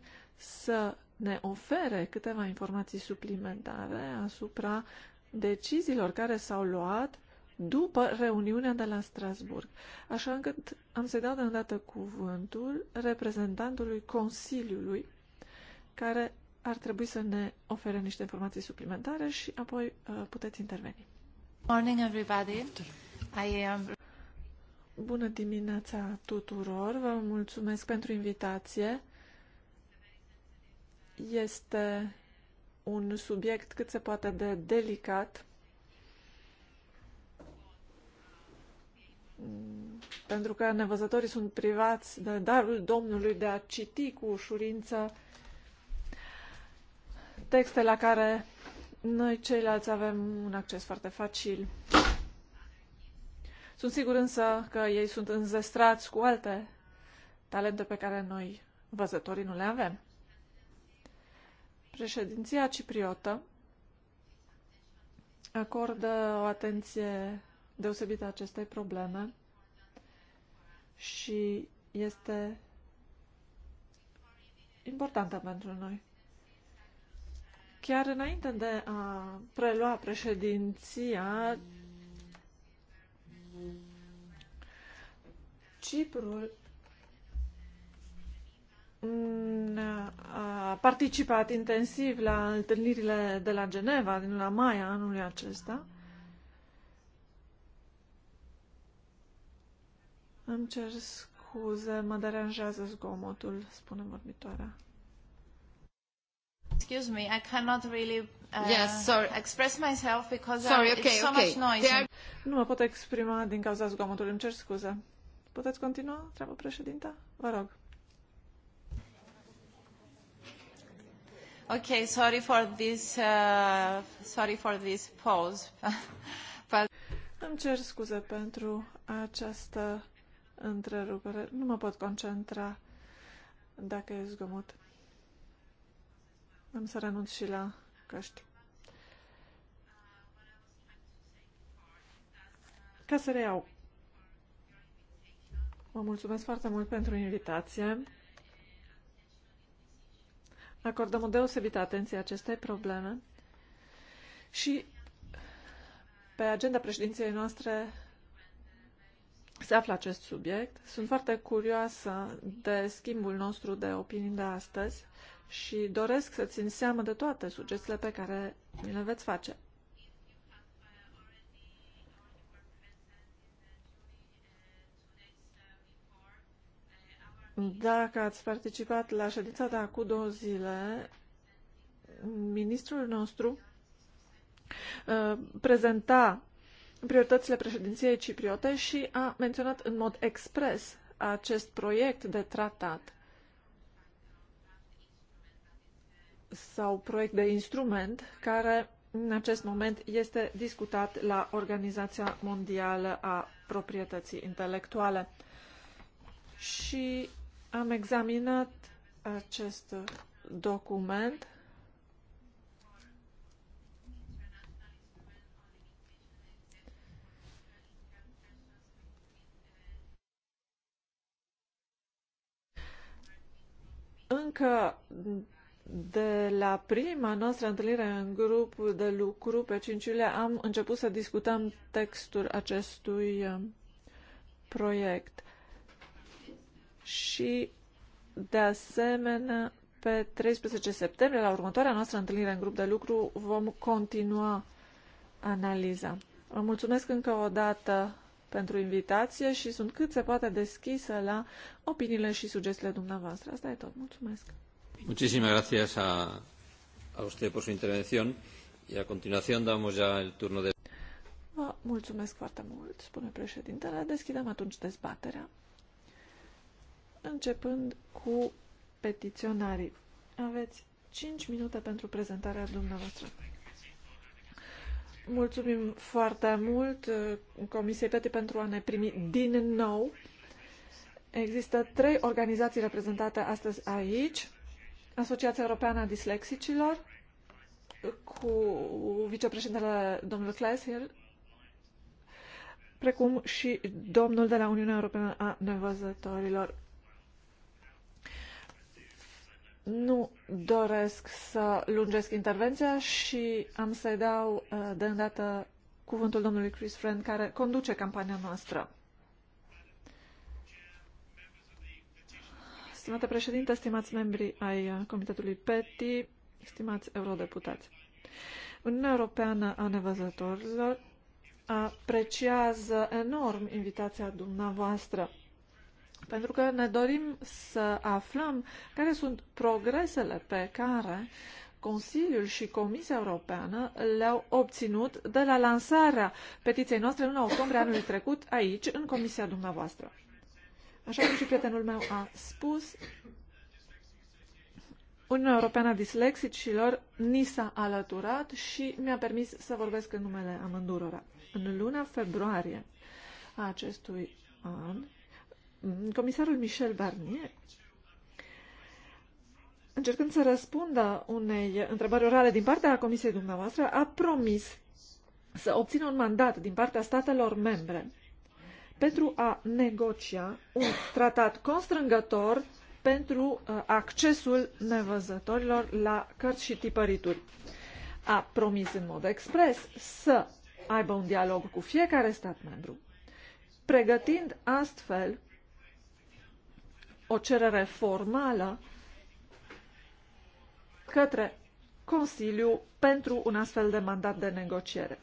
să ne ofere câteva informații suplimentare asupra deciziilor care s-au luat după reuniunea de la Strasburg, așa încât am să-i dau de îndată cuvântul reprezentantului Consiliului, care ar trebui să ne ofere niște informații suplimentare și apoi uh, puteți interveni. Morning, everybody. I am... Bună dimineața tuturor! Vă mulțumesc pentru invitație. Este un subiect cât se poate de delicat pentru că nevăzătorii sunt privați de darul Domnului de a citi cu ușurință texte la care noi ceilalți avem un acces foarte facil. Sunt sigur însă că ei sunt înzestrați cu alte talente pe care noi, văzătorii, nu le avem. Președinția cipriotă acordă o atenție deosebită acestei probleme și este importantă pentru noi. Chiar înainte de a prelua președinția, Ciprul a participat intensiv la întâlnirile de la Geneva din la mai anului acesta. Îmi cer scuze, mă deranjează zgomotul, spune vorbitoarea. Excuse me, I cannot really uh, yes, sorry. express myself because sorry, I'm, um, okay, it's so okay. much noise. Are... Nu mă pot exprima din cauza zgomotului, îmi cer scuze. Puteți continua, treabă președinta? Vă rog. Okay, sorry for this, uh, sorry for this pause. But... Îmi cer scuze pentru această întrerupere. Nu mă pot concentra dacă e zgomot. Am să renunț și la căști. Ca să reiau, Vă mulțumesc foarte mult pentru invitație. Acordăm o deosebită atenție acestei probleme și pe agenda președinției noastre se află acest subiect. Sunt foarte curioasă de schimbul nostru de opinii de astăzi și doresc să țin seama de toate sugestiile pe care mi le veți face. Dacă ați participat la ședința de acum două zile, ministrul nostru uh, prezenta prioritățile președinției cipriote și a menționat în mod expres acest proiect de tratat sau proiect de instrument care în acest moment este discutat la Organizația Mondială a Proprietății Intelectuale. Și am examinat acest document încă de la prima noastră întâlnire în grupul de lucru pe 5 iulie am început să discutăm textul acestui uh, proiect și, de asemenea, pe 13 septembrie, la următoarea noastră întâlnire în grup de lucru, vom continua analiza. Vă mulțumesc încă o dată pentru invitație și sunt cât se poate deschisă la opiniile și sugestiile dumneavoastră. Asta e tot. Mulțumesc. Muchísimas gracias a, a usted por su intervención y a continuación damos ya el turno de... Vă mulțumesc foarte mult, spune președintele. Deschidem atunci dezbaterea începând cu petiționarii. Aveți 5 minute pentru prezentarea dumneavoastră. Mulțumim foarte mult uh, Comisiei Peti pentru a ne primi din nou. Există trei organizații reprezentate astăzi aici. Asociația Europeană a Dislexicilor, cu vicepreședintele domnul Klaes precum și domnul de la Uniunea Europeană a Nevăzătorilor. Nu doresc să lungesc intervenția și am să-i dau uh, de îndată cuvântul domnului Chris Friend, care conduce campania noastră. Stimate președinte, stimați membri ai uh, Comitetului PETI, stimați eurodeputați, Uniunea Europeană a Nevăzătorilor apreciază enorm invitația dumneavoastră pentru că ne dorim să aflăm care sunt progresele pe care Consiliul și Comisia Europeană le-au obținut de la lansarea petiției noastre în octombrie anului trecut aici, în Comisia dumneavoastră. Așa cum și prietenul meu a spus, Uniunea Europeană a Dislexicilor ni s-a alăturat și mi-a permis să vorbesc în numele amândurora. În luna februarie a acestui an, comisarul Michel Barnier, încercând să răspundă unei întrebări orale din partea Comisiei dumneavoastră, a promis să obțină un mandat din partea statelor membre pentru a negocia un tratat constrângător pentru uh, accesul nevăzătorilor la cărți și tipărituri. A promis în mod expres să aibă un dialog cu fiecare stat membru, pregătind astfel o cerere formală către Consiliu pentru un astfel de mandat de negociere.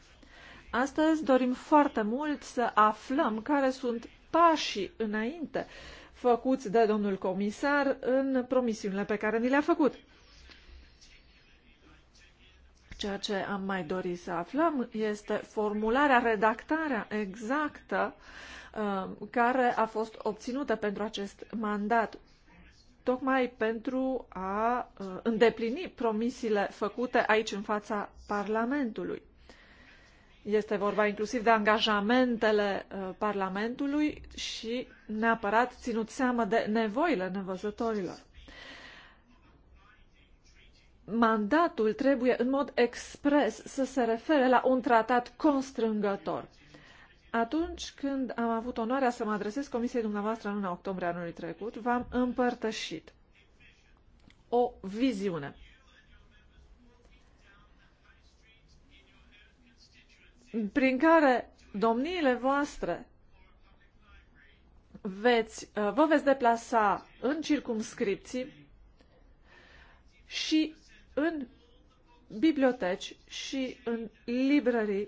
Astăzi dorim foarte mult să aflăm care sunt pașii înainte făcuți de domnul comisar în promisiunile pe care ni le-a făcut. Ceea ce am mai dorit să aflăm este formularea, redactarea exactă Uh, care a fost obținută pentru acest mandat, tocmai pentru a uh, îndeplini promisiile făcute aici în fața Parlamentului. Este vorba inclusiv de angajamentele uh, Parlamentului și neapărat ținut seama de nevoile nevăzătorilor mandatul trebuie în mod expres să se refere la un tratat constrângător. Atunci când am avut onoarea să mă adresez Comisiei dumneavoastră în luna octombrie anului trecut, v-am împărtășit o viziune. Prin care domniile voastre veți, uh, vă veți deplasa în circumscripții și în biblioteci și în librării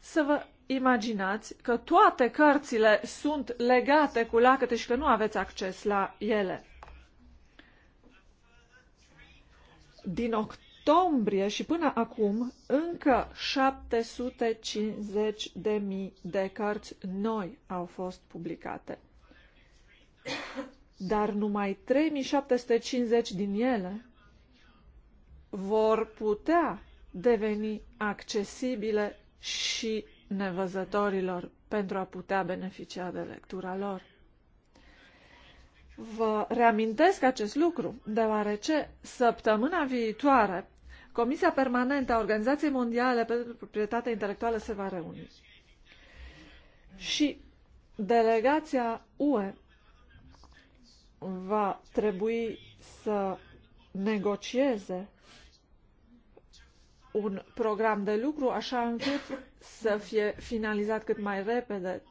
să vă imaginați că toate cărțile sunt legate cu lacăte și că nu aveți acces la ele. Din octombrie și până acum, încă 750.000 de, de cărți noi au fost publicate. Dar numai 3750 din ele vor putea deveni accesibile și nevăzătorilor pentru a putea beneficia de lectura lor. Vă reamintesc acest lucru, deoarece săptămâna viitoare Comisia Permanentă a Organizației Mondiale pentru Proprietatea Intelectuală se va reuni. Și delegația UE va trebui să negocieze un program de lucru așa încât să fie finalizat cât mai repede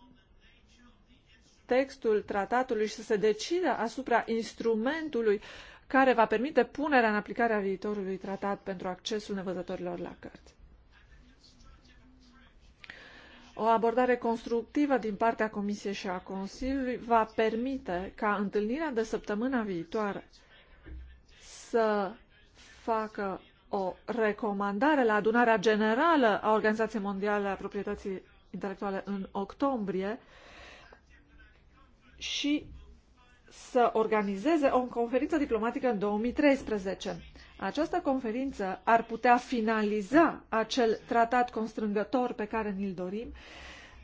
textul tratatului și să se decidă asupra instrumentului care va permite punerea în aplicare a viitorului tratat pentru accesul nevăzătorilor la cărți. O abordare constructivă din partea Comisiei și a Consiliului va permite ca întâlnirea de săptămâna viitoare să facă o recomandare la adunarea generală a Organizației Mondiale a Proprietății Intelectuale în octombrie și să organizeze o conferință diplomatică în 2013. Această conferință ar putea finaliza acel tratat constrângător pe care ni-l dorim,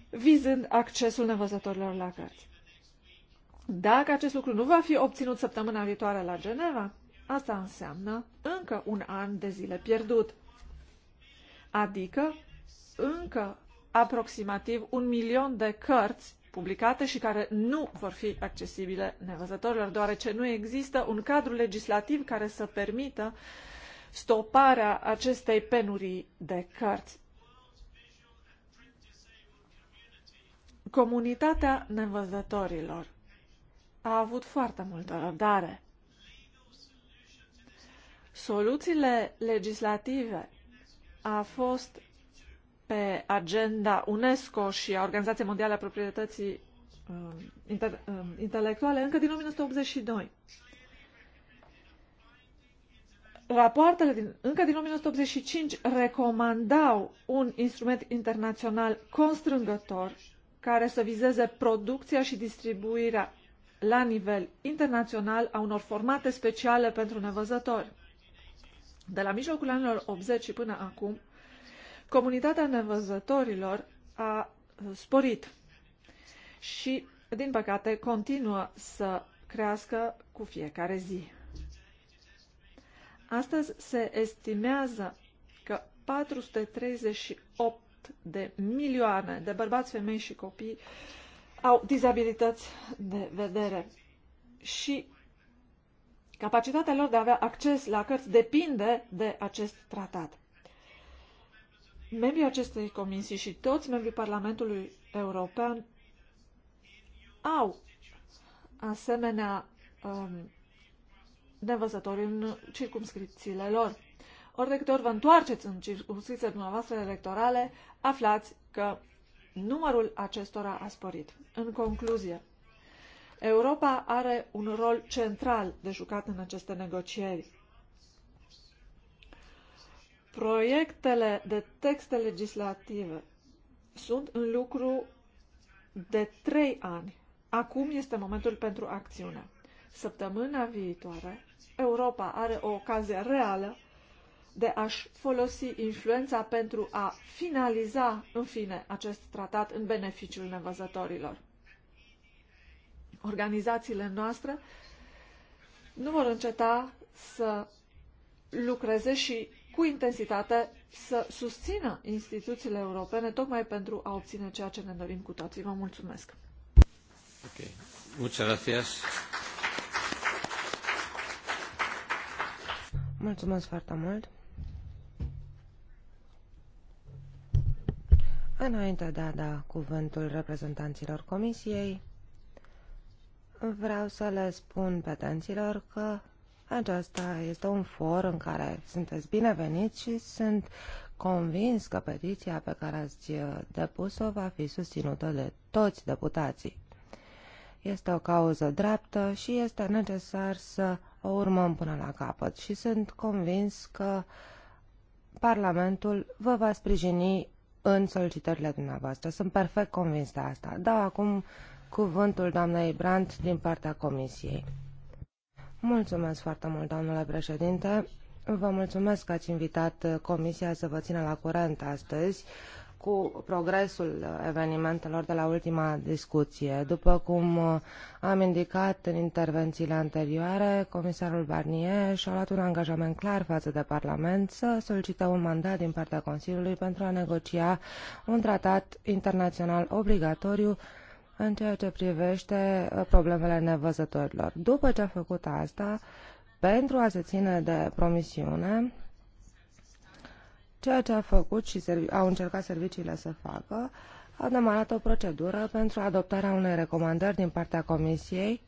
vizând accesul nevăzătorilor la cărți. Dacă acest lucru nu va fi obținut săptămâna viitoare la Geneva, Asta înseamnă încă un an de zile pierdut, adică încă aproximativ un milion de cărți publicate și care nu vor fi accesibile nevăzătorilor, deoarece nu există un cadru legislativ care să permită stoparea acestei penurii de cărți. Comunitatea nevăzătorilor a avut foarte multă răbdare. Soluțiile legislative a fost pe agenda UNESCO și a Organizației Mondiale a Proprietății um, um, Intelectuale încă din 1982. Rapoartele din, încă din 1985 recomandau un instrument internațional constrângător care să vizeze producția și distribuirea la nivel internațional a unor formate speciale pentru nevăzători. De la mijlocul anilor 80 și până acum, comunitatea nevăzătorilor a sporit și, din păcate, continuă să crească cu fiecare zi. Astăzi se estimează că 438 de milioane de bărbați, femei și copii au dizabilități de vedere și Capacitatea lor de a avea acces la cărți depinde de acest tratat. Membrii acestei comisii și toți membrii Parlamentului European au asemenea um, nevăzători în circumscripțiile lor. Ori de câte ori vă întoarceți în circunscripțiile dumneavoastră electorale, aflați că numărul acestora a sporit. În concluzie, Europa are un rol central de jucat în aceste negocieri. Proiectele de texte legislative sunt în lucru de trei ani. Acum este momentul pentru acțiune. Săptămâna viitoare, Europa are o ocazie reală de a-și folosi influența pentru a finaliza, în fine, acest tratat în beneficiul nevăzătorilor organizațiile noastre nu vor înceta să lucreze și cu intensitate să susțină instituțiile europene tocmai pentru a obține ceea ce ne dorim cu toții. Vă mulțumesc! Okay. Muchas gracias. Mulțumesc foarte mult! Înainte de a da cuvântul reprezentanților Comisiei, Vreau să le spun petenților că aceasta este un for în care sunteți bineveniți și sunt convins că petiția pe care ați uh, depus-o va fi susținută de toți deputații. Este o cauză dreaptă și este necesar să o urmăm până la capăt și sunt convins că Parlamentul vă va sprijini în solicitările dumneavoastră. Sunt perfect convins de asta. Da, acum cuvântul doamnei Brandt din partea Comisiei. Mulțumesc foarte mult, domnule președinte. Vă mulțumesc că ați invitat uh, Comisia să vă țină la curent astăzi cu progresul uh, evenimentelor de la ultima discuție. După cum uh, am indicat în intervențiile anterioare, comisarul Barnier și-a luat un angajament clar față de Parlament să solicită un mandat din partea Consiliului pentru a negocia un tratat internațional obligatoriu în ceea ce privește uh, problemele nevăzătorilor. După ce a făcut asta, pentru a se ține de promisiune, ceea ce a făcut și au încercat serviciile să facă, a demarat o procedură pentru adoptarea unei recomandări din partea Comisiei,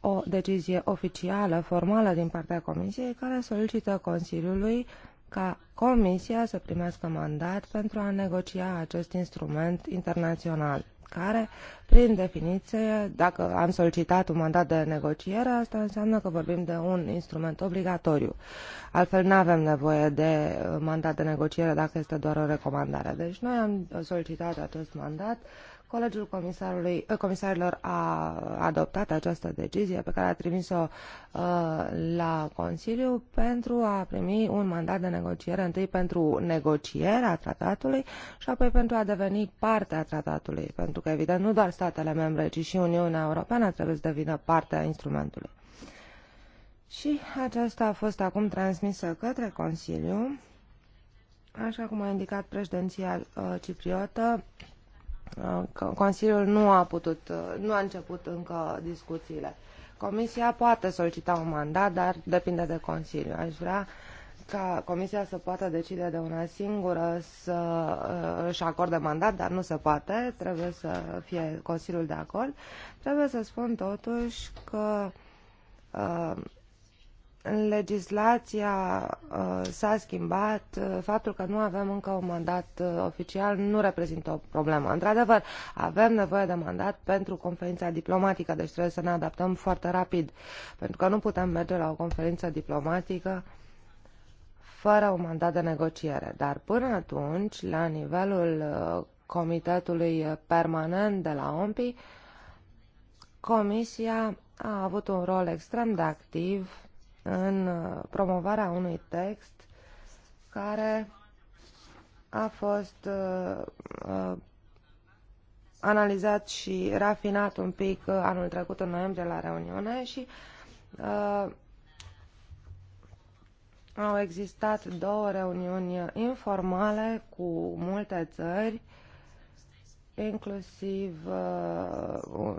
o decizie oficială, formală din partea Comisiei, care solicită Consiliului ca Comisia să primească mandat pentru a negocia acest instrument internațional care, prin definiție, dacă am solicitat un mandat de negociere, asta înseamnă că vorbim de un instrument obligatoriu. Altfel, nu avem nevoie de uh, mandat de negociere dacă este doar o recomandare. Deci, noi am solicitat acest mandat uh, Colegiul comisarului, eh, comisarilor a adoptat această decizie pe care a trimis-o uh, la Consiliu pentru a primi un mandat de negociere, întâi pentru negocierea tratatului și apoi pentru a deveni parte a tratatului, pentru că, evident, nu doar statele membre, ci și Uniunea Europeană trebuie să devină parte a instrumentului. Și aceasta a fost acum transmisă către Consiliu, așa cum a indicat președinția uh, cipriotă, Consiliul nu a putut, nu a început încă discuțiile. Comisia poate solicita un mandat, dar depinde de Consiliu. Aș vrea ca Comisia să poată decide de una singură să uh, își acorde mandat, dar nu se poate, trebuie să fie Consiliul de acord. Trebuie să spun totuși că uh, legislația uh, s-a schimbat, uh, faptul că nu avem încă un mandat uh, oficial nu reprezintă o problemă. Într-adevăr, avem nevoie de mandat pentru conferința diplomatică, deci trebuie să ne adaptăm foarte rapid, pentru că nu putem merge la o conferință diplomatică fără un mandat de negociere. Dar până atunci, la nivelul uh, Comitetului Permanent de la OMPI, Comisia a avut un rol extrem de activ în uh, promovarea unui text care a fost uh, uh, analizat și rafinat un pic anul trecut în noiembrie la reuniune și uh, au existat două reuniuni informale cu multe țări, inclusiv uh,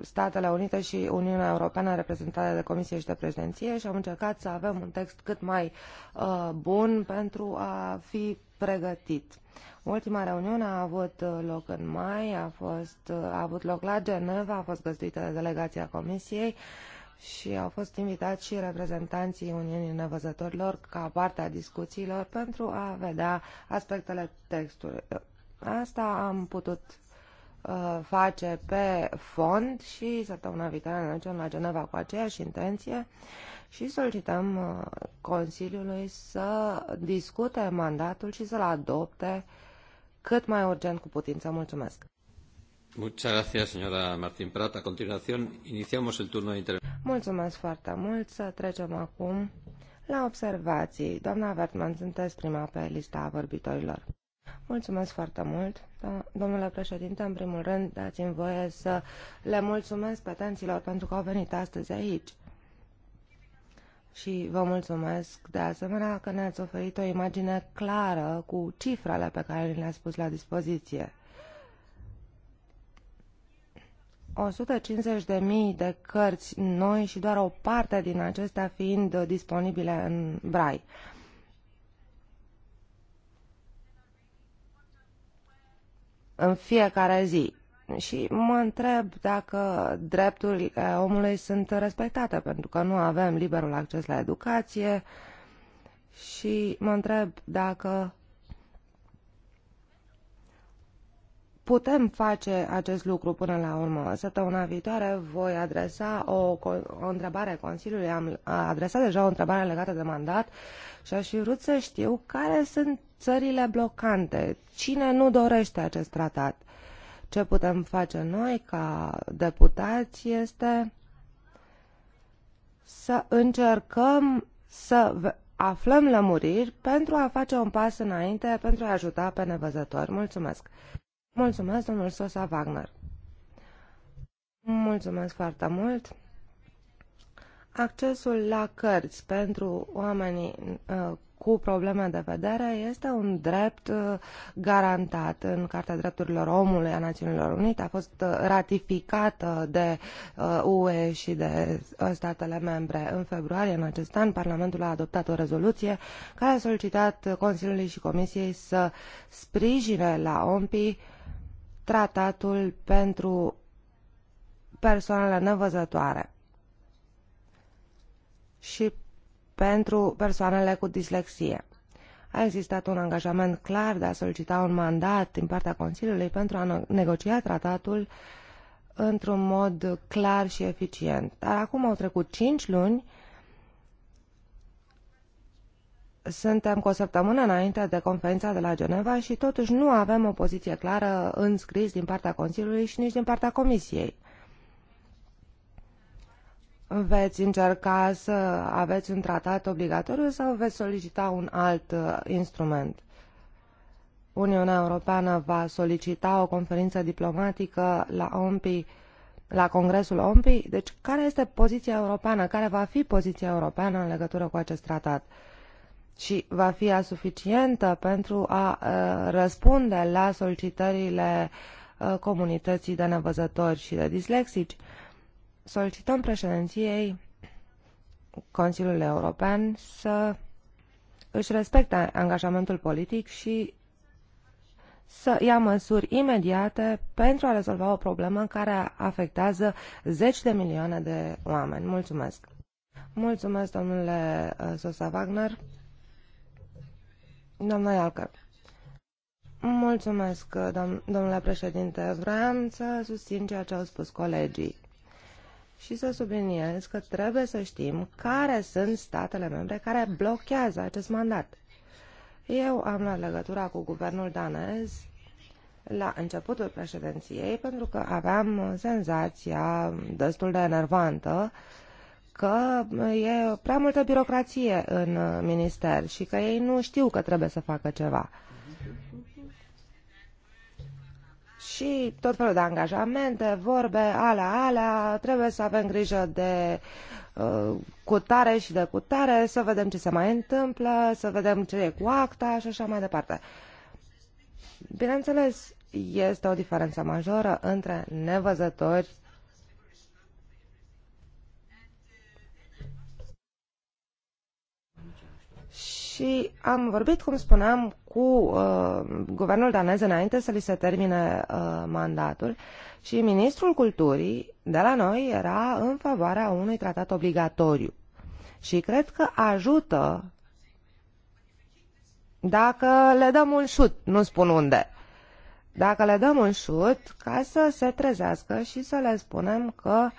Statele Unite și Uniunea Europeană reprezentate de Comisie și de președinție și am încercat să avem un text cât mai uh, bun pentru a fi pregătit. Ultima reuniune a avut uh, loc în mai, a, fost, uh, a avut loc la Geneva, a fost găzduită de delegația Comisiei și au fost invitați și reprezentanții Uniunii Nevăzătorilor ca parte a discuțiilor pentru a vedea aspectele textului. Asta am putut Uh, face pe fond și săptămâna viitoare ne ducem la Geneva cu aceeași intenție și solicităm uh, Consiliului să discute mandatul și să-l adopte cât mai urgent cu putință. Mulțumesc! Muchas gracias, señora Martín Prat. A continuación, iniciamos el turno de intervención. Mulțumesc foarte mult. Să trecem acum la observații. Doamna Vertman, sunteți prima pe lista vorbitorilor. Mulțumesc foarte mult domnule președinte, în primul rând dați-mi voie să le mulțumesc petenților pentru că au venit astăzi aici. Și vă mulțumesc de asemenea că ne-ați oferit o imagine clară cu cifrele pe care le-ați pus la dispoziție. 150.000 de cărți noi și doar o parte din acestea fiind disponibile în Braille. în fiecare zi. Și mă întreb dacă drepturile omului sunt respectate, pentru că nu avem liberul acces la educație și mă întreb dacă putem face acest lucru până la urmă. Săptămâna viitoare voi adresa o, o întrebare Consiliului, am adresat deja o întrebare legată de mandat și aș fi vrut să știu care sunt țările blocante. Cine nu dorește acest tratat? Ce putem face noi ca deputați este să încercăm să aflăm lămuriri pentru a face un pas înainte, pentru a ajuta pe nevăzători. Mulțumesc! Mulțumesc, domnul Sosa Wagner! Mulțumesc foarte mult! Accesul la cărți pentru oamenii uh, cu probleme de vedere este un drept uh, garantat în Carta Drepturilor Omului a Națiunilor Unite. A fost uh, ratificată de UE uh, și de statele membre în februarie în acest an. Parlamentul a adoptat o rezoluție care a solicitat Consiliului și Comisiei să sprijine la OMPI tratatul pentru persoanele nevăzătoare și pentru persoanele cu dislexie. A existat un angajament clar de a solicita un mandat din partea Consiliului pentru a negocia tratatul într-un mod clar și eficient. Dar acum au trecut 5 luni, suntem cu o săptămână înainte de conferința de la Geneva și totuși nu avem o poziție clară în scris din partea Consiliului și nici din partea Comisiei veți încerca să aveți un tratat obligatoriu sau veți solicita un alt uh, instrument? Uniunea Europeană va solicita o conferință diplomatică la OMPI, la Congresul OMPI. Deci, care este poziția europeană? Care va fi poziția europeană în legătură cu acest tratat? Și va fi ea suficientă pentru a uh, răspunde la solicitările uh, comunității de nevăzători și de dislexici? Uh, solicităm președinției Consiliul European să își respecte angajamentul politic și să ia măsuri imediate pentru a rezolva o problemă care afectează zeci de milioane de oameni. Mulțumesc! Mulțumesc, domnule uh, Sosa Wagner. Doamna Ialcă. Mulțumesc, domnule președinte. Vreau să susțin ceea ce au spus colegii și să subliniez că trebuie să știm care sunt statele membre care blochează acest mandat. Eu am luat legătura cu guvernul danez la începutul președinției pentru că aveam senzația destul de enervantă că e prea multă birocrație în minister și că ei nu știu că trebuie să facă ceva. și tot felul de angajamente, vorbe, alea, alea, trebuie să avem grijă de uh, cutare și de cutare, să vedem ce se mai întâmplă, să vedem ce e cu acta și așa mai departe. Bineînțeles, este o diferență majoră între nevăzători și am vorbit, cum spuneam, cu uh, guvernul danez înainte să li se termine uh, mandatul și ministrul culturii de la noi era în favoarea unui tratat obligatoriu. Și cred că ajută dacă le dăm un șut, nu spun unde. Dacă le dăm un șut ca să se trezească și să le spunem că uh,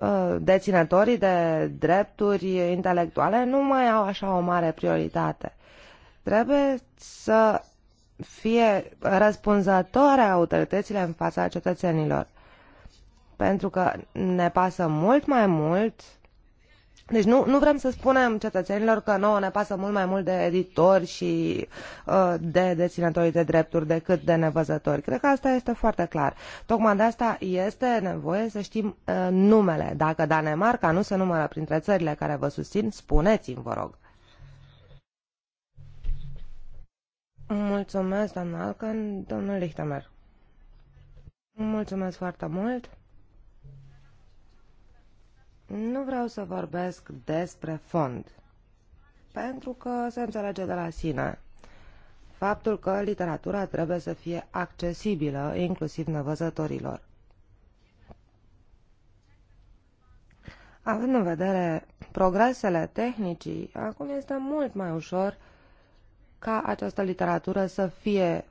Uh, deținătorii de drepturi intelectuale nu mai au așa o mare prioritate. Trebuie să fie răspunzătoare autoritățile în fața cetățenilor. Pentru că ne pasă mult mai mult uh, deci nu, nu vrem să spunem cetățenilor că nouă ne pasă mult mai mult de editori și uh, de deținătorii de drepturi decât de nevăzători. Cred că asta este foarte clar. Tocmai de asta este nevoie să știm uh, numele. Dacă Danemarca nu se numără printre țările care vă susțin, spuneți-mi, vă rog. Mulțumesc, doamna Alcan, domnul Lichtenberg. Mulțumesc foarte mult. Nu vreau să vorbesc despre fond, pentru că se înțelege de la sine faptul că literatura trebuie să fie accesibilă, inclusiv nevăzătorilor. Având în vedere progresele tehnicii, acum este mult mai ușor ca această literatură să fie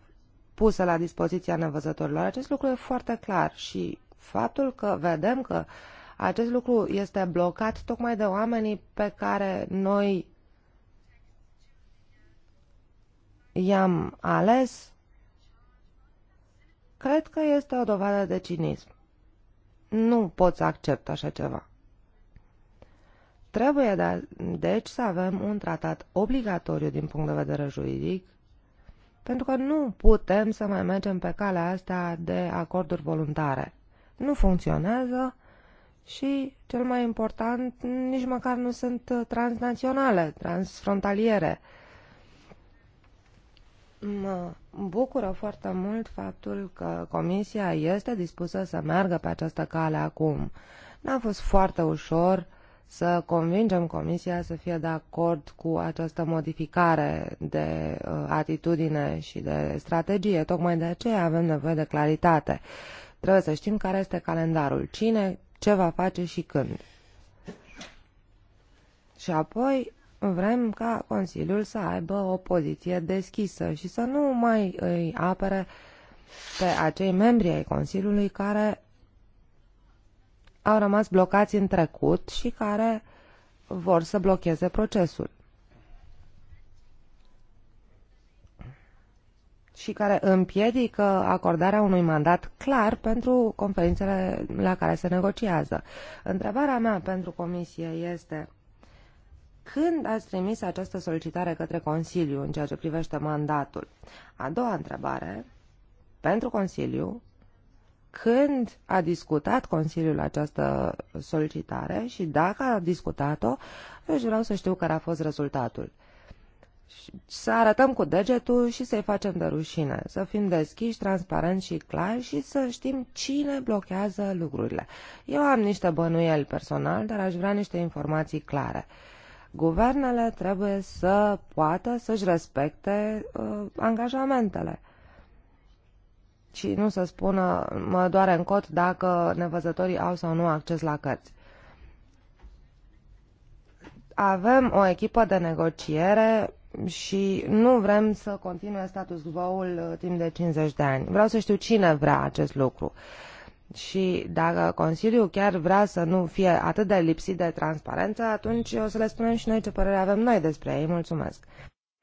pusă la dispoziția nevăzătorilor. Acest lucru e foarte clar și faptul că vedem că uh, acest lucru este blocat tocmai de oamenii pe care noi i-am ales. Cred că este o dovadă de cinism. Nu pot să accept așa ceva. Trebuie de, da, deci să avem un tratat obligatoriu din punct de vedere juridic, pentru că nu putem să mai mergem pe calea asta de acorduri voluntare. Nu funcționează și, cel mai important, nici măcar nu sunt transnaționale, transfrontaliere. Mă bucură foarte mult faptul că Comisia este dispusă să meargă pe această cale acum. N-a fost foarte ușor să convingem Comisia să fie de acord cu această modificare de uh, atitudine și de strategie. Tocmai de aceea avem nevoie de claritate. Trebuie să știm care este calendarul, cine ce va face și când. Și apoi vrem ca Consiliul să aibă o poziție deschisă și să nu mai îi apere pe acei membri ai Consiliului care au rămas blocați în trecut și care vor să blocheze procesul. și care împiedică acordarea unui mandat clar pentru conferințele la care se negociază. Întrebarea mea pentru Comisie este când ați trimis această solicitare către Consiliu în ceea ce privește mandatul? A doua întrebare, pentru Consiliu, când a discutat Consiliul această solicitare și dacă a discutat-o, eu vreau să știu care a fost rezultatul să arătăm cu degetul și să-i facem de rușine, să fim deschiși, transparenți și clari și să știm cine blochează lucrurile. Eu am niște bănuieli personal, dar aș vrea niște informații clare. Guvernele trebuie să poată să-și respecte uh, angajamentele și nu să spună mă doare în cot dacă nevăzătorii au sau nu acces la cărți avem o echipă de negociere și nu vrem să continue status quo-ul uh, timp de 50 de ani. Vreau să știu cine vrea acest lucru. Și dacă Consiliul chiar vrea să nu fie atât de lipsit de transparență, atunci o să le spunem și noi ce părere avem noi despre ei. Mulțumesc.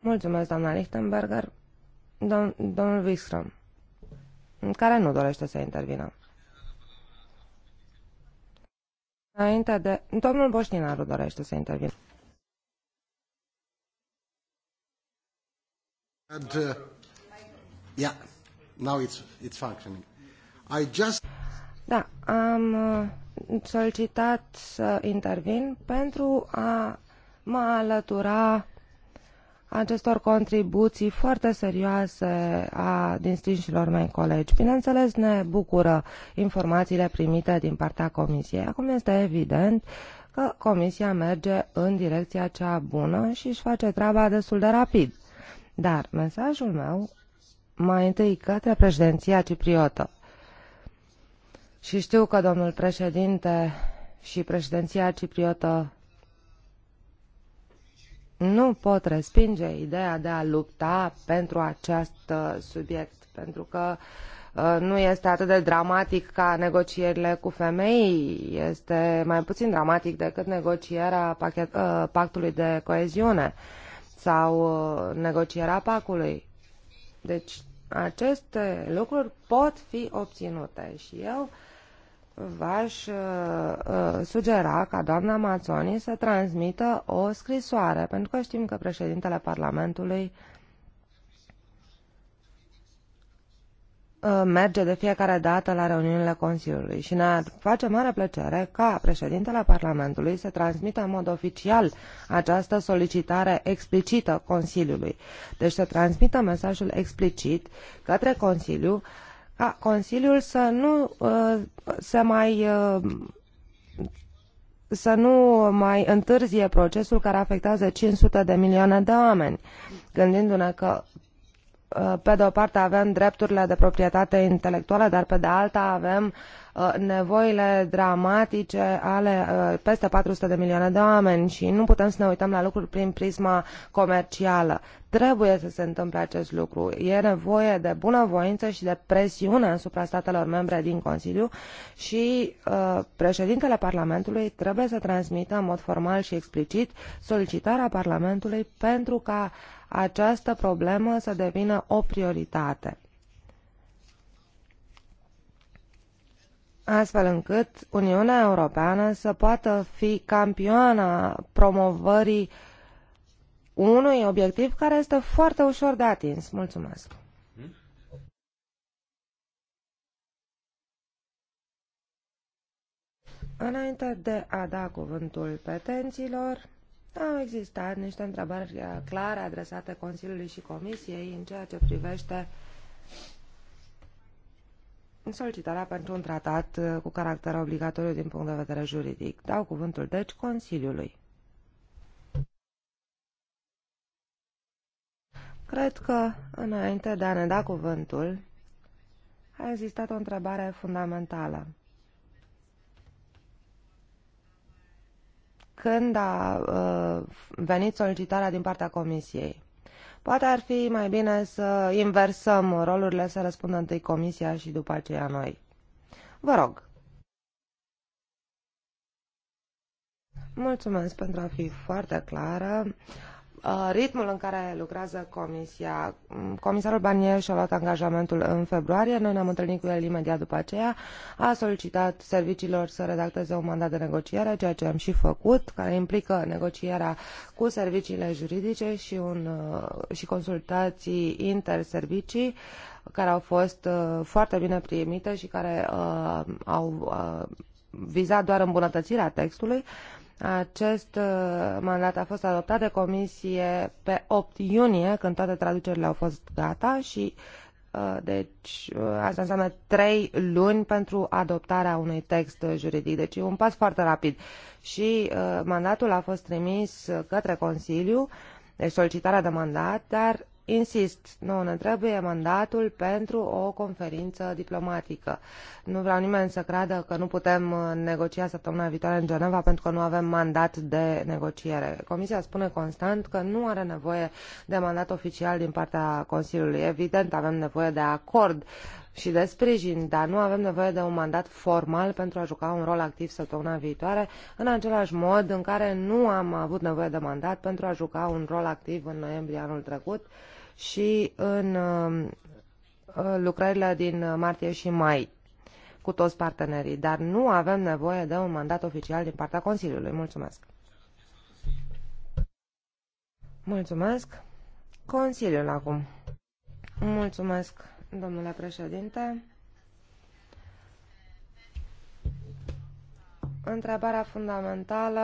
Mulțumesc, doamna Lichtenberger. Dom domnul Wikström, care nu dorește să intervină. Înainte de... Domnul Boștinaru dorește să intervină. And, uh, yeah, now it's, it's functioning. I just... Da, am uh, solicitat să intervin pentru a mă alătura acestor contribuții foarte serioase a distinșilor mei colegi. Bineînțeles, ne bucură informațiile primite din partea Comisiei. Acum este evident că Comisia merge în direcția cea bună și își face treaba destul de rapid. Dar mesajul meu, mai întâi către președinția cipriotă, și știu că domnul președinte și președinția cipriotă nu pot respinge ideea de a lupta pentru acest uh, subiect, pentru că uh, nu este atât de dramatic ca negocierile cu femei, este mai puțin dramatic decât negocierea pachet, uh, pactului de coeziune sau uh, negocierea pacului. Deci aceste lucruri pot fi obținute și eu v-aș uh, uh, sugera ca doamna Mazzoni să transmită o scrisoare, pentru că știm că președintele Parlamentului uh, Uh, merge de fiecare dată la reuniunile Consiliului și ne face mare plăcere ca președintele Parlamentului să transmită în mod oficial această solicitare explicită Consiliului. Deci să transmită mesajul explicit către Consiliu ca Consiliul să nu uh, se mai uh, să nu mai întârzie procesul care afectează 500 de milioane de oameni, gândindu-ne că Uh, pe de o parte avem drepturile de proprietate intelectuală, dar pe de alta avem uh, nevoile dramatice ale uh, peste 400 de milioane de oameni și nu putem să ne uităm la lucruri prin prisma comercială. Trebuie să se întâmple acest lucru. E nevoie de bunăvoință și de presiune asupra statelor membre din Consiliu și uh, președintele Parlamentului trebuie să transmită în mod formal și explicit solicitarea Parlamentului pentru ca uh, această problemă să devină o prioritate. astfel încât Uniunea Europeană să poată fi campioana promovării unui obiectiv care este foarte ușor de atins. Mulțumesc! Înainte de a da cuvântul petenților, au existat niște întrebări uh, clare adresate Consiliului și Comisiei în ceea ce privește solicitarea pentru un tratat uh, cu caracter obligatoriu din punct de vedere juridic. Dau cuvântul, deci, Consiliului. Cred că, înainte de a ne da cuvântul, a existat o întrebare fundamentală. când a ă, venit solicitarea din partea Comisiei. Poate ar fi mai bine să inversăm rolurile, să răspundă întâi Comisia și după aceea noi. Vă rog. Mulțumesc pentru a fi foarte clară. Uh, ritmul în care lucrează Comisia. Mm, comisarul Barnier și-a luat angajamentul în februarie, noi ne-am întâlnit cu el imediat după aceea, a solicitat serviciilor să redacteze un mandat de negociere, ceea ce am și făcut, care implică negocierea cu serviciile juridice și, un, uh, și consultații interservicii care au fost uh, foarte bine primite și care uh, au uh, vizat doar îmbunătățirea textului. Uh, acest uh, mandat a fost adoptat de comisie pe 8 iunie, când toate traducerile au fost gata și uh, deci uh, asta înseamnă trei luni pentru adoptarea unui text juridic. Deci un pas foarte rapid. Și mandatul a fost trimis către Consiliu, deci solicitarea de mandat, dar insist, nu ne trebuie mandatul pentru o conferință diplomatică. Nu vreau nimeni să creadă că nu putem uh, negocia săptămâna viitoare în Geneva pentru că nu avem mandat de negociere. Comisia spune constant că nu are nevoie de mandat oficial din partea Consiliului. Evident, avem nevoie de acord și de sprijin, dar nu avem nevoie de un mandat formal pentru a juca un rol activ săptămâna viitoare, în același mod în care nu am avut nevoie de mandat pentru a juca un rol activ în noiembrie anul trecut, și în uh, uh, lucrările din martie și mai cu toți partenerii, dar nu avem nevoie de un mandat oficial din partea Consiliului. Mulțumesc! Mulțumesc! Consiliul acum. Mulțumesc, domnule președinte. Întrebarea fundamentală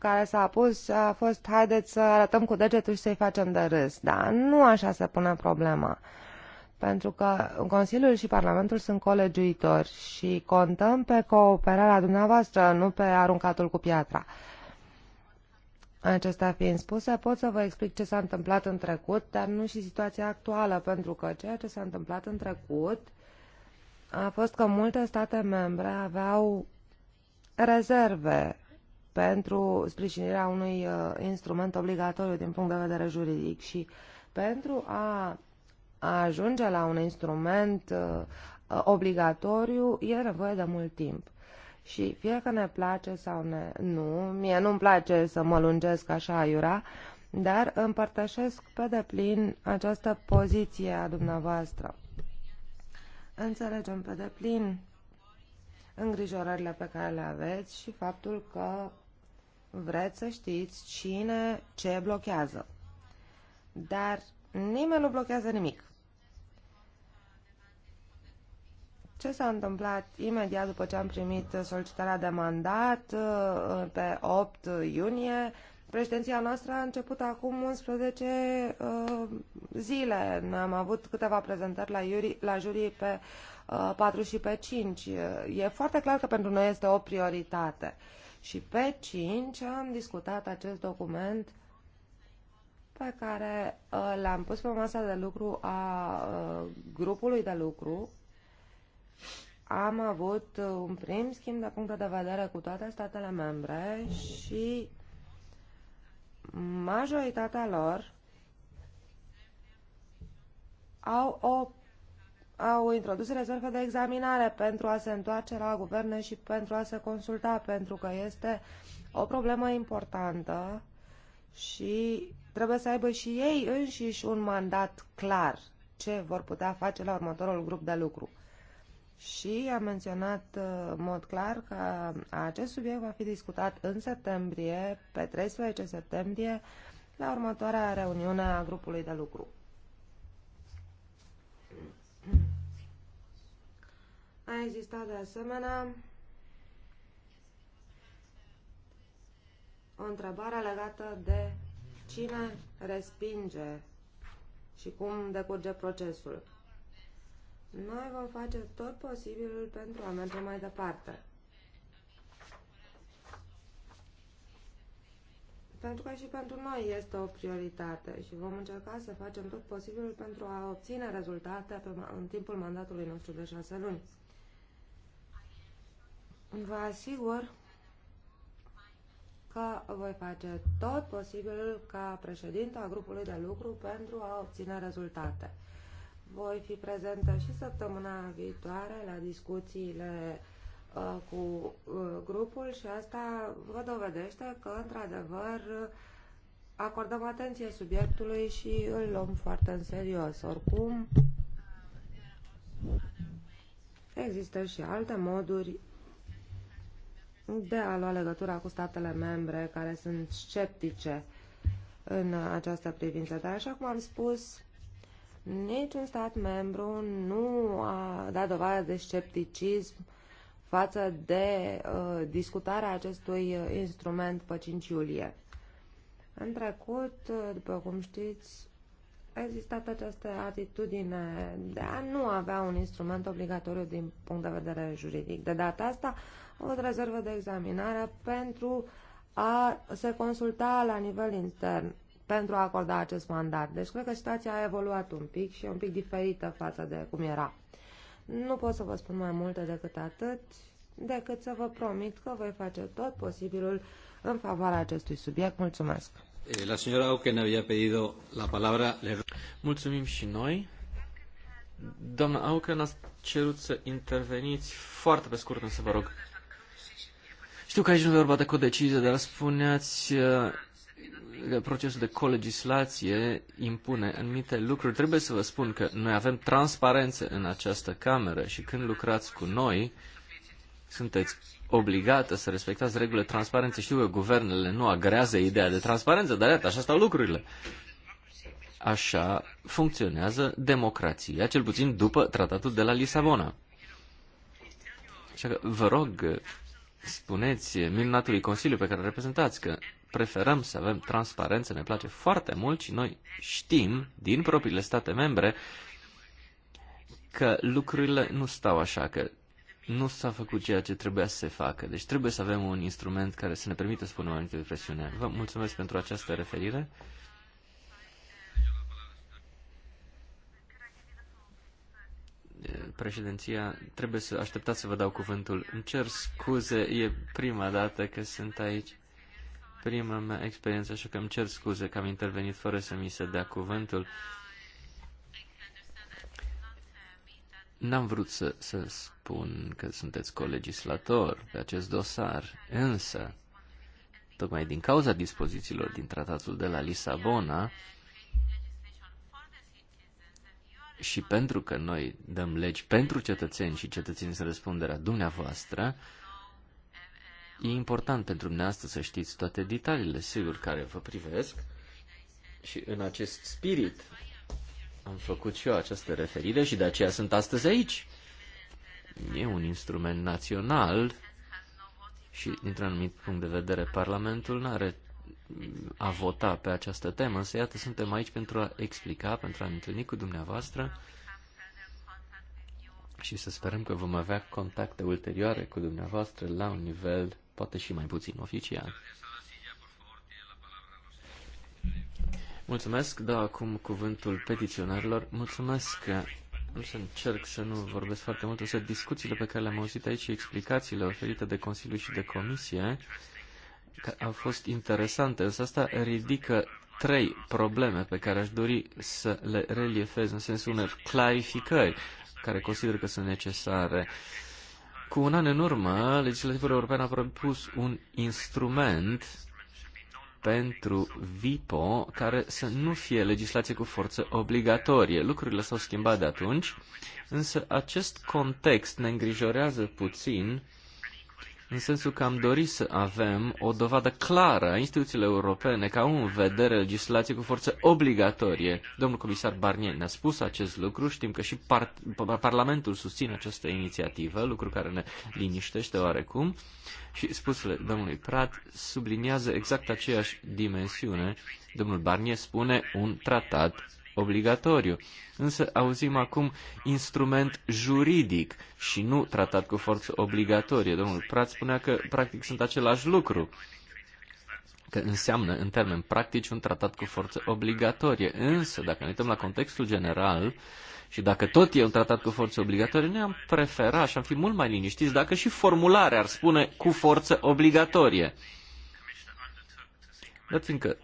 care s-a pus a fost haideți să arătăm cu degetul și să-i facem de râs. Da, nu așa se pune problema. Pentru că Consiliul și Parlamentul sunt colegiuitori și contăm pe cooperarea dumneavoastră, nu pe aruncatul cu piatra. Acestea fiind spuse, pot să vă explic ce s-a întâmplat în trecut, dar nu și situația actuală, pentru că ceea ce s-a întâmplat în trecut a fost că multe state membre aveau rezerve pentru sprijinirea unui uh, instrument obligatoriu din punct de vedere juridic și pentru a ajunge la un instrument uh, uh, obligatoriu e nevoie de mult timp. Și fie că ne place sau ne, nu, mie nu-mi place să mă lungesc așa aiura, dar împărtășesc pe deplin această poziție a dumneavoastră. Înțelegem pe deplin îngrijorările pe care le aveți și faptul că vreți să știți cine ce blochează. Dar nimeni nu blochează nimic. Ce s-a întâmplat imediat după ce am primit solicitarea de mandat uh, pe 8 iunie? Președinția noastră a început acum 11 uh, zile. Am avut câteva prezentări la, iuri, la jurii pe 4 uh, și pe 5. E foarte clar că pentru noi este o prioritate. Și pe 5 am discutat acest document pe care uh, l-am pus pe masa de lucru a uh, grupului de lucru. Am avut un prim schimb de puncte de vedere cu toate statele membre și majoritatea lor au o au introdus rezerve de examinare pentru a se întoarce la guverne și pentru a se consulta, pentru că este o problemă importantă și trebuie să aibă și ei înșiși un mandat clar ce vor putea face la următorul grup de lucru. Și am menționat uh, în mod clar că acest subiect va fi discutat în septembrie, pe 13 septembrie, la următoarea reuniune a grupului de lucru. A existat de asemenea o întrebare legată de cine respinge și cum decurge procesul. Noi vom face tot posibilul pentru a merge mai departe. pentru că și pentru noi este o prioritate și vom încerca să facem tot posibilul pentru a obține rezultate pe, în timpul mandatului nostru de șase luni. Vă asigur că voi face tot posibilul ca președinte a grupului de lucru pentru a obține rezultate. Voi fi prezentă și săptămâna viitoare la discuțiile uh, Uh, cu uh, grupul și asta vă dovedește că, într-adevăr, acordăm atenție subiectului și îl luăm foarte în serios. Oricum, există și alte moduri de a lua legătura cu statele membre care sunt sceptice în această privință. Dar, așa cum am spus, niciun stat membru nu a dat dovadă de scepticism uh, față de uh, discutarea acestui uh, instrument pe 5 iulie. În trecut, uh, după cum știți, a existat această atitudine de a nu avea un instrument obligatoriu din punct de vedere juridic. De data asta, o rezervă de examinare pentru a se consulta la nivel intern pentru a acorda acest mandat. Deci cred că situația a evoluat un pic și e un pic diferită față de cum era. Nu pot să vă spun mai multe decât atât, decât să vă promit că voi face tot posibilul în favoarea acestui subiect. Mulțumesc! Eh, la señora Auken avea pedido la palabra. Mulțumim și noi. Doamna Auken, ați cerut să interveniți foarte pe scurt, însă vă rog. Știu că aici nu e vorba de codecizie, dar spuneați eh, procesul de colegislație impune anumite lucruri. Trebuie să vă spun că noi avem transparență în această cameră și când lucrați cu noi, sunteți obligată să respectați regulile transparenței. Știu că guvernele nu agrează ideea de transparență, dar iată, așa stau lucrurile. Așa funcționează democrația, cel puțin după tratatul de la Lisabona. Așa că vă rog, spuneți minunatului Consiliu pe care îl reprezentați că preferăm să avem transparență, ne place foarte mult și noi știm din propriile state membre că lucrurile nu stau așa, că nu s-a făcut ceea ce trebuia să se facă. Deci trebuie să avem un instrument care să ne permită să punem anumite presiune. Vă mulțumesc pentru această referire. președinția, trebuie să așteptați să vă dau cuvântul. Îmi cer scuze, e prima dată că sunt aici prima mea experiență, așa că îmi cer scuze că am intervenit fără să mi se dea cuvântul. N-am vrut să, să spun că sunteți colegislator pe acest dosar, însă, tocmai din cauza dispozițiilor din tratatul de la Lisabona, și pentru că noi dăm legi pentru cetățeni și cetățenii să răspunderea dumneavoastră, uh, E important pentru dumneavoastră să știți toate detaliile, sigur, care vă privesc. Și în acest spirit am făcut și eu această referire și de aceea sunt astăzi aici. E un instrument național și, dintr-un anumit punct de vedere, Parlamentul nu are a vota pe această temă, însă iată, suntem aici pentru a explica, pentru a întâlni cu dumneavoastră și să sperăm că vom avea contacte ulterioare cu dumneavoastră la un nivel poate și mai puțin oficial. Mulțumesc, dau acum cuvântul petiționarilor. Mulțumesc că nu să încerc să nu vorbesc foarte mult, însă discuțiile pe care le-am auzit aici și explicațiile oferite de Consiliu și de Comisie au fost interesante, însă asta ridică trei probleme pe care aș dori să le reliefez în sensul unor clarificări care consider că sunt necesare. Uh, cu un an în urmă, legislativul european a propus un instrument pentru VIPO care să nu fie legislație cu forță obligatorie. Lucrurile s-au schimbat de atunci, însă acest context ne îngrijorează puțin în sensul că am dorit să avem o dovadă clară a instituțiilor europene că au în vedere legislație cu forță obligatorie. Domnul comisar Barnier ne-a spus acest lucru, știm că și par- Parlamentul susține această inițiativă, lucru care ne liniștește oarecum, și spusele domnului Prat subliniază exact aceeași dimensiune. Domnul Barnier spune un tratat obligatoriu. Însă auzim acum instrument juridic și nu tratat cu forță obligatorie. Domnul Prat spunea că practic sunt același lucru că înseamnă în termeni practici un tratat cu forță obligatorie. Însă, dacă ne uităm la contextul general și dacă tot e un tratat cu forță obligatorie, noi am prefera și am fi mult mai liniștiți dacă și formularea ar spune cu forță obligatorie. Dați încă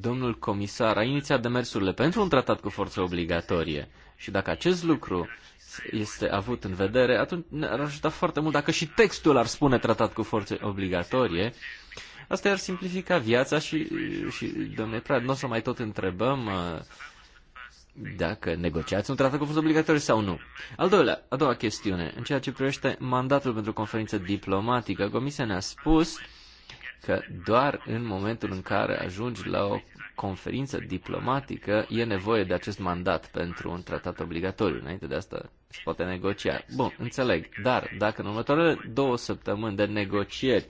domnul comisar a inițiat demersurile pentru un tratat cu forță obligatorie și dacă acest lucru este avut în vedere, atunci ar ajuta foarte mult dacă și textul ar spune tratat cu forță obligatorie. Asta ar simplifica viața și, și domnule Prad, nu o să mai tot întrebăm uh, dacă negociați un tratat cu forță obligatorie sau nu. Al doilea, a doua chestiune, în ceea ce privește mandatul pentru conferință diplomatică, Comisia ne-a spus că doar în momentul în care ajungi la o conferință diplomatică e nevoie de acest mandat pentru un tratat obligatoriu. Înainte de asta se poate negocia. Bun, înțeleg. Dar dacă în următoarele două săptămâni de negocieri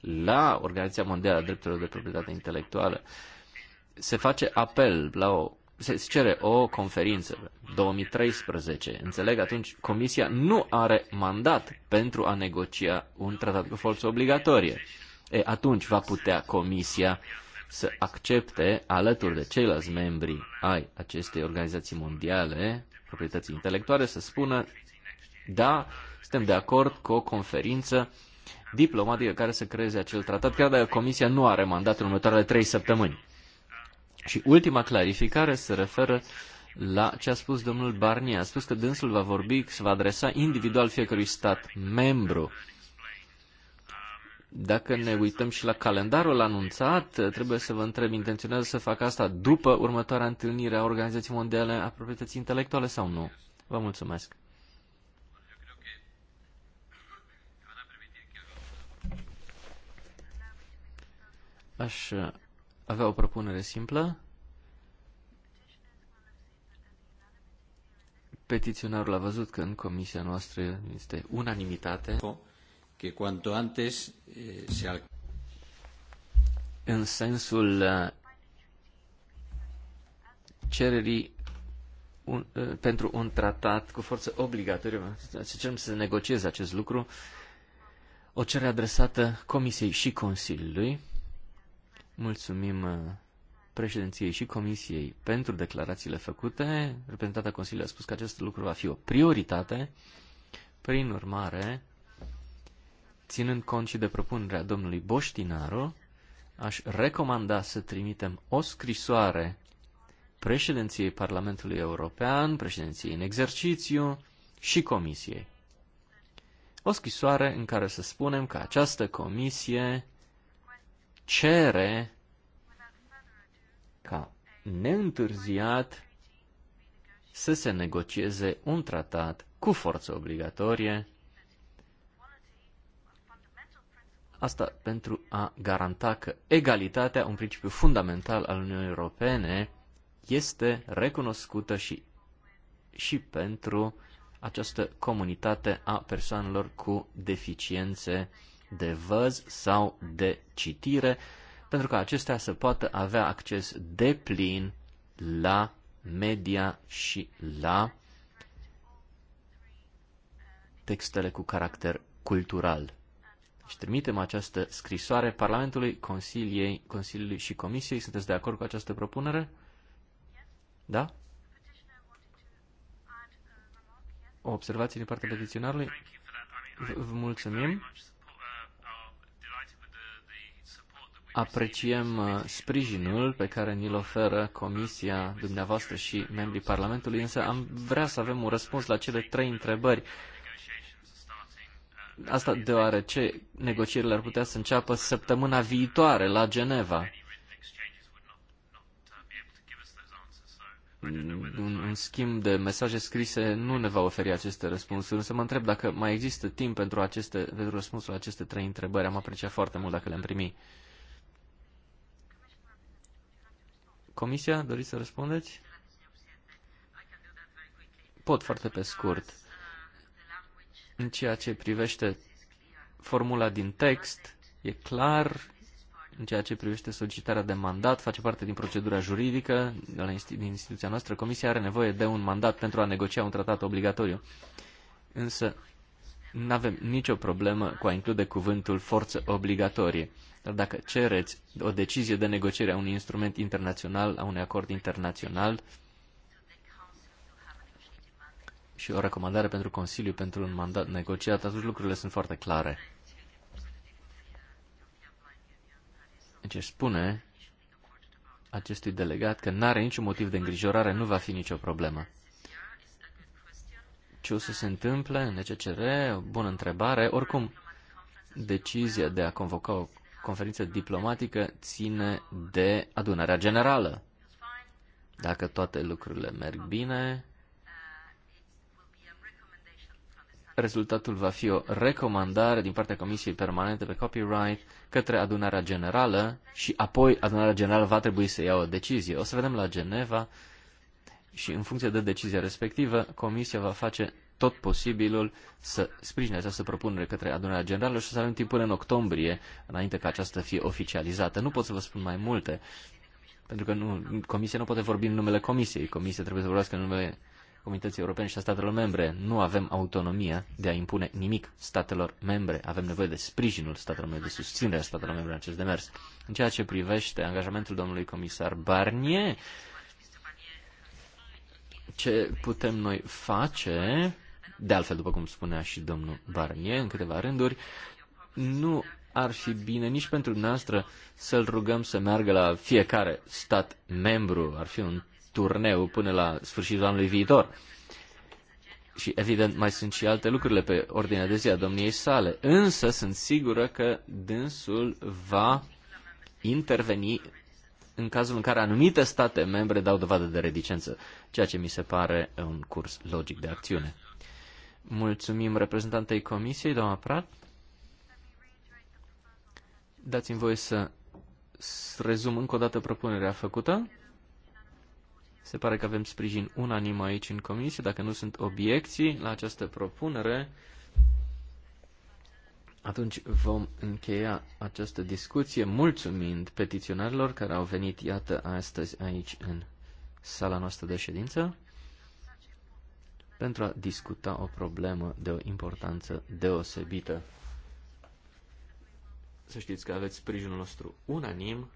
la Organizația Mondială a Drepturilor de Proprietate Intelectuală se face apel la o se cere o conferință 2013. Înțeleg, atunci Comisia nu are mandat pentru a negocia un tratat cu forță obligatorie e, atunci va putea Comisia să accepte, alături de ceilalți membri ai acestei organizații mondiale, proprietății intelectuale, să spună, da, suntem de acord cu o conferință diplomatică care să creeze acel tratat, chiar dacă Comisia nu are mandat în următoarele trei săptămâni. Și ultima clarificare se referă la ce a spus domnul Barnier. A spus că dânsul va vorbi, se va adresa individual fiecărui stat membru. Dacă ne uităm și la calendarul anunțat, trebuie să vă întreb, intenționează să facă asta după următoarea întâlnire a Organizației Mondiale a Proprietății Intelectuale sau nu? Vă mulțumesc. Aș avea o propunere simplă. Petiționarul a văzut că în comisia noastră este unanimitate que cuanto antes eh, se alcance. În sensul uh, cererii un, uh, pentru un tratat cu forță obligatorie, să cerem să negocieze acest lucru, o cerere adresată Comisiei și Consiliului. Mulțumim uh, președinției și Comisiei pentru declarațiile făcute. Reprezentanta Consiliului a spus că acest lucru va fi o prioritate. Prin urmare, ținând cont și de propunerea domnului Boștinaru, aș recomanda să trimitem o scrisoare președinției Parlamentului European, președinției în exercițiu și comisiei. O scrisoare în care să spunem că această comisie cere ca neîntârziat să se negocieze un tratat cu forță obligatorie Asta pentru a garanta că egalitatea, un principiu fundamental al Uniunii Europene, este recunoscută și, și pentru această comunitate a persoanelor cu deficiențe de văz sau de citire, pentru ca acestea să poată avea acces deplin la media și la textele cu caracter cultural și trimitem această scrisoare Parlamentului, Consiliei, Consiliului și Comisiei. Sunteți de acord cu această propunere? Da? O observație din partea petiționarului? Vă mulțumim. Apreciem uh, sprijinul pe care ni-l oferă Comisia dumneavoastră și membrii Parlamentului, însă am vrea să avem un răspuns la cele trei întrebări Asta deoarece negocierile ar putea să înceapă săptămâna viitoare la Geneva. Un, un schimb de mesaje scrise nu ne va oferi aceste răspunsuri, însă mă întreb dacă mai există timp pentru, aceste, pentru răspunsul la aceste trei întrebări. Am apreciat foarte mult dacă le-am primit. Comisia, doriți să răspundeți? Pot foarte pe scurt. În ceea ce privește formula din text, e clar, în ceea ce privește solicitarea de mandat, face parte din procedura juridică de la instit- din instituția noastră. Comisia are nevoie de un mandat pentru a negocia un tratat obligatoriu. Însă, nu avem nicio problemă cu a include cuvântul forță obligatorie. Dar dacă cereți o decizie de negociere a unui instrument internațional, a unui acord internațional, uh, și o recomandare pentru Consiliu pentru un mandat negociat, atunci lucrurile sunt foarte clare. Deci spune acestui delegat că nu are niciun motiv de îngrijorare, nu va fi nicio problemă. Ce o să se întâmple în DCCR? O bună întrebare. Oricum, decizia de a convoca o conferință diplomatică ține de adunarea generală. Dacă toate lucrurile merg bine, Rezultatul va fi o recomandare din partea Comisiei Permanente pe Copyright către adunarea generală și apoi adunarea generală va trebui să ia o decizie. O să vedem la Geneva și în funcție de decizia respectivă, Comisia va face tot posibilul să sprijine această propunere către adunarea generală și o să avem timp până în octombrie, înainte ca aceasta să fie oficializată. Nu pot să vă spun mai multe, pentru că nu, Comisia nu poate vorbi în numele Comisiei. Comisia trebuie să vorbească în numele Comunității Europene și a statelor membre. Nu avem autonomia de a impune nimic statelor membre. Avem nevoie de sprijinul statelor membre, de susținerea statelor membre în acest demers. În ceea ce privește angajamentul domnului comisar Barnier, ce putem noi face, de altfel, după cum spunea și domnul Barnier în câteva rânduri, nu ar fi bine nici pentru noastră să-l rugăm să meargă la fiecare stat membru. Ar fi un turneu până la sfârșitul anului viitor. Și evident mai sunt și alte lucrurile pe ordinea de zi a domniei sale, însă sunt sigură că dânsul va interveni în cazul în care anumite state membre dau dovadă de reticență, ceea ce mi se pare un curs logic de acțiune. Mulțumim reprezentantei Comisiei, doamna Prat. Dați-mi voie să rezum încă o dată propunerea făcută. Se pare că avem sprijin unanim aici în comisie. Dacă nu sunt obiecții la această propunere, atunci vom încheia această discuție mulțumind petiționarilor care au venit, iată, astăzi aici în sala noastră de ședință pentru a discuta o problemă de o importanță deosebită. Să știți că aveți sprijinul nostru unanim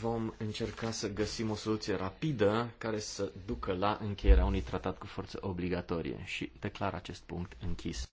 vom încerca să găsim o soluție rapidă care să ducă la încheierea unui tratat cu forță obligatorie și declar acest punct închis.